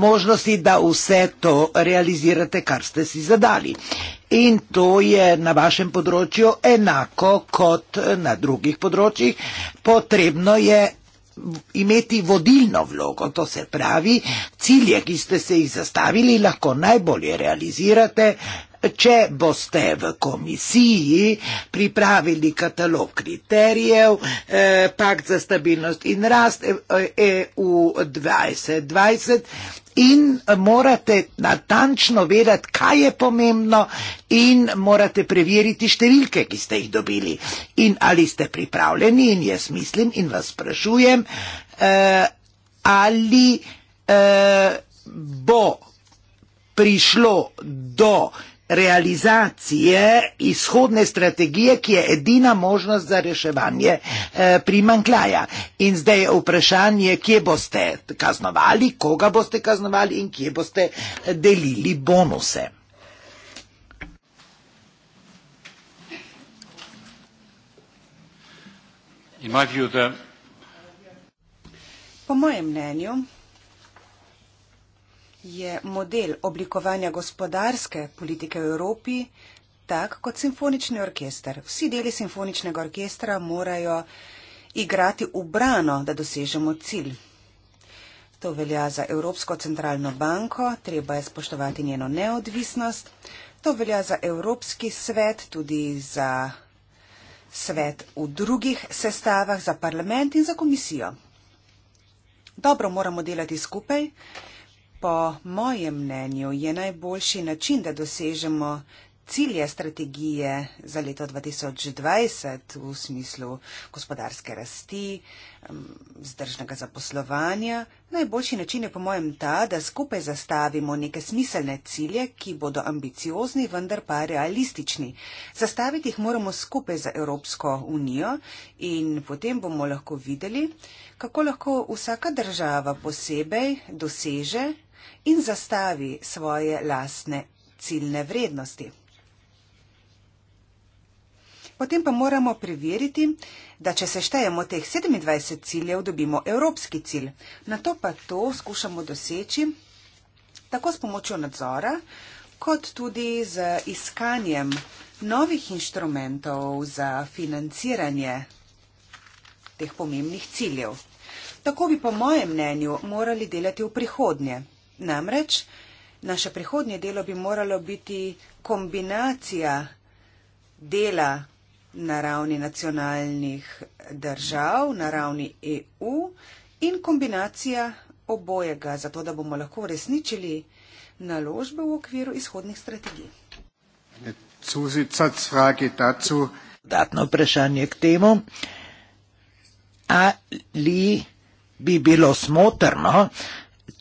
možnosti, da vse to realizirate, kar ste si zadali. In to je na vašem področju enako kot na drugih področjih. Potrebno je imeti vodilno vlogo, to se pravi, cilje, ki ste se jih zastavili, lahko najbolje realizirate, Če boste v komisiji pripravili katalog kriterijev, eh, pakt za stabilnost in rast EU eh, e 2020 in morate natančno vedeti, kaj je pomembno in morate preveriti številke, ki ste jih dobili in ali ste pripravljeni in jaz mislim in vas sprašujem, eh, ali eh, bo prišlo do realizacije izhodne strategije, ki je edina možnost za reševanje eh, primankljaja. In zdaj je vprašanje, kje boste kaznovali, koga boste kaznovali in kje boste delili bonuse. Po mojem mnenju, je model oblikovanja gospodarske politike v Evropi tak kot simfonični orkester. Vsi deli simfoničnega orkestra morajo igrati ubrano, da dosežemo cilj. To velja za Evropsko centralno banko, treba je spoštovati njeno neodvisnost. To velja za Evropski svet, tudi za svet v drugih sestavah, za parlament in za komisijo. Dobro moramo delati skupaj po mojem mnenju je najboljši način, da dosežemo cilje strategije za leto 2020 v smislu gospodarske rasti, zdržnega zaposlovanja. Najboljši način je po mojem ta, da skupaj zastavimo neke smiselne cilje, ki bodo ambiciozni, vendar pa realistični. Zastaviti jih moramo skupaj za Evropsko unijo in potem bomo lahko videli, kako lahko vsaka država posebej doseže in zastavi svoje lastne ciljne vrednosti. Potem pa moramo preveriti, da če seštejemo teh 27 ciljev, dobimo evropski cilj. Na to pa to skušamo doseči tako s pomočjo nadzora, kot tudi z iskanjem novih inštrumentov za financiranje teh pomembnih ciljev. Tako bi, po mojem mnenju, morali delati v prihodnje. Namreč naše prihodnje delo bi moralo biti kombinacija dela na ravni nacionalnih držav, na ravni EU in kombinacija obojega, zato da bomo lahko uresničili naložbe v okviru izhodnih strategij. Dodatno vprašanje k temu. Ali bi bilo smotrno,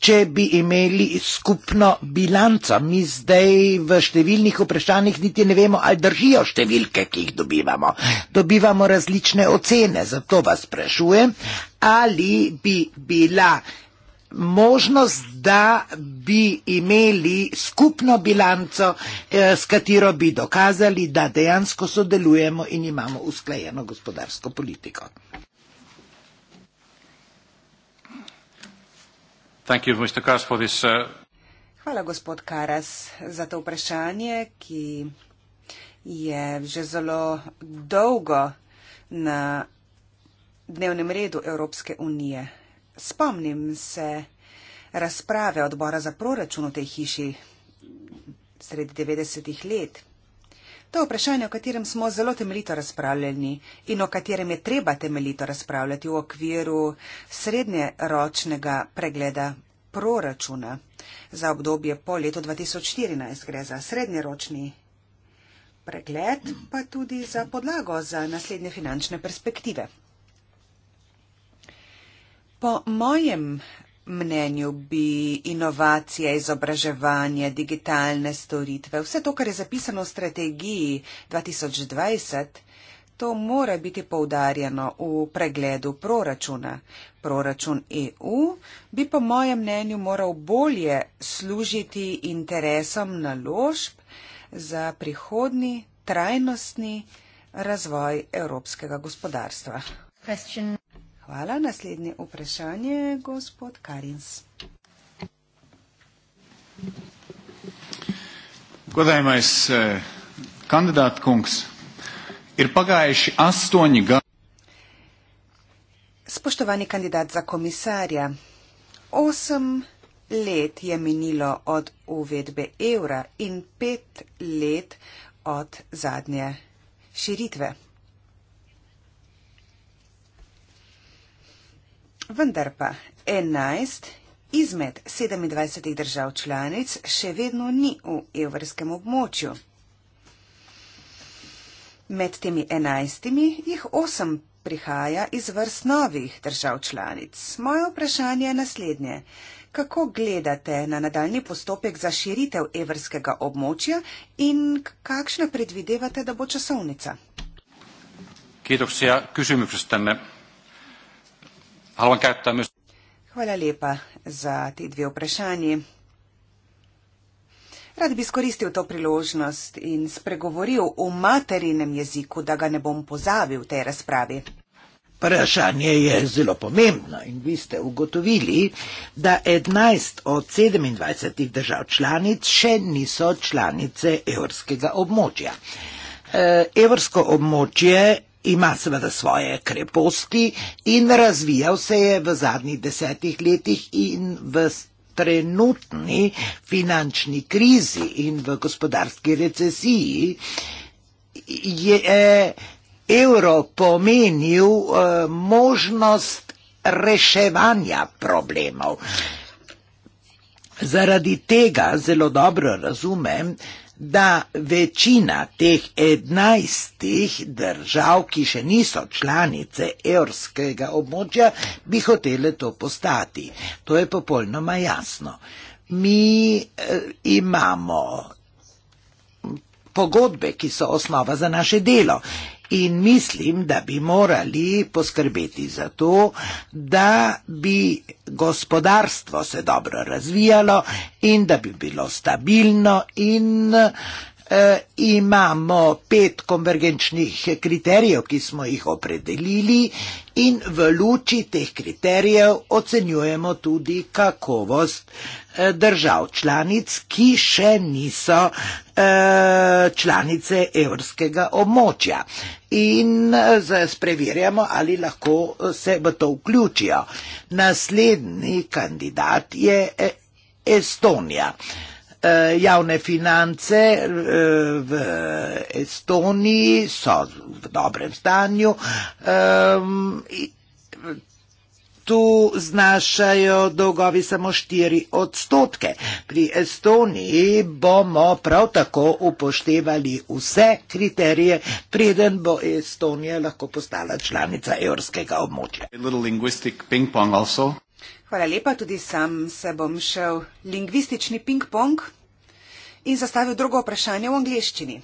Če bi imeli skupno bilanco, mi zdaj v številnih vprašanjih niti ne vemo, ali držijo številke, ki jih dobivamo. Dobivamo različne ocene, zato vas sprašujem, ali bi bila možnost, da bi imeli skupno bilanco, eh, s katero bi dokazali, da dejansko sodelujemo in imamo usklajeno gospodarsko politiko. Uh, Hvala, gospod Karas, za to vprašanje, ki je že zelo dolgo na dnevnem redu Evropske unije. Spomnim se razprave odbora za proračun v tej hiši sredi 90-ih let. To je vprašanje, o katerem smo zelo temeljito razpravljali in o katerem je treba temeljito razpravljati v okviru srednjeročnega pregleda proračuna za obdobje po letu 2014. Gre za srednjeročni pregled, pa tudi za podlago za naslednje finančne perspektive. Po mojem mnenju bi inovacije, izobraževanje, digitalne storitve, vse to, kar je zapisano v strategiji 2020, to mora biti poudarjeno v pregledu proračuna. Proračun EU bi po mojem mnenju moral bolje služiti interesom naložb za prihodni trajnostni razvoj evropskega gospodarstva. Question. Hvala. Naslednje vprašanje, gospod Karins. Godājamais eh, kandidāta kungs, ir pagājuši astoņi gadi. Spoštovani kandidāts za komisārija, osam let je minilo od uvedbe eura in pet let od zadnje širitve. Vendar pa 11 izmed 27 držav članic še vedno ni v evrskem območju. Med temi 11 jih 8 prihaja iz vrst novih držav članic. Moje vprašanje je naslednje. Kako gledate na nadaljni postopek za širitev evrskega območja in kakšna predvidevate, da bo časovnica? Kiitoksia kysymyksestänne. Haluan käyttää myös... Hvala lepa za ti dve vprašanji. Rad bi skoristil to priložnost in spregovoril v materinem jeziku, da ga ne bom pozabil v tej razpravi. Vprašanje je zelo pomembno in vi ste ugotovili, da 11 od 27 držav članic še niso članice evrskega območja. E, evrsko območje ima seveda svoje kreposti in razvijal se je v zadnjih desetih letih in v trenutni finančni krizi in v gospodarski recesiji je eh, evro pomenil eh, možnost reševanja problemov. Zaradi tega zelo dobro razumem, da večina teh enajstih držav, ki še niso članice evrskega območja, bi hotele to postati. To je popolnoma jasno. Mi eh, imamo pogodbe, ki so osnova za naše delo in mislim, da bi morali poskrbeti za to, da bi gospodarstvo se dobro razvijalo in da bi bilo stabilno in Eh, imamo pet konvergenčnih kriterijev, ki smo jih opredelili in v luči teh kriterijev ocenjujemo tudi kakovost eh, držav članic, ki še niso eh, članice evrskega območja in preverjamo, ali lahko se v to vključijo. Naslednji kandidat je Estonija. Eh, javne finance eh, v Estoniji so v dobrem stanju. Ehm, tu znašajo dolgovi samo 4 odstotke. Pri Estoniji bomo prav tako upoštevali vse kriterije, preden bo Estonija lahko postala članica evropskega območja. Hvala lepa, tudi sam se bom šel lingvistični ping-pong in zastavil drugo vprašanje v angliščini.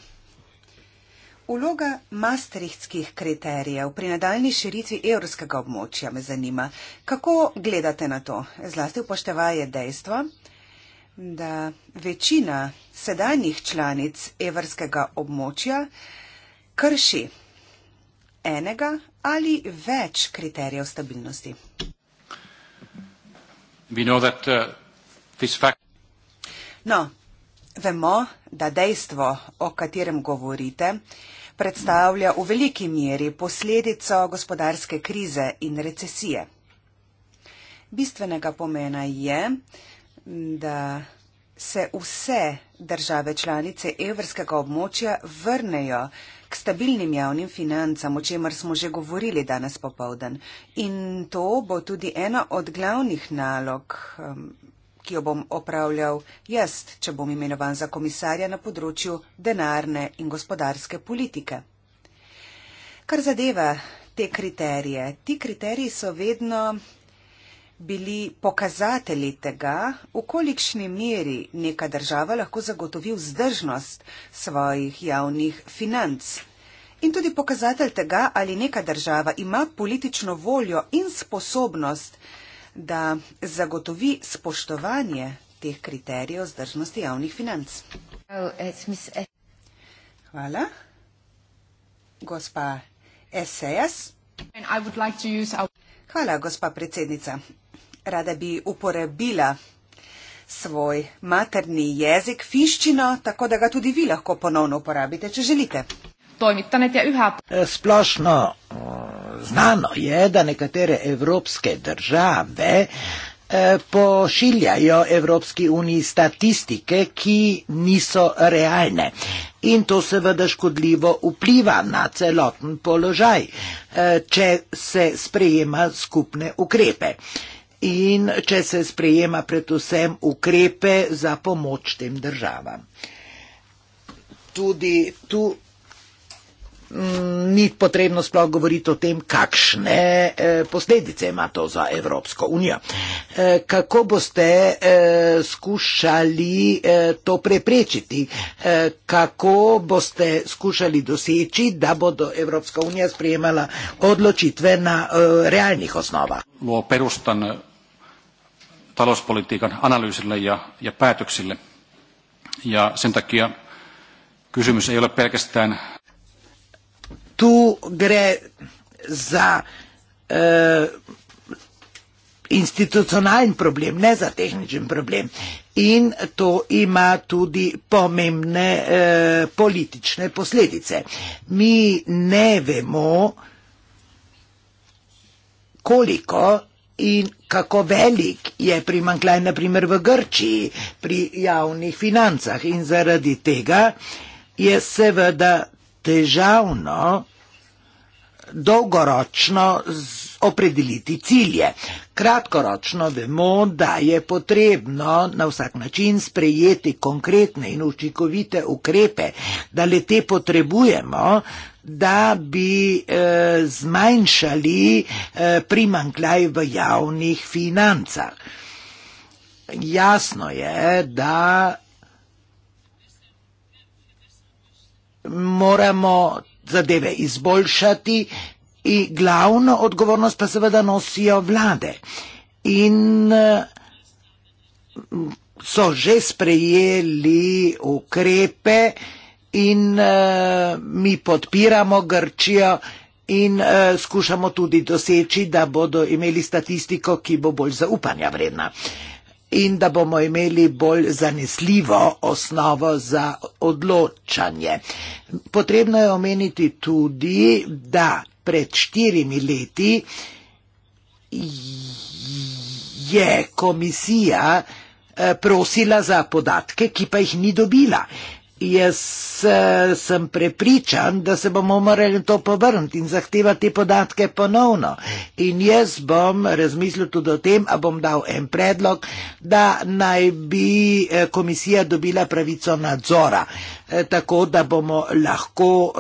Uloga mastrihtskih kriterijev pri nadaljni širitvi evropskega območja me zanima. Kako gledate na to? Zlasti upoštevaje dejstva, da večina sedanjih članic evropskega območja krši enega ali več kriterijev stabilnosti. Uh, no, vemo, da dejstvo, o katerem govorite, predstavlja v veliki meri posledico gospodarske krize in recesije. Bistvenega pomena je, da se vse države članice evrskega območja vrnejo k stabilnim javnim financam, o čemer smo že govorili danes popovdan. In to bo tudi ena od glavnih nalog, um, ki jo bom opravljal jaz, če bom imenovan za komisarja na področju denarne in gospodarske politike. Kar zadeva te kriterije, ti kriteriji so vedno bili pokazatelji tega, v kolikšni meri neka država lahko zagotovi vzdržnost svojih javnih financ. In tudi pokazatelj tega, ali neka država ima politično voljo in sposobnost, da zagotovi spoštovanje teh kriterijev zdržnosti javnih financ. Hvala. Gospa SES. Hvala, gospa predsednica rada bi uporabila svoj materni jezik, fiščino, tako da ga tudi vi lahko ponovno uporabite, če želite. Ja eh, splošno eh, znano je, da nekatere evropske države eh, pošiljajo Evropski uniji statistike, ki niso realne. In to seveda škodljivo vpliva na celoten položaj, če se sprejema skupne ukrepe in če se sprejema predvsem ukrepe za pomoč tem državam. Tudi tu mm, ni potrebno sploh govoriti o tem, kakšne eh, posledice ima to za Evropsko unijo. Eh, kako boste eh, skušali to preprečiti? Kako boste skušali doseči, da bo Evropska unija sprejemala odločitve na realnih osnovah? talouspolitiikan analyysille ja, ja päätöksille. Ja sen takia kysymys ei ole pelkästään... Tu gre za uh, institucionalni problem, ne za tehničen problem. In to ima tudi pomembne uh, politične posledice. Mi ne vemo, koliko in kako velik je primankljaj, naprimer v Grčiji, pri javnih financah. In zaradi tega je seveda težavno dolgoročno opredeliti cilje. Kratkoročno vemo, da je potrebno na vsak način sprejeti konkretne in učinkovite ukrepe, da le te potrebujemo, da bi eh, zmanjšali eh, primankljaj v javnih financah. Jasno je, da moramo zadeve izboljšati in glavno odgovornost pa seveda nosijo vlade. In eh, so že sprejeli ukrepe, eh, in uh, mi podpiramo Grčijo in uh, skušamo tudi doseči, da bodo imeli statistiko, ki bo bolj zaupanja vredna in da bomo imeli bolj zanesljivo osnovo za odločanje. Potrebno je omeniti tudi, da pred štirimi leti je komisija eh, prosila za podatke, ki pa jih ni dobila. Jaz eh, sem prepričan, da se bomo morali to povrniti in zahtevati podatke ponovno. In jaz bom razmislil tudi o tem, a bom dal en predlog, da naj bi eh, komisija dobila pravico nadzora, eh, tako da bomo lahko uh,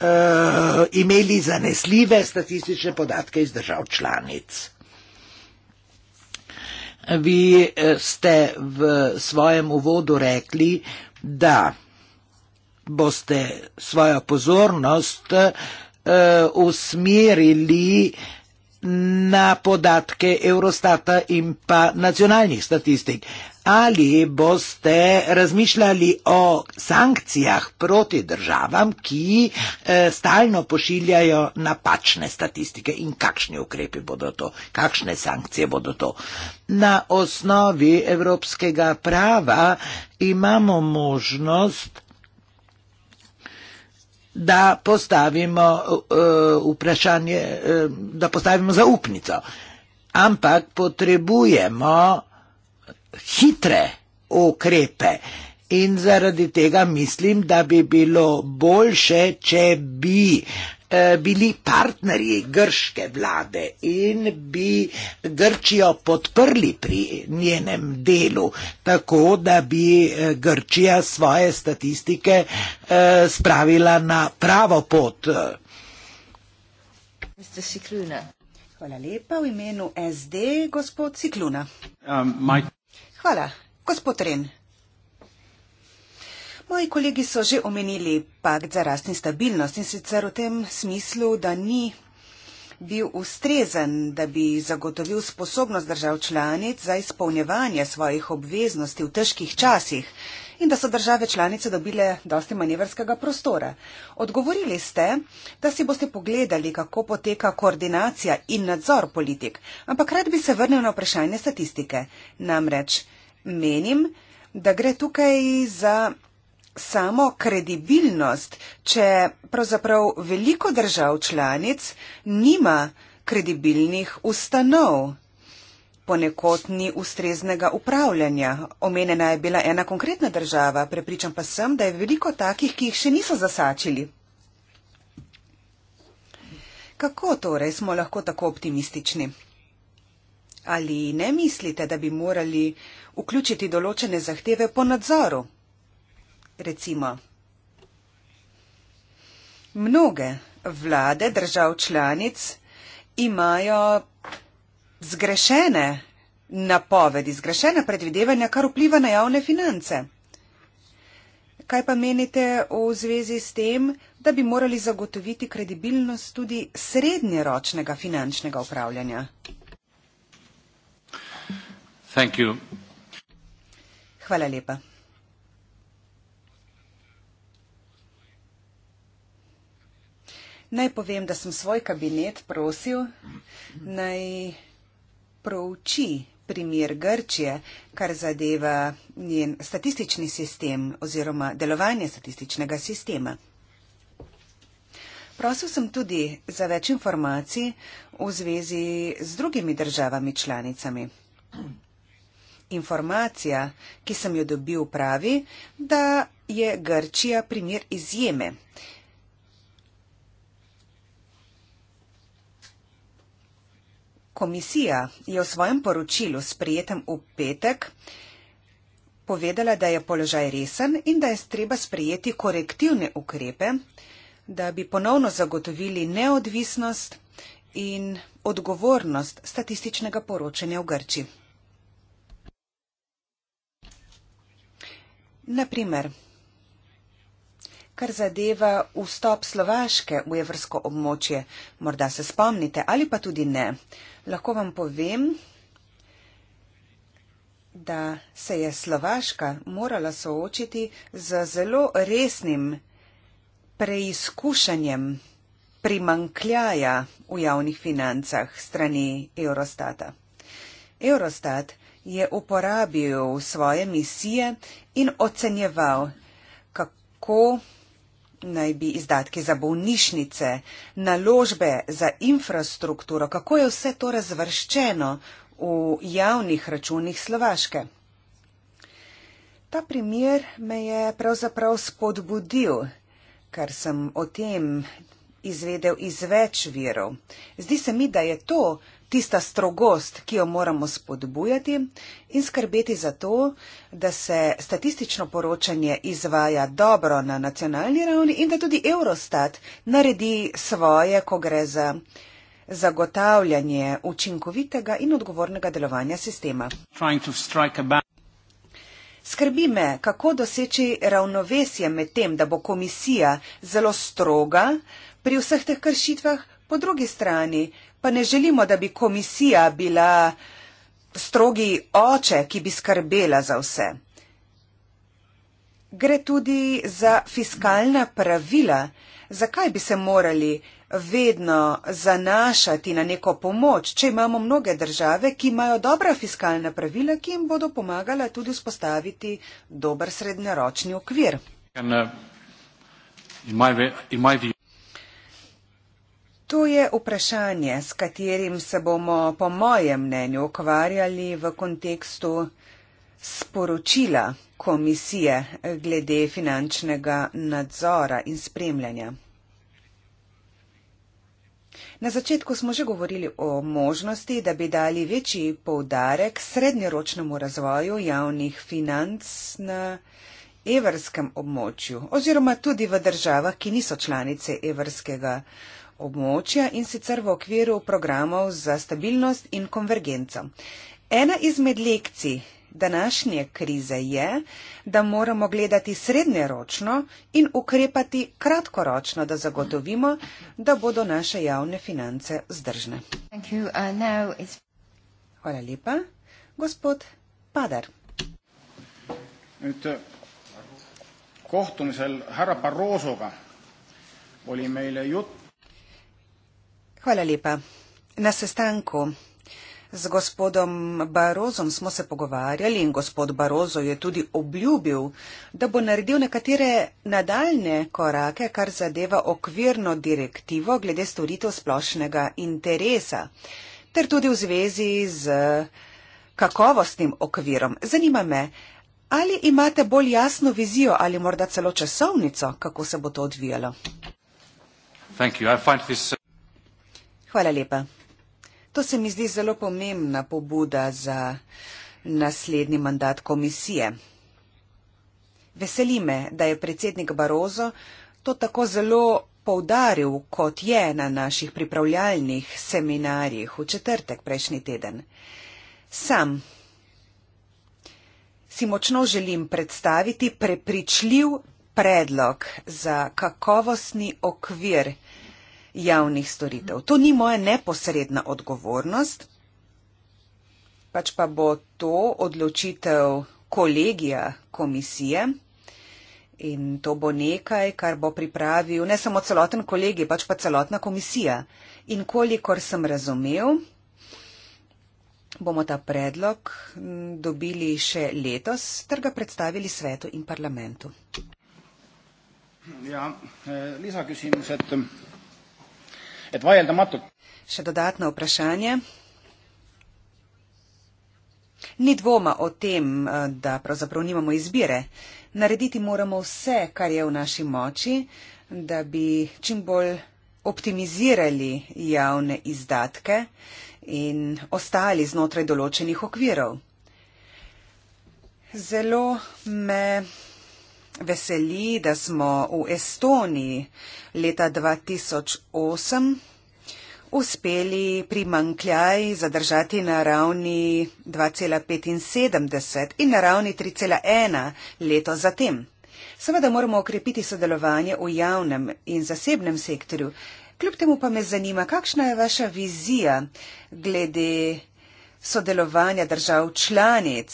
uh, imeli zanesljive statistične podatke iz držav članic. Vi ste v svojem uvodu rekli, da boste svojo pozornost uh, usmerili na podatke Eurostata in pa nacionalnih statistik. Ali boste razmišljali o sankcijah proti državam, ki eh, stalno pošiljajo napačne statistike in kakšni ukrepi bodo to, kakšne sankcije bodo to? Na osnovi evropskega prava imamo možnost da postavimo uh, vprašanje, uh, da postavimo zaupnico. Ampak potrebujemo hitre ukrepe. In zaradi tega mislim, da bi bilo boljše, če bi eh, bili partnerji grške vlade in bi Grčijo podprli pri njenem delu, tako da bi eh, Grčija svoje statistike eh, spravila na pravo pot. Hvala lepa v imenu SD, gospod Cikluna. Um, my... Hvala, gospod Ren. Moji kolegi so že omenili pakt za rast in stabilnost in sicer v tem smislu, da ni bil ustrezen, da bi zagotovil sposobnost držav članic za izpolnjevanje svojih obveznosti v težkih časih in da so države članice dobile dosti manevrskega prostora. Odgovorili ste, da si boste pogledali, kako poteka koordinacija in nadzor politik, ampak rad bi se vrnil na vprašanje statistike. Namreč, menim, da gre tukaj za samo kredibilnost, če pravzaprav veliko držav članic nima kredibilnih ustanov, ponekod ni ustreznega upravljanja. Omenjena je bila ena konkretna država, prepričam pa sem, da je veliko takih, ki jih še niso zasačili. Kako torej smo lahko tako optimistični? Ali ne mislite, da bi morali vključiti določene zahteve po nadzoru? Recimo, mnoge vlade držav članic imajo zgrešene napovedi, zgrešene predvidevanja, kar vpliva na javne finance. Kaj pa menite v zvezi s tem, da bi morali zagotoviti kredibilnost tudi srednjeročnega finančnega upravljanja? Hvala lepa. Naj povem, da sem svoj kabinet prosil, naj prouči primer Grčije, kar zadeva njen statistični sistem oziroma delovanje statističnega sistema. Prosil sem tudi za več informacij v zvezi z drugimi državami članicami informacija, ki sem jo dobil, pravi, da je Grčija primer izjeme. Komisija je v svojem poročilu sprijetem v petek povedala, da je položaj resen in da je treba sprijeti korektivne ukrepe, da bi ponovno zagotovili neodvisnost in odgovornost statističnega poročanja v Grčiji. Naprimer, kar zadeva vstop Slovaške v evrsko območje, morda se spomnite ali pa tudi ne, lahko vam povem, da se je Slovaška morala soočiti z zelo resnim preizkušanjem primankljaja v javnih financah strani Eurostata. Eurostat je uporabil svoje misije in ocenjeval, kako naj bi izdatki za bolnišnice, naložbe za infrastrukturo, kako je vse to razvrščeno v javnih računih Slovaške. Ta primer me je pravzaprav spodbudil, ker sem o tem izvedel iz več virov. Zdi se mi, da je to, tista strogost, ki jo moramo spodbujati in skrbeti za to, da se statistično poročanje izvaja dobro na nacionalni ravni in da tudi Eurostat naredi svoje, ko gre za zagotavljanje učinkovitega in odgovornega delovanja sistema. Skrbi me, kako doseči ravnovesje med tem, da bo komisija zelo stroga pri vseh teh kršitvah, po drugi strani pa ne želimo, da bi komisija bila strogi oče, ki bi skrbela za vse. Gre tudi za fiskalna pravila, zakaj bi se morali vedno zanašati na neko pomoč, če imamo mnoge države, ki imajo dobra fiskalna pravila, ki jim bodo pomagala tudi spostaviti dober srednjeročni okvir. And, uh, in my, in my To je vprašanje, s katerim se bomo, po mojem mnenju, ukvarjali v kontekstu sporočila komisije glede finančnega nadzora in spremljanja. Na začetku smo že govorili o možnosti, da bi dali večji poudarek srednjeročnemu razvoju javnih financ na evrskem območju oziroma tudi v državah, ki niso članice evrskega območja območja in sicer v okviru programov za stabilnost in konvergenco. Ena izmed lekcij današnje krize je, da moramo gledati srednjeročno in ukrepati kratkoročno, da zagotovimo, da bodo naše javne finance zdržne. Uh, Hvala lepa. Gospod Padar. Äh, kohtumisel, hrra Barrosoga, oli meile jut Hvala lepa. Na sestanku z gospodom Barozom smo se pogovarjali in gospod Barozo je tudi obljubil, da bo naredil nekatere nadaljne korake, kar zadeva okvirno direktivo glede storitev splošnega interesa, ter tudi v zvezi z kakovostnim okvirom. Zanima me, ali imate bolj jasno vizijo ali morda celo časovnico, kako se bo to odvijalo? Hvala lepa. To se mi zdi zelo pomembna pobuda za naslednji mandat komisije. Veseli me, da je predsednik Barozo to tako zelo poudaril, kot je na naših pripravljalnih seminarjih v četrtek prejšnji teden. Sam si močno želim predstaviti prepričljiv predlog za kakovostni okvir javnih storitev. To ni moja neposredna odgovornost, pač pa bo to odločitev kolegija komisije in to bo nekaj, kar bo pripravil ne samo celoten kolegij, pač pa celotna komisija. In kolikor sem razumel, bomo ta predlog dobili še letos, ter ga predstavili svetu in parlamentu. Ja, eh, lisaküsimus, et et vaieldamatult. še dodatno vprašanje? Ni dvoma o tem, eh, da pravzaprav nimamo izbire. Narediti moramo vse, kar je v naši moči, da bi čim bolj optimizirali javne izdatke in ostali znotraj določenih okvirov. Zelo me veseli, da smo v Estoniji leta 2008 uspeli primankljaj zadržati na ravni 2,75 in na ravni 3,1 leto zatem. Seveda moramo okrepiti sodelovanje v javnem in zasebnem sektorju. Kljub temu pa me zanima, kakšna je vaša vizija glede sodelovanja držav članic,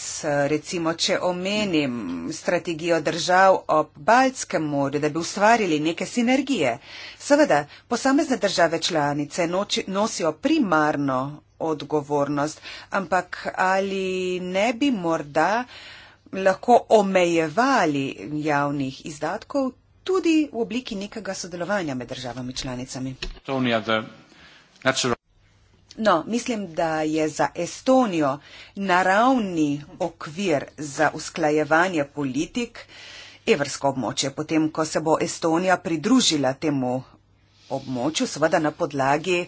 recimo, če omenim strategijo držav ob Baltskem morju, da bi ustvarili neke sinergije. Seveda, posamezne države članice noči, nosijo primarno odgovornost, ampak ali ne bi morda lahko omejevali javnih izdatkov tudi v obliki nekega sodelovanja med državami članicami? Tonija, No, mislim, da je za Estonijo naravni okvir za usklajevanje politik evrsko območje, potem, ko se bo Estonija pridružila temu območju, seveda na podlagi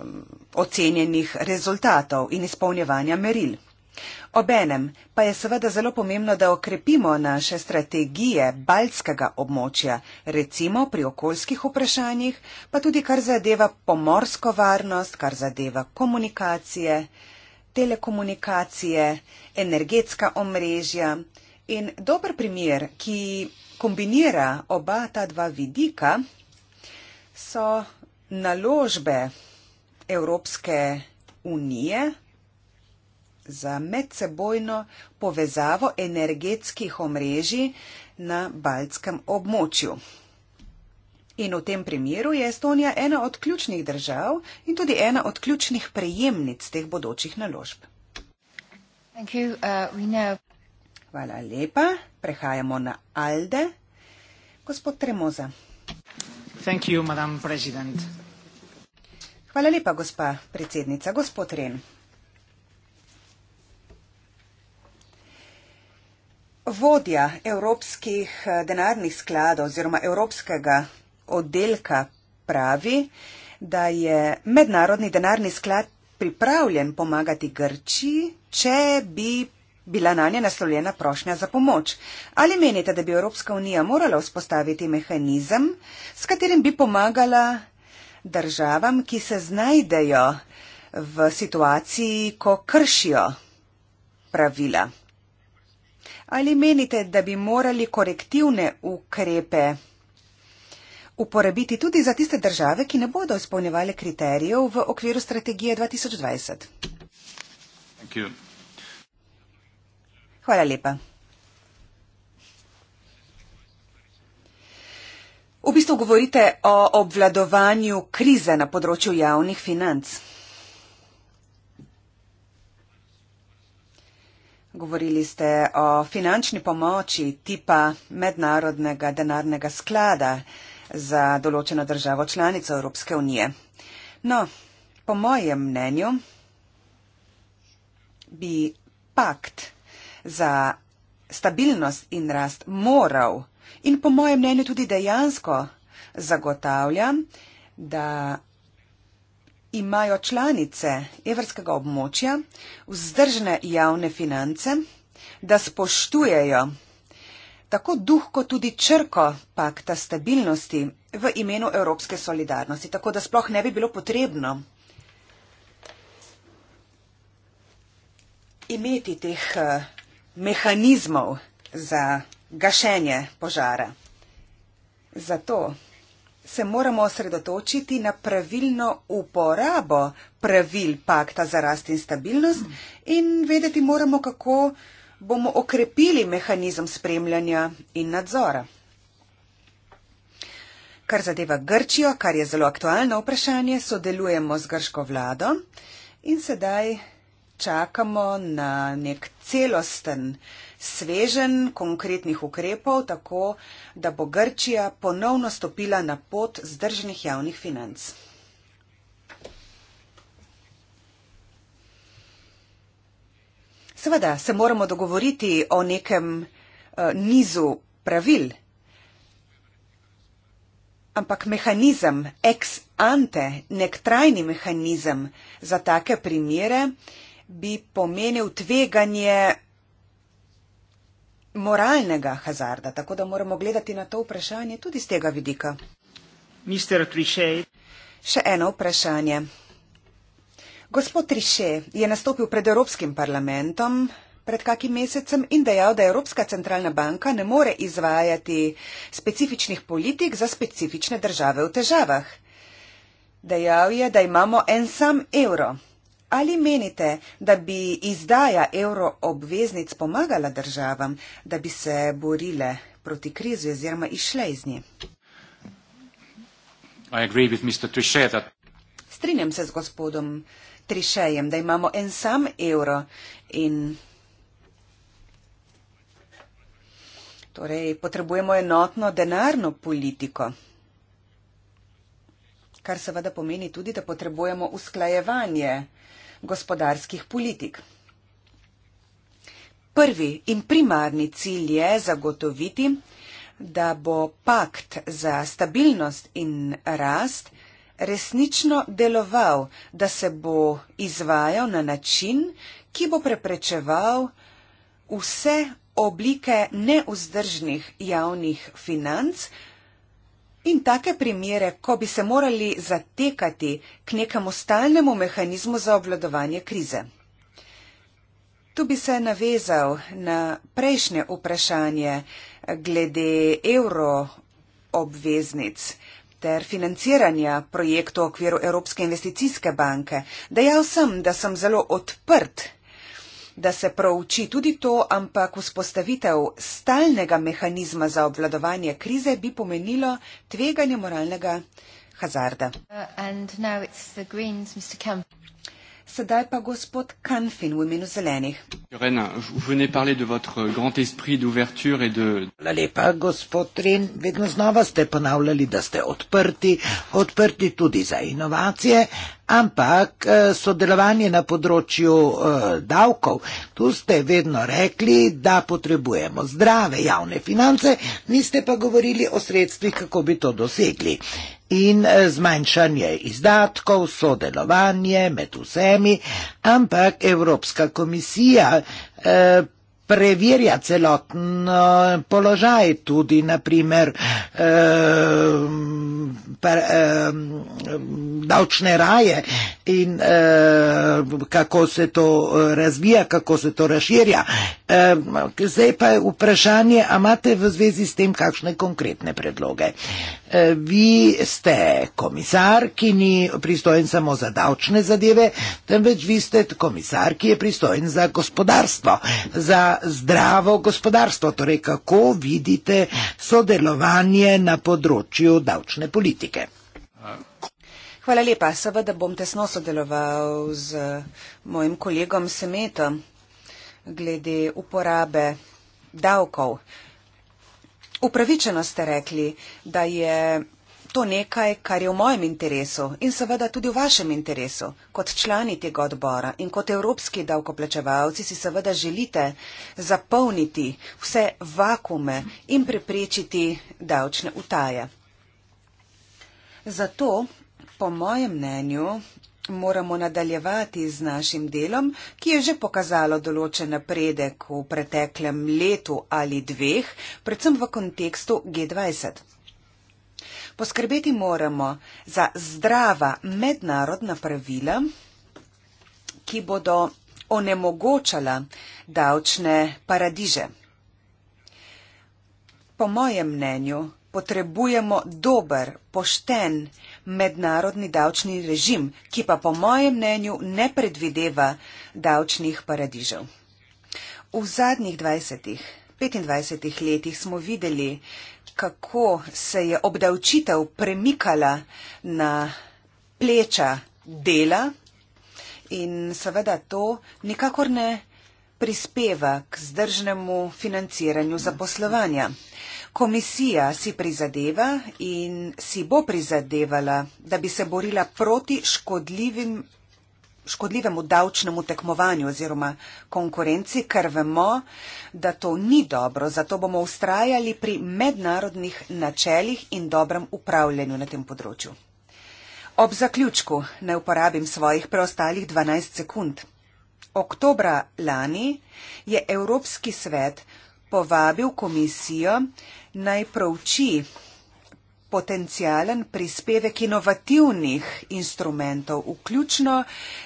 mm, ocenjenih rezultatov in izpolnjevanja meril. Obenem pa je seveda zelo pomembno, da okrepimo naše strategije baltskega območja, recimo pri okoljskih vprašanjih, pa tudi kar zadeva pomorsko varnost, kar zadeva komunikacije, telekomunikacije, energetska omrežja. In dober primer, ki kombinira oba ta dva vidika, so naložbe Evropske unije za medsebojno povezavo energetskih omrežij na baltskem območju. In v tem primeru je Estonija ena od ključnih držav in tudi ena od ključnih prejemnic teh bodočih naložb. Uh, Hvala lepa. Prehajamo na Alde. Gospod Tremoza. Hvala lepa, gospa predsednica. Gospod Ren. Vodja evropskih eh, denarnih skladov oziroma evropskega oddelka pravi, da je mednarodni denarni sklad pripravljen pomagati Grčiji, če bi bila na nje naslovljena prošnja za pomoč. Ali menite, da bi Evropska unija morala vzpostaviti mehanizem, s katerim bi pomagala državam, ki se znajdejo v situaciji, ko kršijo pravila? Ali menite, da bi morali korektivne ukrepe uporabiti tudi za tiste države, ki ne bodo izpolnjevali kriterijev v okviru strategije 2020? Hvala lepa. V bistvu govorite o obvladovanju krize na področju javnih financ. Govorili ste o finančni pomoči tipa mednarodnega denarnega sklada za določeno državo članico Evropske unije. No, po mojem mnenju bi pakt za stabilnost in rast moral in po mojem mnenju tudi dejansko zagotavlja, da imajo članice evrskega območja vzdržne javne finance, da spoštujejo tako duh kot tudi črko pakta stabilnosti v imenu evropske solidarnosti, tako da sploh ne bi bilo potrebno imeti teh eh, mehanizmov za gašenje požara. Zato se moramo osredotočiti na pravilno uporabo pravil pakta za rast in stabilnost in vedeti moramo, kako bomo okrepili mehanizem spremljanja in nadzora. Kar zadeva Grčijo, kar je zelo aktualno vprašanje, sodelujemo z grško vlado in sedaj čakamo na nek celosten svežen konkretnih ukrepov, tako da bo Grčija ponovno stopila na pot zdržnih javnih financ. Seveda se moramo dogovoriti o nekem uh, nizu pravil, ampak mehanizem ex ante, nek trajni mehanizem za take primere, uh, bi pomenil tveganje moralnega hazarda. Tako da moramo gledati na to vprašanje tudi z tega vidika. Mr. Trichet. Še eno vprašanje. Gospod Trichet je nastopil pred Evropskim parlamentom pred kakim mesecem in dejal, da Evropska centralna banka ne more izvajati specifičnih politik za specifične države v težavah. Dejal je, da imamo en sam evro, Ali menite, da bi izdaja euroobveznic pomagala državam, da bi se borile proti krizi oziroma išle iz nje? Strinjam se z gospodom Trišejem, da imamo en sam evro in torej potrebujemo enotno denarno politiko kar seveda pomeni tudi, da potrebujemo usklajevanje gospodarskih politik. Prvi in primarni cilj je zagotoviti, da bo pakt za stabilnost in rast resnično deloval, da se bo izvajal na način, ki bo preprečeval vse oblike neuzdržnih javnih financ, In take primere, ko bi se morali zatekati k nekemu stalnemu mehanizmu za obvladovanje krize. Tu bi se navezal na prejšnje vprašanje glede evro obveznic ter financiranja projektov v okviru Evropske investicijske banke. Dejal sem, da sem zelo odprt da se prouči tudi to, ampak vzpostavitev stalnega mehanizma za obvladovanje krize bi pomenilo tveganje moralnega hazarda. Uh, greens, Sedaj pa gospod Kanfin v imenu zelenih. Hvala lepa, gospod Ren. Vedno znova ste ponavljali, da ste odprti, odprti tudi za inovacije ampak eh, sodelovanje na področju eh, davkov. Tu ste vedno rekli, da potrebujemo zdrave javne finance, niste pa govorili o sredstvih, kako bi to dosegli. In eh, zmanjšanje izdatkov, sodelovanje med vsemi, ampak Evropska komisija preverja celoten eh, položaj, tudi naprimer eh, eh, davčne raje in kako se to razvija, kako se to razširja. Zdaj pa je vprašanje, a imate v zvezi s tem kakšne konkretne predloge? E, vi ste komisar, ki ni pristojen samo za davčne zadeve, temveč vi ste komisar, ki je pristojen za gospodarstvo, za zdravo gospodarstvo. Torej, kako vidite sodelovanje na področju davčne politike? Hvala lepa. Seveda bom tesno sodeloval z mojim kolegom Semetom glede uporabe davkov upravičeno ste rekli, da je to nekaj, kar je v mojem interesu in seveda tudi v vašem interesu. Kot člani tega odbora in kot evropski davkoplačevalci si seveda želite zapolniti vse vakume in preprečiti davčne utaje. Zato, po mojem mnenju, moramo nadaljevati z našim delom, ki je že pokazalo določen napredek v preteklem letu ali dveh, predvsem v kontekstu G20. Poskrbeti moramo za zdrava mednarodna pravila, ki bodo onemogočala davčne paradiže. Po mojem mnenju potrebujemo dober, pošten, mednarodni davčni režim, ki pa po mojem mnenju ne predvideva davčnih paradižev. V zadnjih 20, 25 letih smo videli, kako se je obdavčitev premikala na pleča dela in seveda to nikakor ne prispeva k zdržnemu financiranju zaposlovanja. Komisija si prizadeva in si bo prizadevala, da bi se borila proti škodljivim, škodljivemu davčnemu tekmovanju oziroma konkurenci, ker vemo, da to ni dobro. Zato bomo ustrajali pri mednarodnih načelih in dobrem upravljanju na tem področju. Ob zaključku ne uporabim svojih preostalih 12 sekund. Oktobra lani je Evropski svet povabil komisijo naj prouči potencijalen prispevek inovativnih instrumentov, vključno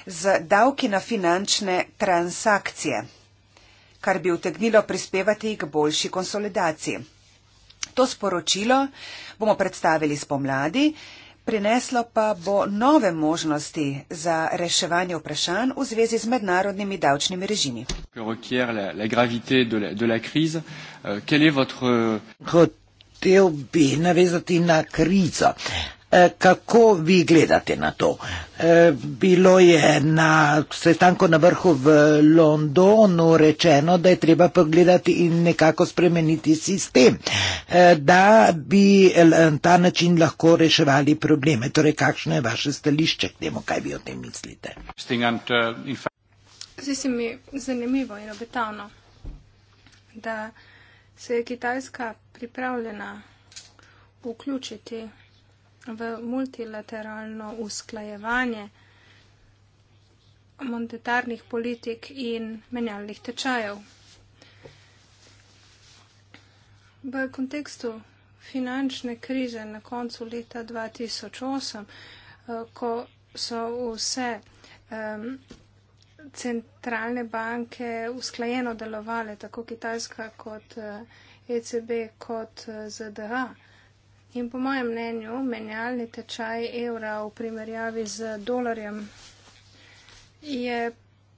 z davki na finančne transakcije, kar bi utegnilo prispevati k boljši konsolidaciji. To sporočilo bomo predstavili spomladi, Prineslo pa bo nove možnosti za reševanje vprašanj v zvezi z mednarodnimi davčnimi režimi. Euh, euh, Hotel bi navezati na krizo. Eh, kako vi gledate na to? Eh, bilo je na sestanku na vrhu v Londonu rečeno, da je treba pogledati in nekako spremeniti sistem, eh, da bi na ta način lahko reševali probleme. Torej, kakšno je vaše stališče k temu, kaj vi o tem mislite? Zdi se mi zanimivo in obetavno, da se je Kitajska pripravljena vključiti v multilateralno usklajevanje monetarnih politik in menjalnih tečajev. V kontekstu finančne krize na koncu leta 2008, eh, ko so vse um, centralne banke usklajeno delovale, tako Kitajska kot ECB eh, e kot eh, ZDA, In po mojem mnenju, menjalni tečaj evra v primerjavi z dolarjem je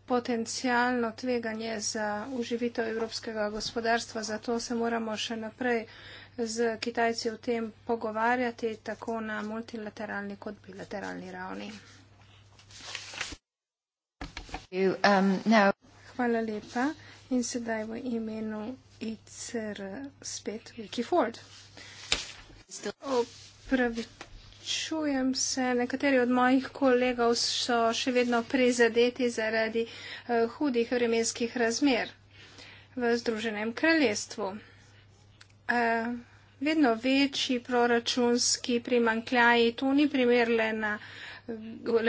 potencijalno tveganje za uživitev evropskega gospodarstva. Zato se moramo še naprej z Kitajci o tem pogovarjati tako na multilateralni kot bilateralni ravni. Um, Hvala lepa. In sedaj v imenu ICR spet Vicky Ford. Opravičujem se, nekateri od mojih kolegov so še vedno prizadeti zaradi eh, hudih vremenskih razmer v Združenem kraljestvu. Eh, vedno večji proračunski primankljaji, to ni primer le, na,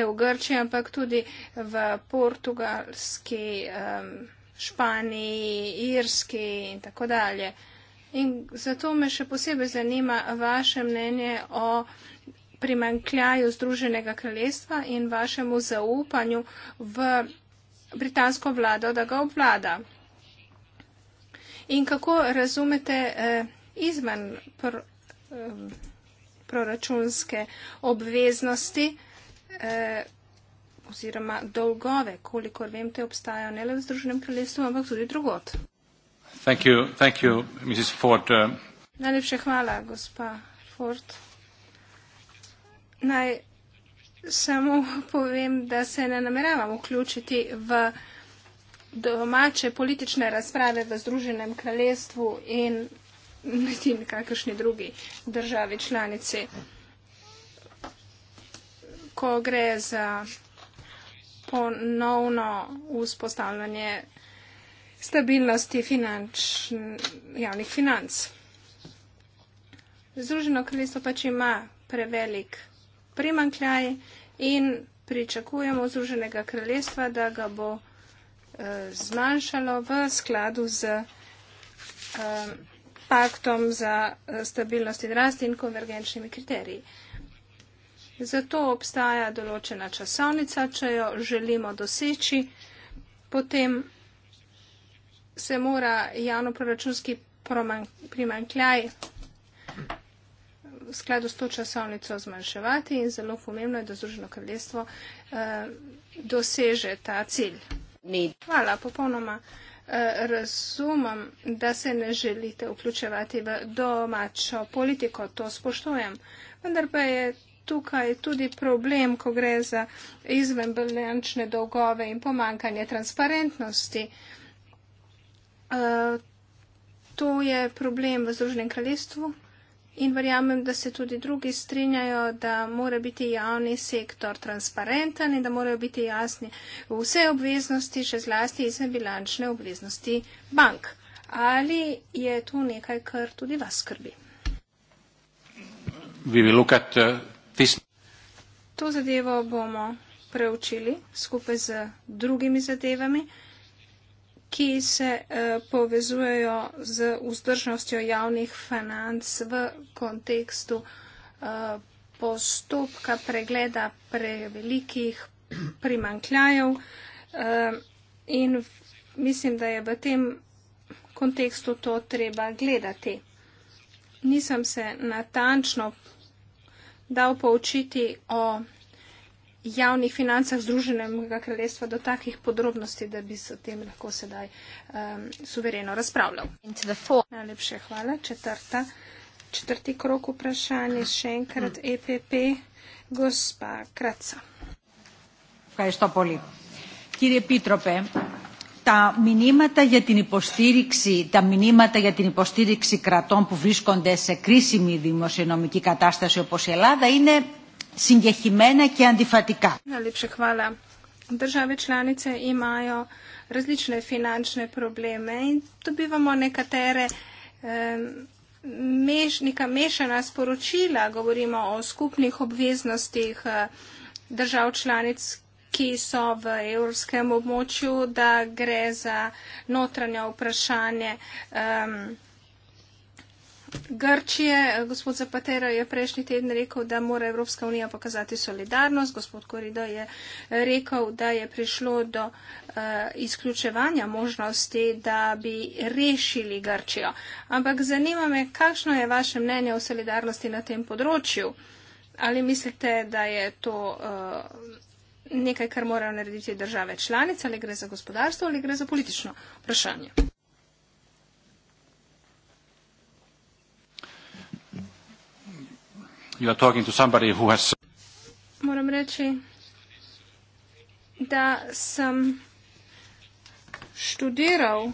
le v Grčiji, ampak tudi v Portugalski, Španiji, Irski in tako dalje. In zato me še posebej zanima vaše mnenje o primankljaju Združenega kraljestva in vašemu zaupanju v britansko vlado, da ga obvlada. In kako razumete eh, izmen pr, eh, proračunske obveznosti eh, oziroma dolgove, kolikor vem, te obstajajo ne le v Združenem kraljestvu, ampak tudi drugot. Uh, najlepša hvala gospa ford naj samo povem da se ne nameravam vključiti v domače politične razprave v združenem kraljestvu in niti nekakšni drugi državi članici ko gre za ponovno vzpostavljanje stabilnosti finanč, javnih financ. Združeno kraljestvo pač ima prevelik primankljaj in pričakujemo Združenega kraljestva, da ga bo eh, zmanjšalo v skladu z eh, paktom za eh, stabilnost in rast in konvergenčnimi kriteriji. Zato obstaja določena časovnica, če jo želimo doseči, potem se mora javno proračunski primankljaj v skladu s to časovnico zmanjševati in zelo pomembno je, da Združeno kraljestvo eh, doseže ta cilj. Ni. Hvala, popolnoma eh, razumem, da se ne želite vključevati v domačo politiko, to spoštujem. Vendar pa je tukaj tudi problem, ko gre za izvenbeljančne dolgove in pomankanje transparentnosti. Eh, to je problem v Združenem kraljestvu in verjamem, da se tudi drugi strinjajo, da mora biti javni sektor transparenten in da morajo biti jasni vse obveznosti, še zlasti izmebilančne obveznosti bank. Ali je to nekaj, kar tudi vas skrbi? Uh, to zadevo bomo preučili skupaj z drugimi zadevami ki se eh, povezujejo z vzdržnostjo javnih financ v kontekstu eh, postopka pregleda prevelikih primankljajev. Eh, in mislim, da je v tem kontekstu to treba gledati. Nisem se natančno dal poučiti o javnih financah Združenega kraljestva do takih podrobnosti, da bi se o tem lahko sedaj um, suvereno razpravljal. Najlepše hvala. Četrta, četrti krok vprašanje, še enkrat mm. EPP, gospa Kraca. Kaj je to poli? Κύριε Πίτροπε, τα μηνύματα για την υποστήριξη, τα μηνύματα για την υποστήριξη κρατών που βρίσκονται σε κρίσιμη δημοσιονομική κατάσταση όπως η Ελλάδα είναι Najlepša hvala. Države članice imajo različne finančne probleme in dobivamo nekatere meš, neka mešana sporočila. Govorimo o skupnih obveznostih eh, držav članic, ki so v evropskem območju, da gre za notranje vprašanje. Um, Grčije. Gospod Zapatero je prejšnji teden rekel, da mora Evropska unija pokazati solidarnost. Gospod Korido je rekel, da je prišlo do uh, izključevanja možnosti, da bi rešili Grčijo. Ampak zanima me, kakšno je vaše mnenje o solidarnosti na tem področju? Ali mislite, da je to uh, nekaj, kar morajo narediti države članice, ali gre za gospodarstvo, ali gre za politično vprašanje? you are talking to somebody who has Moram reći da sam študirao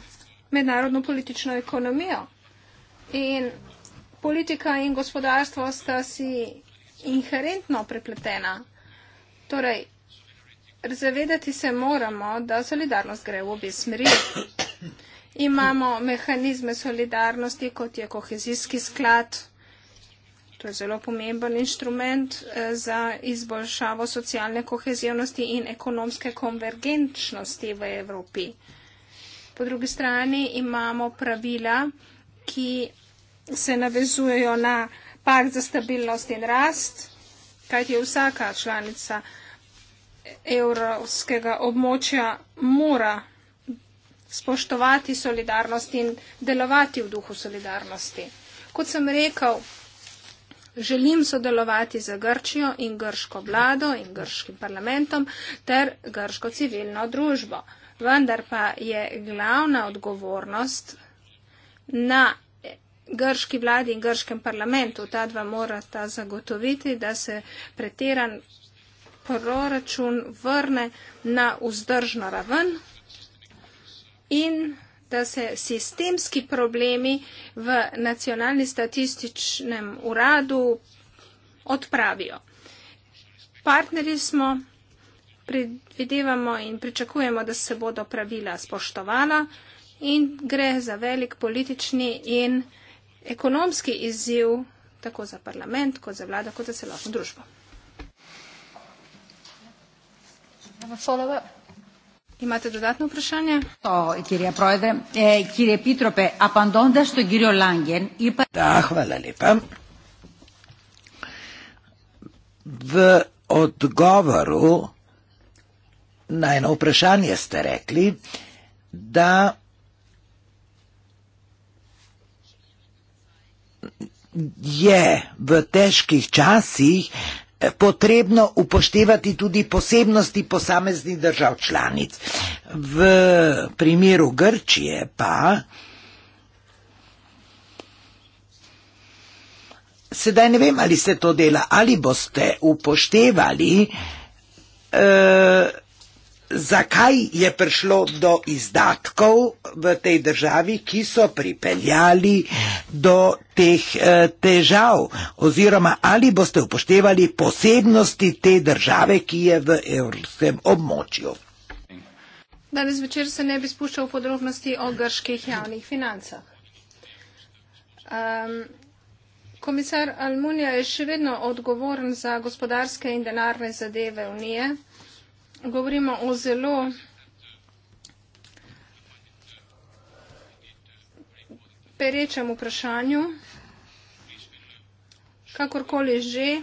mednarodnu političnu ekonomiju in politika in gospodarstvo sta si inherentno prepletena. Torej, zavedati se moramo, da solidarnost gre v obi smeri. Imamo mehanizme solidarnosti, kot je kohezijski sklad, To je zelo pomemben inštrument eh, za izboljšavo socialne kohezivnosti in ekonomske konvergenčnosti v Evropi. Po drugi strani imamo pravila, ki se navezujejo na pakt za stabilnost in rast, kajti vsaka članica evropskega območja mora spoštovati solidarnost in delovati v duhu solidarnosti. Kot sem rekel, Želim sodelovati z Grčijo in grško vlado in grškim parlamentom ter grško civilno družbo. Vendar pa je glavna odgovornost na grški vladi in grškem parlamentu. Ta dva morata zagotoviti, da se pretiran proračun vrne na vzdržno raven in da se sistemski problemi v nacionalnem statističnem uradu odpravijo. Partnerji smo, predvidevamo in pričakujemo, da se bodo pravila spoštovala in gre za velik politični in ekonomski izziv tako za parlament, kot za vlado, kot za celotno družbo. Have a follow-up? Imate dodatno vprašanje? To, kirja Projde, eh, kirje Pitrope, a pa onda što kirjo Langen in pa... Da, hvala lepa. V odgovoru na eno vprašanje ste rekli, da je v težkih časih potrebno upoštevati tudi posebnosti posameznih držav članic. V primeru Grčije pa sedaj ne vem, ali se to dela, ali boste upoštevali eh, zakaj je prišlo do izdatkov v tej državi, ki so pripeljali do teh eh, težav oziroma ali boste upoštevali posebnosti te države, ki je v evropskem območju. Danes večer se ne bi spuščal v podrobnosti o grških javnih financah. Um, komisar Almunija je še vedno odgovoren za gospodarske in denarne zadeve Unije govorimo o zelo perečem vprašanju. Kakorkoli že,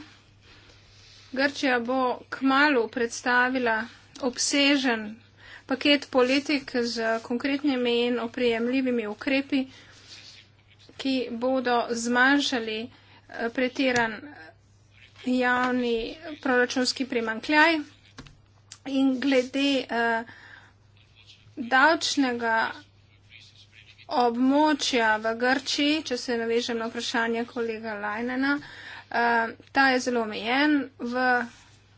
Grčija bo k malu predstavila obsežen paket politik z konkretnimi in oprijemljivimi ukrepi, ki bodo zmanjšali eh, pretiran javni proračunski primankljaj. In glede eh, davčnega območja v Grčiji, če se navežem na vprašanje kolega Lajnena, eh, ta je zelo omejen v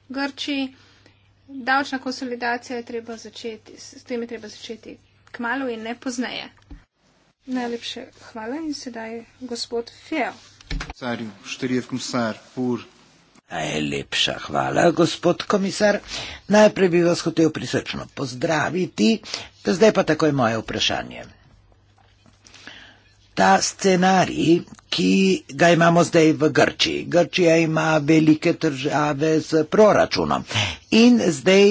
Grčiji. Davčna konsolidacija je treba začeti, s tem je treba začeti kmalo in ne pozneje. Najlepše hvala in sedaj gospod Fjell. Komisar, komisar, pur. Najlepša hvala, gospod komisar. Najprej bi vas hotel prisrčno pozdraviti, zdaj pa takoj moje vprašanje. Ta scenarij, ki ga imamo zdaj v Grčiji. Grčija ima velike države z proračunom in zdaj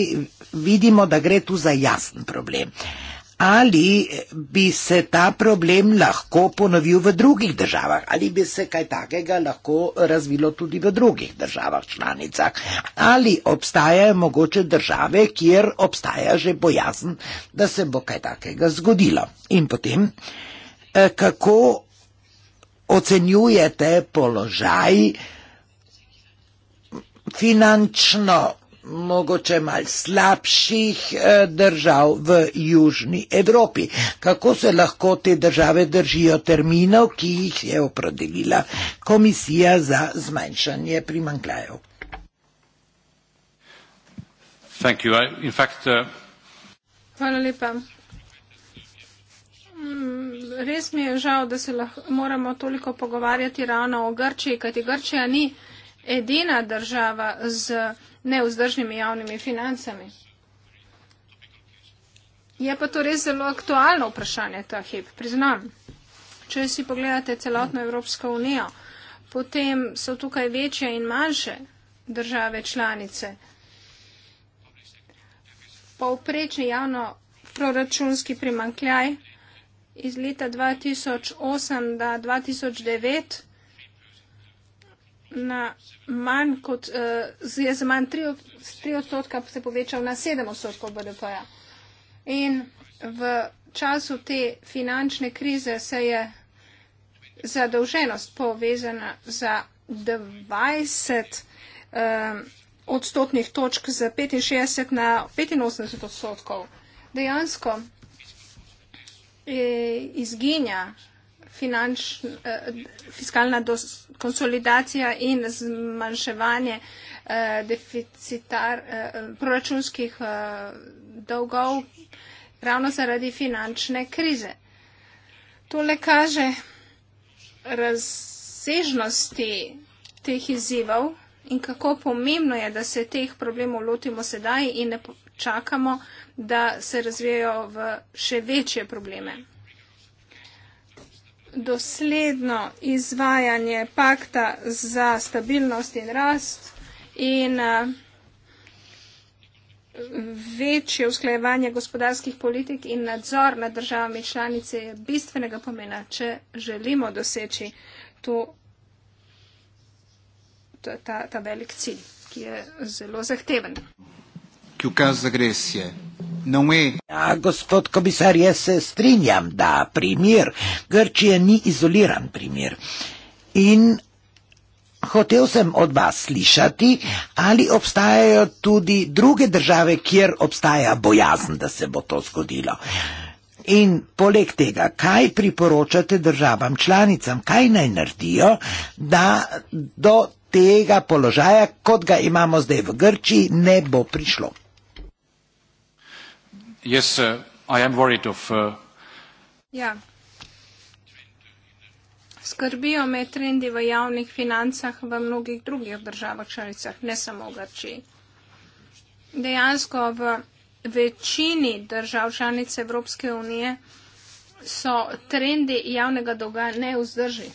vidimo, da gre tu za jasen problem. Uh, ali eh, bi se ta problem lahko ponovil v drugih državah, ali bi se kaj takega lahko razvilo tudi v drugih državah članicah, ali obstajajo mogoče države, kjer obstaja že bojazen, da se bo kaj takega zgodilo. In potem, eh, kako ocenjujete položaj finančno mogoče mal slabših eh, držav v Južni Evropi. Kako se lahko te države držijo terminov, ki jih je opredelila Komisija za zmanjšanje primankljajev? Fact, uh... Hvala lepa. Mm, res mi je žal, da se lahko, moramo toliko pogovarjati ravno o Grčiji, kajti Grčija ni edina država z neuzdržnimi javnimi financami. Je pa to res zelo aktualno vprašanje ta hip, priznam. Če si pogledate celotno Evropsko unijo, potem so tukaj večje in manjše države članice. Povprečni javno proračunski primankljaj iz leta 2008 do 2009 na manj kot, uh, je za manj 3, 3 odstotka se povečal na 7 odstotkov BDP-ja. In v času te finančne krize se je zadolženost povezana za 20 um, eh, odstotnih točk z 65 na 85 odstotkov. Dejansko e, izginja finanč, eh, fiskalna dos, konsolidacija in zmanjševanje eh, deficitar, eh, proračunskih eh, dolgov ravno zaradi finančne krize. Tole kaže razsežnosti teh izzivov in kako pomembno je, da se teh problemov lotimo sedaj in ne čakamo, da se razvijajo v še večje probleme dosledno izvajanje pakta za stabilnost in rast in eh, večje usklajevanje gospodarskih politik in nadzor nad državami članice je bistvenega pomena, če želimo doseči to, to, ta, ta velik cilj, ki je zelo zahteven. Ki ukaz agresije Não é? Ah, ja, gospod komisar, jaz se strinjam, da primer Grčije ni izoliran primer. In hotel sem od vas slišati, ali obstajajo tudi druge države, kjer obstaja bojazen, da se bo to zgodilo. In poleg tega, kaj priporočate državam članicam, kaj naj naredijo, da do tega položaja, kot ga imamo zdaj v Grčiji, ne bo prišlo. Yes, uh, I am worried of. Uh, yeah. Ja. Skrbijo me trendi v javnih financah v mnogih drugih državah članicah, ne samo v Grčiji. Dejansko v večini držav članic Evropske unije so trendi javnega dolga neuzdrži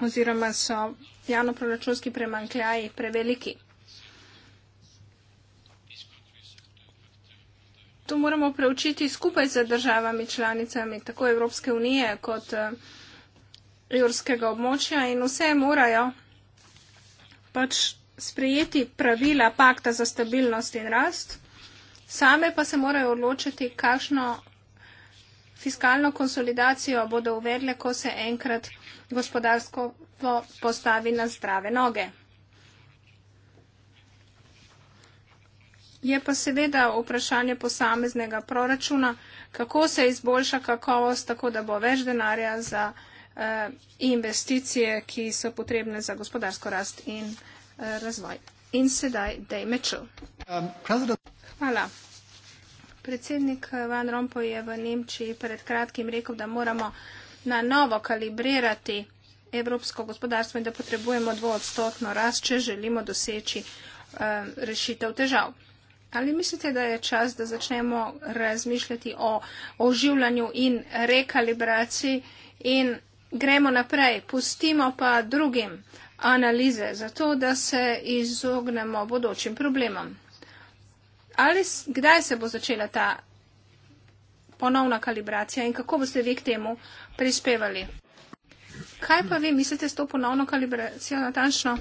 oziroma so javnoproračunski premankljaji preveliki. to moramo preučiti skupaj z državami članicami, tako Evropske unije kot eh, jurskega območja in vse morajo pač sprejeti pravila pakta za stabilnost in rast, same pa se morajo odločiti, kakšno fiskalno konsolidacijo bodo uvedle, ko se enkrat gospodarstvo postavi na zdrave noge. Je pa seveda vprašanje posameznega proračuna, kako se izboljša kakovost, tako da bo več denarja za eh, investicije, ki so potrebne za gospodarsko rast in eh, razvoj. In sedaj Dej Mečel. Um, Hvala. Predsednik eh, Van Rompuy je v Nemčiji pred kratkim rekel, da moramo na novo kalibrirati evropsko gospodarstvo in da potrebujemo dvoodstotno rast, če želimo doseči rešitev težav. Ali mislite, da je čas, da začnemo razmišljati o oživljanju in rekalibraciji in gremo naprej, pustimo pa drugim analize, zato da se izognemo bodočim problemom? Ali kdaj se bo začela ta ponovna kalibracija in kako boste vi k temu prispevali? Kaj pa vi mislite s to ponovno kalibracijo natančno?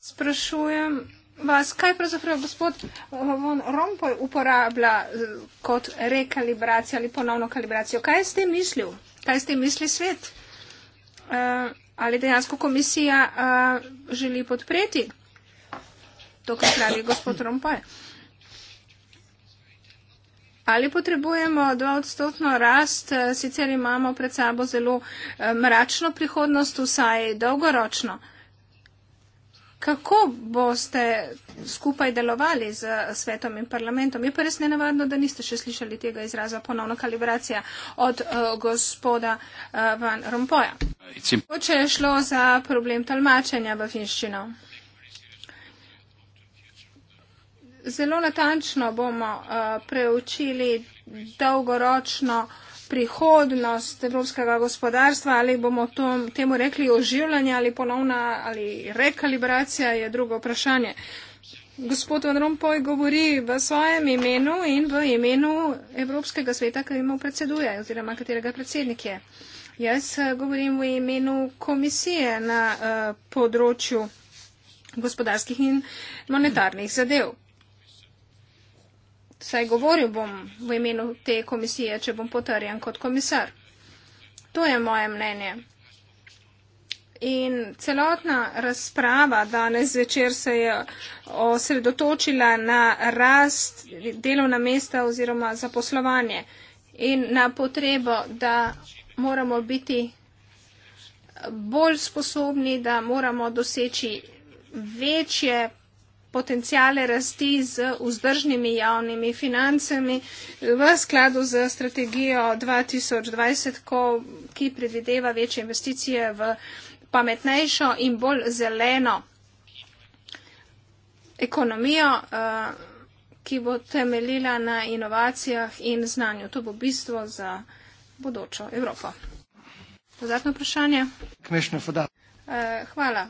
Sprašujem vas, kaj pravzaprav gospod eh, von Rompuy uporablja eh, kot rekalibracijo ali ponovno kalibracijo? Kaj je s tem mislil? Kaj s tem misli svet? Uh, ali dejansko komisija uh, želi podpreti to, kar pravi gospod Rompuy? Ali potrebujemo dvodstotno rast, sicer imamo pred sabo zelo mračno prihodnost, vsaj dolgoročno kako boste skupaj delovali z svetom in parlamentom. Je pa res nenavadno, da niste še slišali tega izraza ponovno kalibracija od uh, gospoda uh, Van Rompoja. Oče je šlo za problem tolmačenja v finščino. Zelo natančno bomo uh, preučili dolgoročno uh, prihodnost evropskega gospodarstva, ali bomo to, temu rekli oživljanje ali ponovna ali rekalibracija, je drugo vprašanje. Gospod Van Rompuy govori v svojem imenu in v imenu Evropskega sveta, ki mu predseduje oziroma katerega predsednik je. Jaz eh, govorim v imenu komisije na uh, področju gospodarskih in monetarnih zadev saj govoril bom v imenu te komisije, če bom potrjen kot komisar. To je moje mnenje. In celotna razprava danes večer se je osredotočila na rast delovna mesta oziroma zaposlovanje in na potrebo, da moramo biti bolj sposobni, da moramo doseči večje potencijale rasti z vzdržnimi javnimi financami v skladu z strategijo 2020, ko, ki predvideva večje investicije v pametnejšo in bolj zeleno ekonomijo, eh, ki bo temeljila na inovacijah in znanju. To bo bistvo za bodočo Evropo. Dodatno vprašanje? Eh, hvala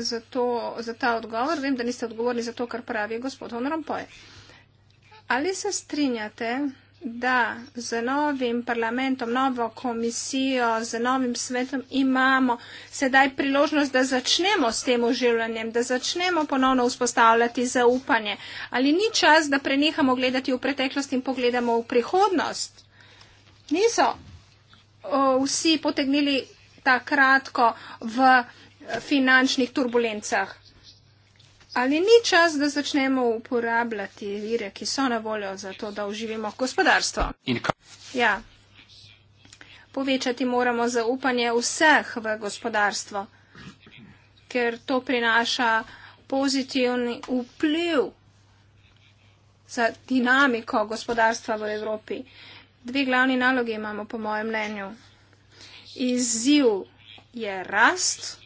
za, to, za ta odgovor. Vem, da niste odgovorni za to, kar pravi gospod Honorampoje. Ali se strinjate, da z novim parlamentom, novo komisijo, z novim svetom imamo sedaj priložnost, da začnemo s tem oživljanjem, da začnemo ponovno vzpostavljati zaupanje? Ali ni čas, da prenehamo gledati v preteklost in pogledamo v prihodnost? Niso o, vsi potegnili ta kratko v finančnih turbulencah. Ali ni čas, da začnemo uporabljati vire, ki so na voljo za to, da uživimo gospodarstvo? Ja. Povečati moramo zaupanje vseh v gospodarstvo, ker to prinaša pozitivni vpliv za dinamiko gospodarstva v Evropi. Dve glavni nalogi imamo, po mojem mnenju. Izziv je rast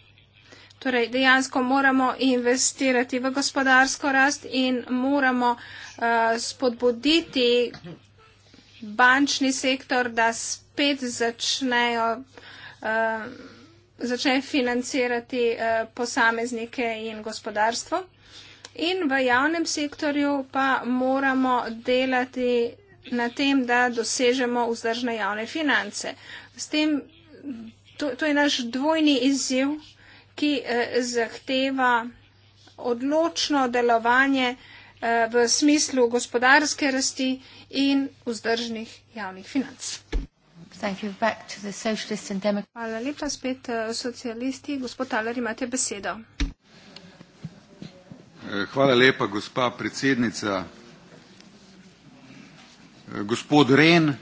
Torej, dejansko moramo investirati v gospodarsko rast in moramo uh, spodbuditi bančni sektor, da spet začnejo, uh, začne financirati uh, posameznike in gospodarstvo. In v javnem sektorju pa moramo delati na tem, da dosežemo vzdržne javne finance. S tem, to, to je naš dvojni izziv ki eh, zahteva odločno delovanje eh, v smislu gospodarske rasti in vzdržnih javnih financ. Hvala lepa spet eh, socialisti. Gospod Taler, imate besedo. Hvala lepa, gospa predsednica. Gospod Ren,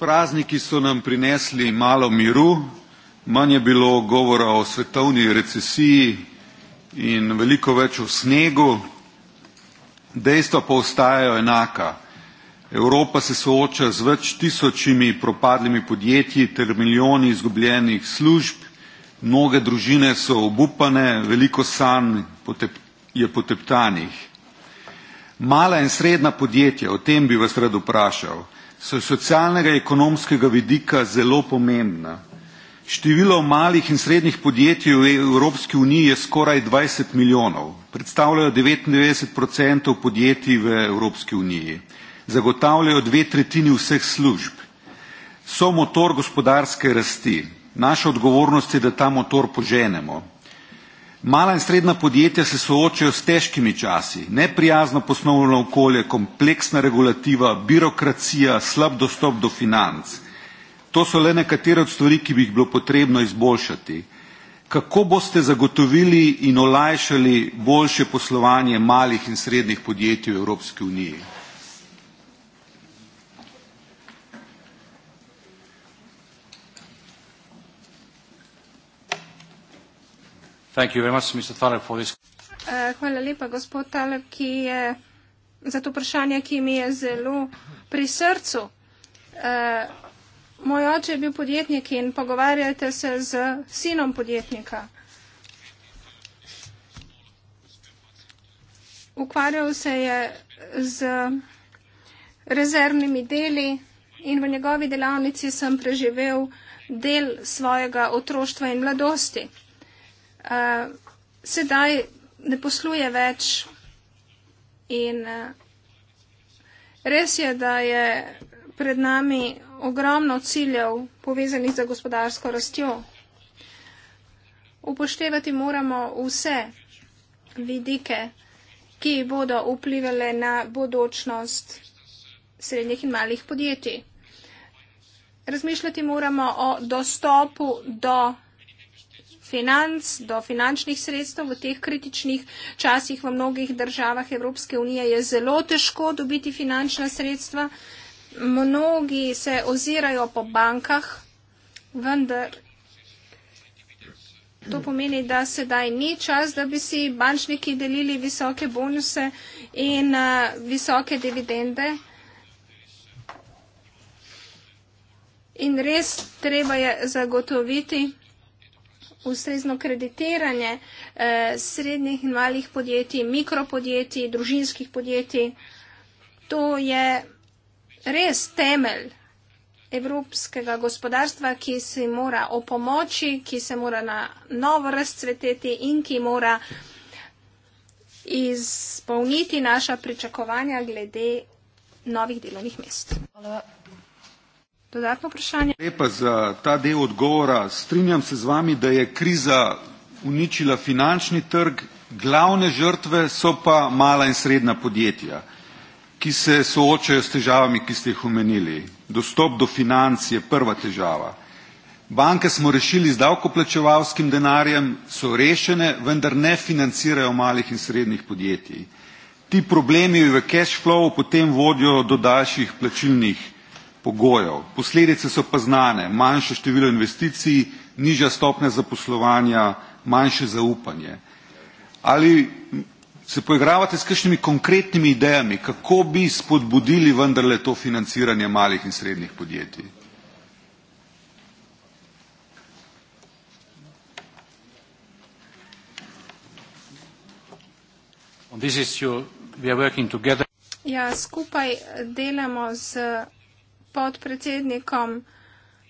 prazniki so nam prinesli malo miru, Manje je bilo govora o svetovni recesiji in veliko več o snegu. Dejstva pa ostajajo enaka. Evropa se sooča z več tisočimi propadlimi podjetji ter milijoni izgubljenih služb. Mnoge družine so obupane, veliko sanj je poteptanih. Mala in srednja podjetja, o tem bi vas rad vprašal, so iz socialnega in ekonomskega vidika zelo pomembna. Število malih in srednjih podjetij v Evropski uniji je skoraj 20 milijonov. Predstavljajo 99 odstotkov podjetij v Evropski uniji. Zagotavljajo dve tretjini vseh služb. So motor gospodarske rasti. Naša odgovornost je, da ta motor poženemo. Mala in srednja podjetja se soočajo s težkimi časi. Neprijazno poslovno okolje, kompleksna regulativa, birokracija, slab dostop do financ. To so le nekatere od stvari, ki bi jih bilo potrebno izboljšati. Kako boste zagotovili in olajšali boljše poslovanje malih in srednjih podjetij v Evropski uniji? Thank you very much, Mr. Taleb, for this. Uh, hvala lepa, gospod Taleb, ki je za to vprašanje, ki mi je zelo pri srcu. Uh, Moj oče je bil podjetnik in pogovarjajte se z sinom podjetnika. Ukvarjal se je z rezervnimi deli in v njegovi delavnici sem preživel del svojega otroštva in mladosti. Eh, sedaj ne posluje več in eh, res je, da je pred nami ogromno ciljev povezanih za gospodarsko rastjo. Upoštevati moramo vse vidike, ki bodo vplivali na bodočnost srednjih in malih podjetij. Razmišljati moramo o dostopu do financ, do finančnih sredstev v teh kritičnih časih v mnogih državah Evropske unije je zelo težko dobiti finančna sredstva mnogi se ozirajo po bankah, vendar to pomeni, da sedaj ni čas, da bi si bančniki delili visoke bonuse in uh, visoke dividende. In res treba je zagotoviti ustrezno kreditiranje eh, srednjih in malih podjetij, mikropodjetij, družinskih podjetij. To je res temelj evropskega gospodarstva, ki se mora opomoči, ki se mora na novo razcveteti in ki mora izpolniti naša pričakovanja glede novih delovnih mest. Dodatno vprašanje. Lepa za ta del odgovora. Strinjam se z vami, da je kriza uničila finančni trg, glavne žrtve so pa mala in srednja podjetja ki se soočajo s težavami, ki ste jih omenili. Dostop do financ je prva težava. Banke smo rešili z davkoplačevalskim denarjem, so rešene, vendar ne financirajo malih in srednjih podjetij. Ti problemi v cash flow potem vodijo do daljših plačilnih pogojev. Posledice so pa znane, manjše število investicij, nižja stopnja zaposlovanja, manjše zaupanje. Ali se poigravate s kakšnimi konkretnimi idejami, kako bi spodbudili vendarle to financiranje malih in srednjih podjetij? Ja, skupaj delamo z podpredsednikom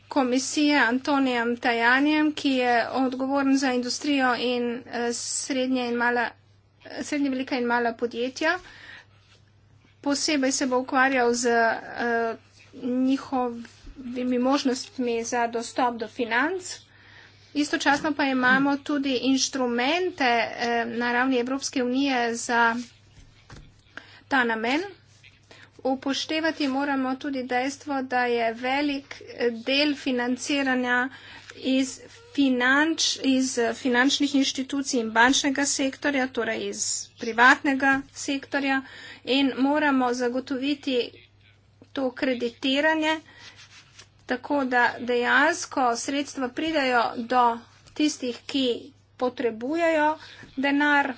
komisije Antonijem Tajanjem, ki je odgovoren za industrijo in eh, srednje in male srednje velika in mala podjetja. Posebej se bo ukvarjal z uh, njihovimi možnostmi za dostop do financ. Istočasno pa imamo tudi inštrumente uh, na ravni Evropske unije za ta namen. Upoštevati moramo tudi dejstvo, da je velik del financiranja iz finanč, iz eh, finančnih inštitucij in bančnega sektorja, torej iz privatnega sektorja in moramo zagotoviti to kreditiranje, tako da dejansko sredstva pridajo do tistih, ki potrebujejo denar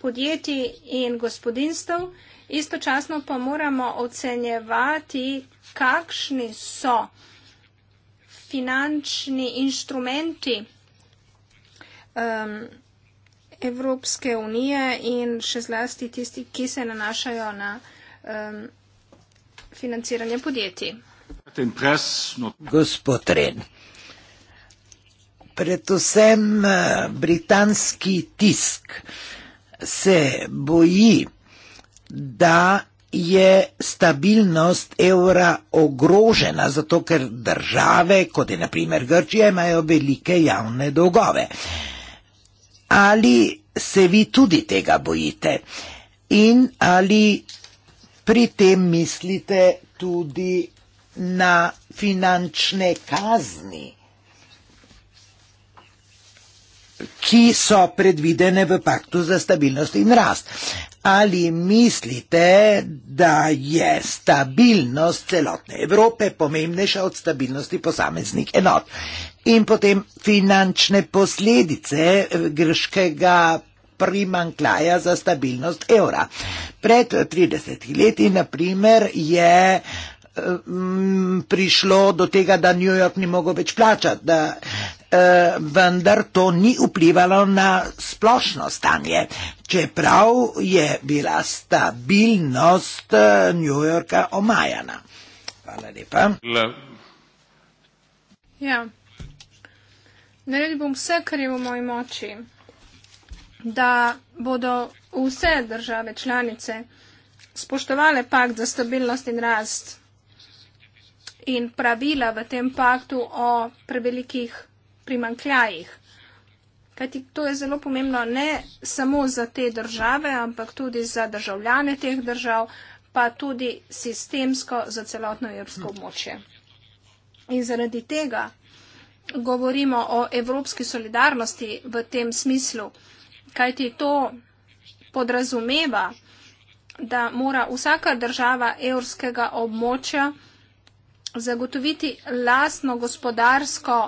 podjetij in gospodinstv. Istočasno pa moramo ocenjevati, kakšni so finančni inštrumenti um, Evropske unije in še zlasti tisti, ki se nanašajo na um, financiranje podjetij. Gospod Ren, predvsem eh, britanski tisk se boji, da je stabilnost evra ogrožena, zato ker države, kot je naprimer Grčija, imajo velike javne dolgove. Ali se vi tudi tega bojite in ali pri tem mislite tudi na finančne kazni? ki so predvidene v paktu za stabilnost in rast. Ali mislite, da je stabilnost celotne Evrope pomembnejša od stabilnosti posameznih enot? In potem finančne posledice eh, grškega primanklaja za stabilnost evra. Pred 30 eh, leti, naprimer, je eh, prišlo do tega, da New York ni mogel več plačati, da Eh, vendar to ni vplivalo na splošno stanje, čeprav je bila stabilnost eh, New Yorka omajana. Hvala lepa. Ja. Naredil bom vse, kar je v moji moči, da bodo vse države članice spoštovale pakt za stabilnost in rast in pravila v tem paktu o prevelikih primankljajih. Kajti to je zelo pomembno ne samo za te države, ampak tudi za državljane teh držav, pa tudi sistemsko za celotno evropsko hm. območje. In zaradi tega govorimo o evropski solidarnosti v tem smislu, kajti to podrazumeva, da mora vsaka država evropskega območja zagotoviti lastno gospodarsko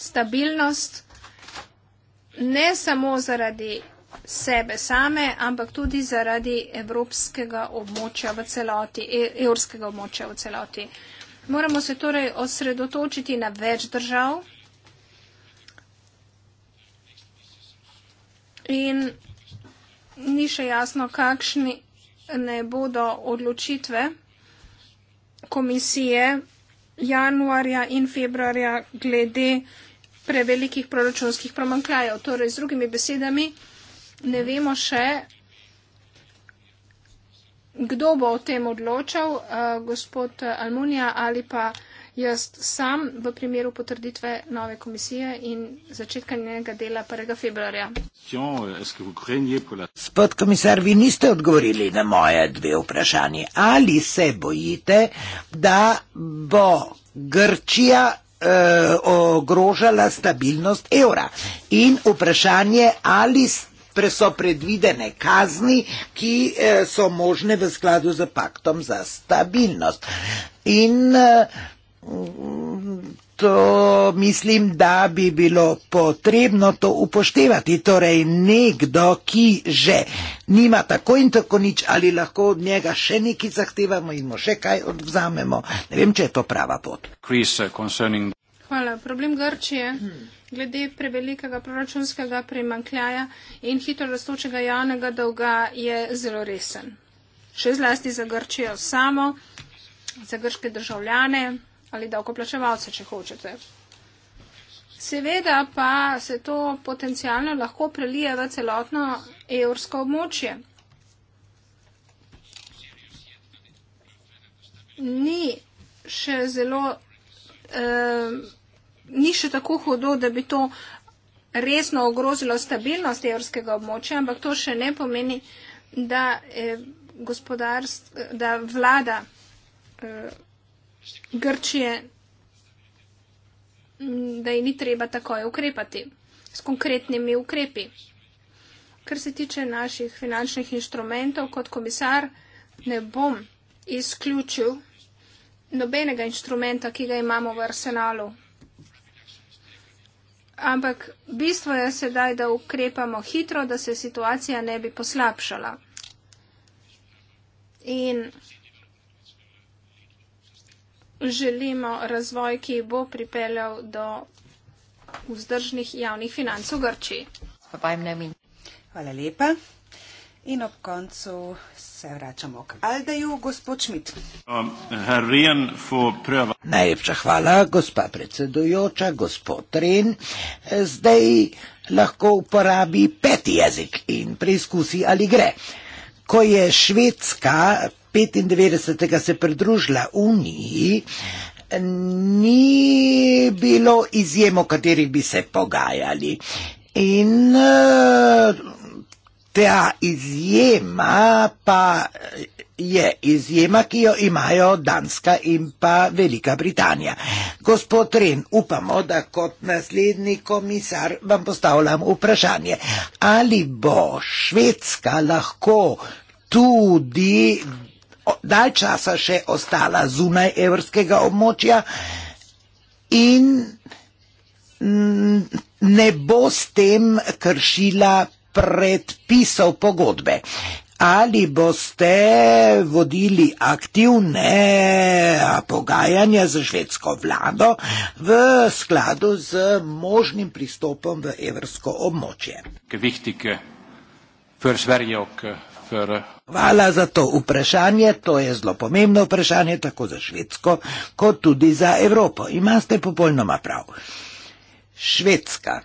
stabilnost ne samo zaradi sebe same, ampak tudi zaradi evropskega območja v celoti, e, evropskega območja v celoti. Moramo se torej osredotočiti na več držav in ni še jasno, kakšni ne bodo odločitve komisije januarja in februarja glede prevelikih proračunskih promankljajev. Torej, z drugimi besedami, ne vemo še, kdo bo o tem odločal, eh, gospod Almunija ali pa jaz sam v primeru potrditve nove komisije in začetka njenega dela 1. februarja. Spod komisar, vi niste odgovorili na moje dve vprašanje. Ali se bojite, da bo Grčija eh, ogrožala stabilnost evra. In vprašanje, ali so predvidene kazni, ki eh, so možne v skladu z paktom za stabilnost. In eh, To mislim, da bi bilo potrebno to upoštevati. Torej, nekdo, ki že nima tako in tako nič, ali lahko od njega še nekaj zahtevamo in mu še kaj odvzamemo. Ne vem, če je to prava pot. Uh, Hvala. Problem Grčije glede prevelikega proračunskega primankljaja in hitro rastočega javnega dolga je zelo resen. Še zlasti za Grčijo samo, za grške državljane ali davkoplačevalce, če hočete. Seveda pa se to potencialno lahko prelije v celotno evrsko območje. Ni še zelo, eh, ni še tako hudo, da bi to resno ogrozilo stabilnost evrskega območja, ampak to še ne pomeni, da, eh, da vlada. Eh, Grčije, mm, da ji ni treba takoj ukrepati s konkretnimi ukrepi. Kar se tiče naših finančnih inštrumentov, kot komisar ne bom izključil nobenega inštrumenta, ki ga imamo v arsenalu. Ampak bistvo je sedaj, da ukrepamo hitro, da se situacija ne bi poslabšala. In želimo razvoj, ki bo pripeljal do vzdržnih javnih financ v Grčiji. Hvala lepa. In ob koncu se vračamo k Aldeju, gospod Šmit. Um, Najlepša hvala, gospa predsedujoča, gospod Ren. Zdaj lahko uporabi peti jezik in preizkusi, ali gre. Ko je Švedska 95. se pridružila Uniji, ni bilo izjemo, kateri bi se pogajali. In eh, ta izjema pa je izjema, ki jo imajo Danska in pa Velika Britanija. Gospod Ren, upamo, da kot naslednji komisar vam postavljam vprašanje, ali bo Švedska lahko tudi dal časa še ostala zunaj evrskega območja in ne bo s tem kršila predpisov pogodbe. Ali boste vodili aktivne pogajanja z švedsko vlado v skladu z možnim pristopom v evrsko območje? kar. Eh, Hvala za to vprašanje, to je zelo pomembno vprašanje tako za Švedsko, kot tudi za Evropo. Imate popolnoma prav. Švedska.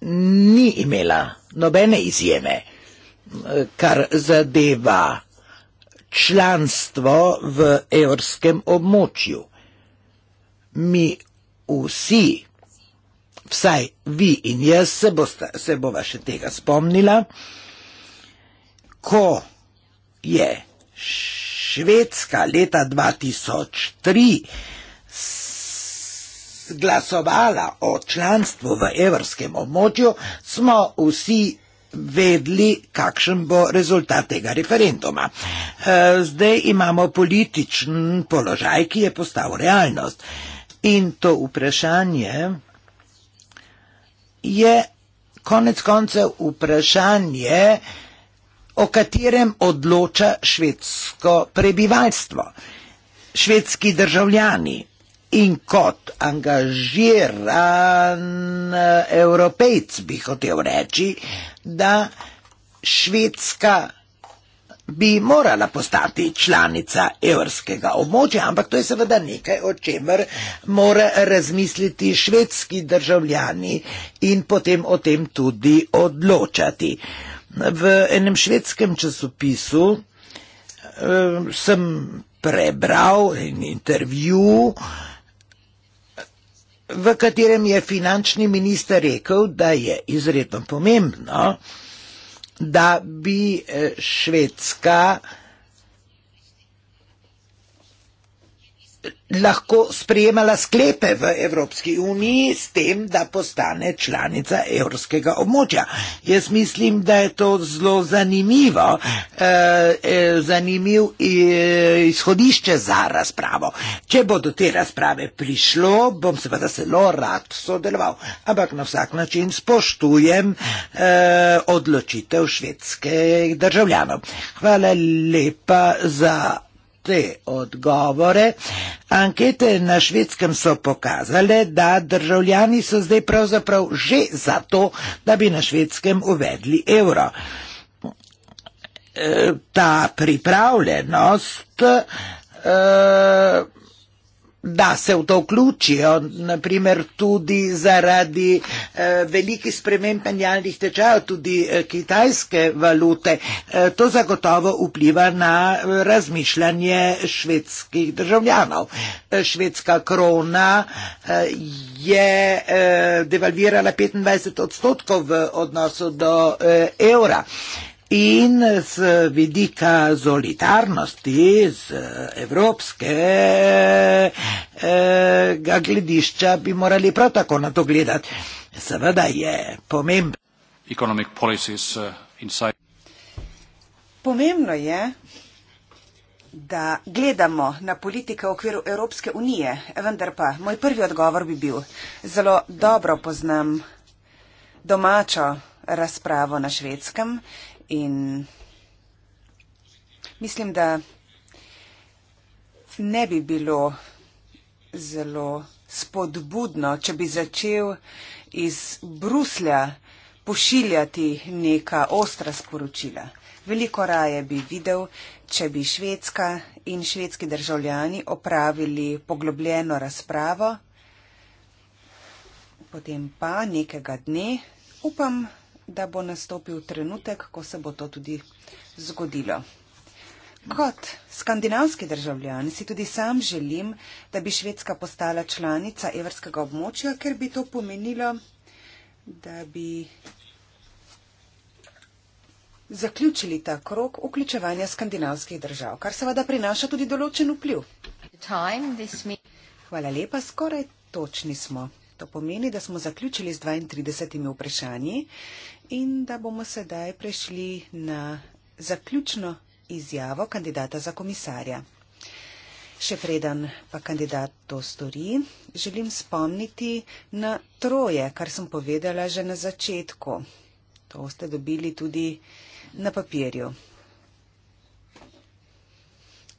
Ni imela nobene izjeme, kar zadeva članstvo v evropskem območju. Mi vsi vsaj vi in jaz se, bosta, se bova še tega spomnila, ko je Švedska leta 2003 glasovala o članstvu v evrskem območju, smo vsi vedli, kakšen bo rezultat tega referenduma. E, zdaj imamo političen položaj, ki je postal realnost. In to vprašanje je konec koncev vprašanje, o katerem odloča švedsko prebivalstvo, švedski državljani. In kot angažiran eh, evropejc bi hotel reči, da švedska bi morala postati članica evrskega območja, ampak to je seveda nekaj, o čemer mora razmisliti švedski državljani in potem o tem tudi odločati. V enem švedskem časopisu eh, sem prebral en intervju, v katerem je finančni minister rekel, da je izredno pomembno, da bi eh, švedska lahko sprejemala sklepe v Evropski uniji s tem, da postane članica evropskega območja. Jaz mislim, da je to zelo zanimivo, eh, eh zanimiv eh, izhodišče za razpravo. Če bo do te razprave prišlo, bom seveda zelo rad sodeloval, ampak na vsak način spoštujem eh, odločitev švedskih državljanov. Hvala lepa za te odgovore. Ankete na švedskem so pokazale, da državljani so zdaj pravzaprav že za to, da bi na švedskem uvedli evro. E, ta pripravljenost. Uh, da se v to vključijo, naprimer tudi zaradi eh, velikih sprememb penjalnih tečajev, tudi eh, kitajske valute. Eh, to zagotovo vpliva na eh, razmišljanje švedskih državljanov. Eh, švedska krona eh, je eh, devalvirala 25 odstotkov v odnosu do eh, evra. Eh, In z vidika solidarnosti z evropskega eh, gledišča bi morali prav tako na to gledati. Seveda je pomembno. Eh, pomembno je, da gledamo na politike v okviru Evropske unije, vendar pa moj prvi odgovor bi bil, zelo dobro poznam domačo razpravo na švedskem In mislim, da ne bi bilo zelo spodbudno, če bi začel iz Bruslja pošiljati neka ostra sporočila. Veliko raje bi videl, če bi švedska in švedski državljani opravili poglobljeno razpravo, potem pa nekega dne upam, da bo nastopil trenutek, ko se bo to tudi zgodilo. Kot skandinavski državljan si tudi sam želim, da bi Švedska postala članica evrskega območja, ker bi to pomenilo, da bi zaključili ta krok vključevanja skandinavskih držav, kar seveda prinaša tudi določen vpliv. Hvala lepa, skoraj točni smo. To pomeni, da smo zaključili z 32 vprašanji in da bomo sedaj prešli na zaključno izjavo kandidata za komisarja. Še preden pa kandidat to stori, želim spomniti na troje, kar sem povedala že na začetku. To ste dobili tudi na papirju.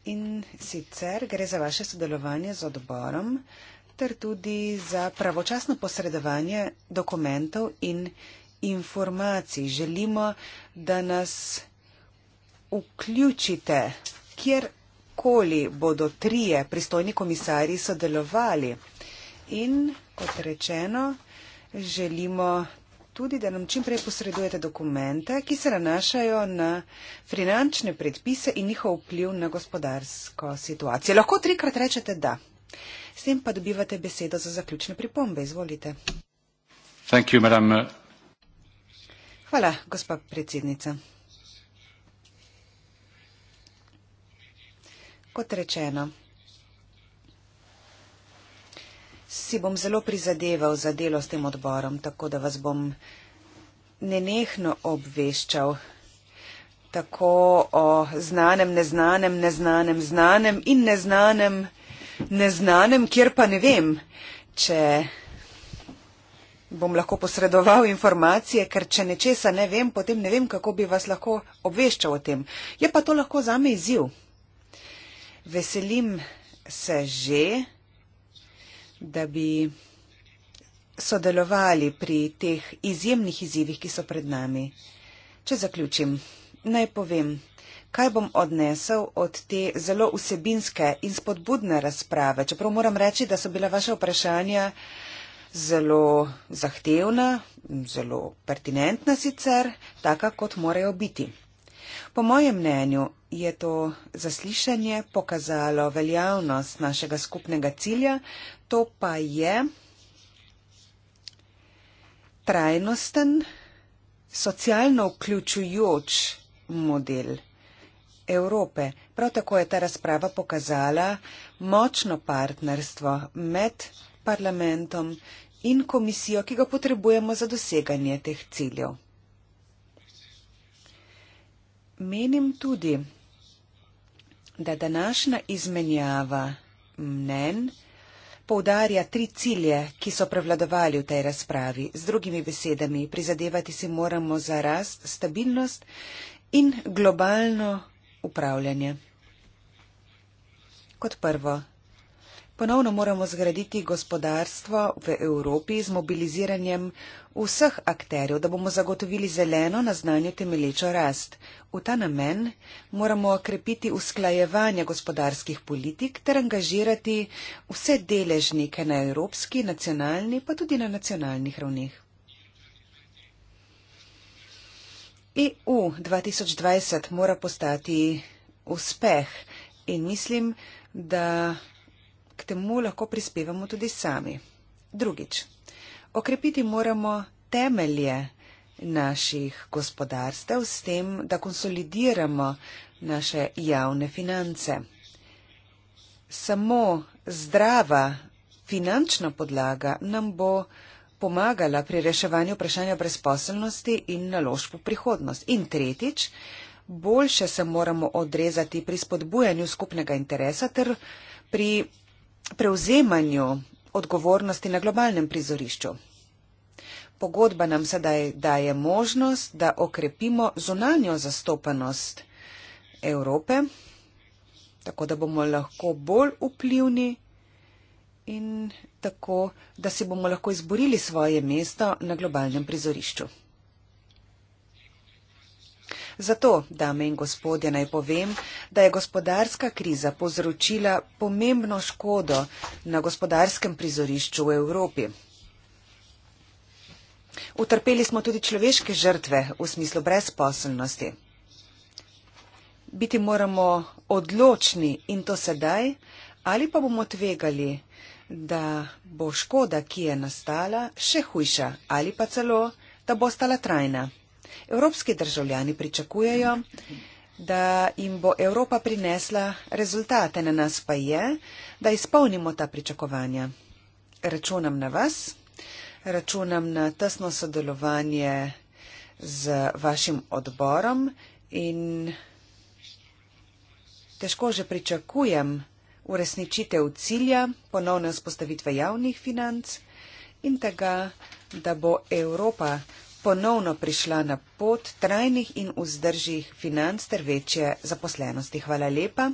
In sicer gre za vaše sodelovanje z odborom ter tudi za pravočasno posredovanje dokumentov in informacij, želimo, da nas vključite, kjerkoli bodo trije pristojni komisarji sodelovali. In kot rečeno, želimo tudi, da nam čimprej posredujete dokumente, ki se nanašajo na finančne predpise in njihov vpliv na gospodarsko situacijo. Lahko trikrat rečete da. S tem pa dobivate besedo za zaključne pripombe. Izvolite. Thank you, madam, uh... Hvala, gospa predsednica. Kot rečeno, si bom zelo prizadeval za delo s tem odborom, tako da vas bom nenehno obveščal tako o znanem, neznanem, neznanem, znanem in neznanem, neznanem, kjer pa ne vem, če bom lahko posredoval informacije, ker če nečesa ne vem, potem ne vem, kako bi vas lahko obveščal o tem. Je pa to lahko zame izziv. Veselim se že, da bi sodelovali pri teh izjemnih izzivih, ki so pred nami. Če zaključim, naj povem, kaj bom odnesel od te zelo vsebinske in spodbudne razprave, čeprav moram reči, da so bila vaše vprašanja zelo zahtevna, zelo pertinentna sicer, taka kot morajo biti. Po mojem mnenju je to zaslišanje pokazalo veljavnost našega skupnega cilja, to pa je trajnosten, socialno vključujoč model Evrope. Prav tako je ta razprava pokazala močno partnerstvo med parlamentom in komisijo, ki ga potrebujemo za doseganje teh ciljev. Menim tudi, da današnja izmenjava mnen poudarja tri cilje, ki so prevladovali v tej razpravi. Z drugimi besedami, prizadevati si moramo za rast, stabilnost in globalno upravljanje. Kot prvo, ponovno moramo zgraditi gospodarstvo v Evropi z mobiliziranjem vseh akterjev, da bomo zagotovili zeleno na znanju temelječo rast. V ta namen moramo krepiti usklajevanje gospodarskih politik ter angažirati vse deležnike na evropski, nacionalni pa tudi na nacionalnih ravnih. EU 2020 mora postati uspeh in mislim, da k temu lahko prispevamo tudi sami. Drugič, okrepiti moramo temelje naših gospodarstev s tem, da konsolidiramo naše javne finance. Samo zdrava finančna podlaga nam bo pomagala pri reševanju vprašanja brezposelnosti in naložb v prihodnost. In tretjič, boljše se moramo odrezati pri spodbujanju skupnega interesa ter pri prevzemanju odgovornosti na globalnem prizorišču. Pogodba nam sedaj daje možnost, da okrepimo zunanjo zastopanost Evrope, tako da bomo lahko bolj vplivni in tako, da si bomo lahko izborili svoje mesto na globalnem prizorišču. Zato, dame in gospodje, naj povem, da je gospodarska kriza povzročila pomembno škodo na gospodarskem prizorišču v Evropi. Utrpeli smo tudi človeške žrtve v smislu brezposelnosti. Biti moramo odločni in to sedaj, ali pa bomo tvegali, da bo škoda, ki je nastala, še hujša ali pa celo, da bo ostala trajna. Evropski državljani pričakujejo, da jim bo Evropa prinesla rezultate, na nas pa je, da izpolnimo ta pričakovanja. Računam na vas, računam na tesno sodelovanje z vašim odborom in težko že pričakujem uresničitev cilja ponovne vzpostavitve javnih financ in tega, da bo Evropa ponovno prišla na pot trajnih in vzdržih financ ter večje zaposlenosti. Hvala lepa.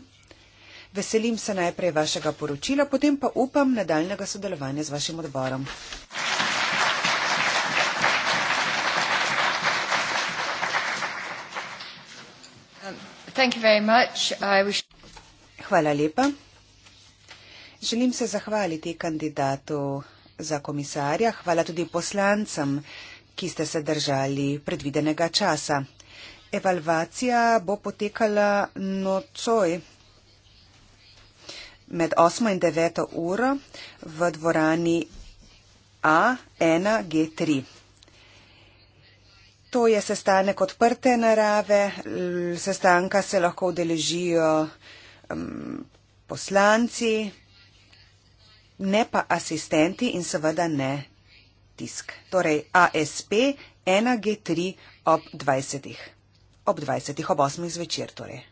Veselim se najprej vašega poročila, potem pa upam nadaljnega sodelovanja z vašim odborom. Hvala lepa. Želim se zahvaliti kandidatu za komisarja. Hvala tudi poslancem ki ste se držali predvidenega časa. Evalvacija bo potekala nocoj med 8 in 9 uro v dvorani A1G3. To je sestanek odprte narave, sestanka se lahko udeležijo um, poslanci, ne pa asistenti in seveda ne tisk, torej ASP 1G3 ob 20. ob 20. ob 8. zvečer torej.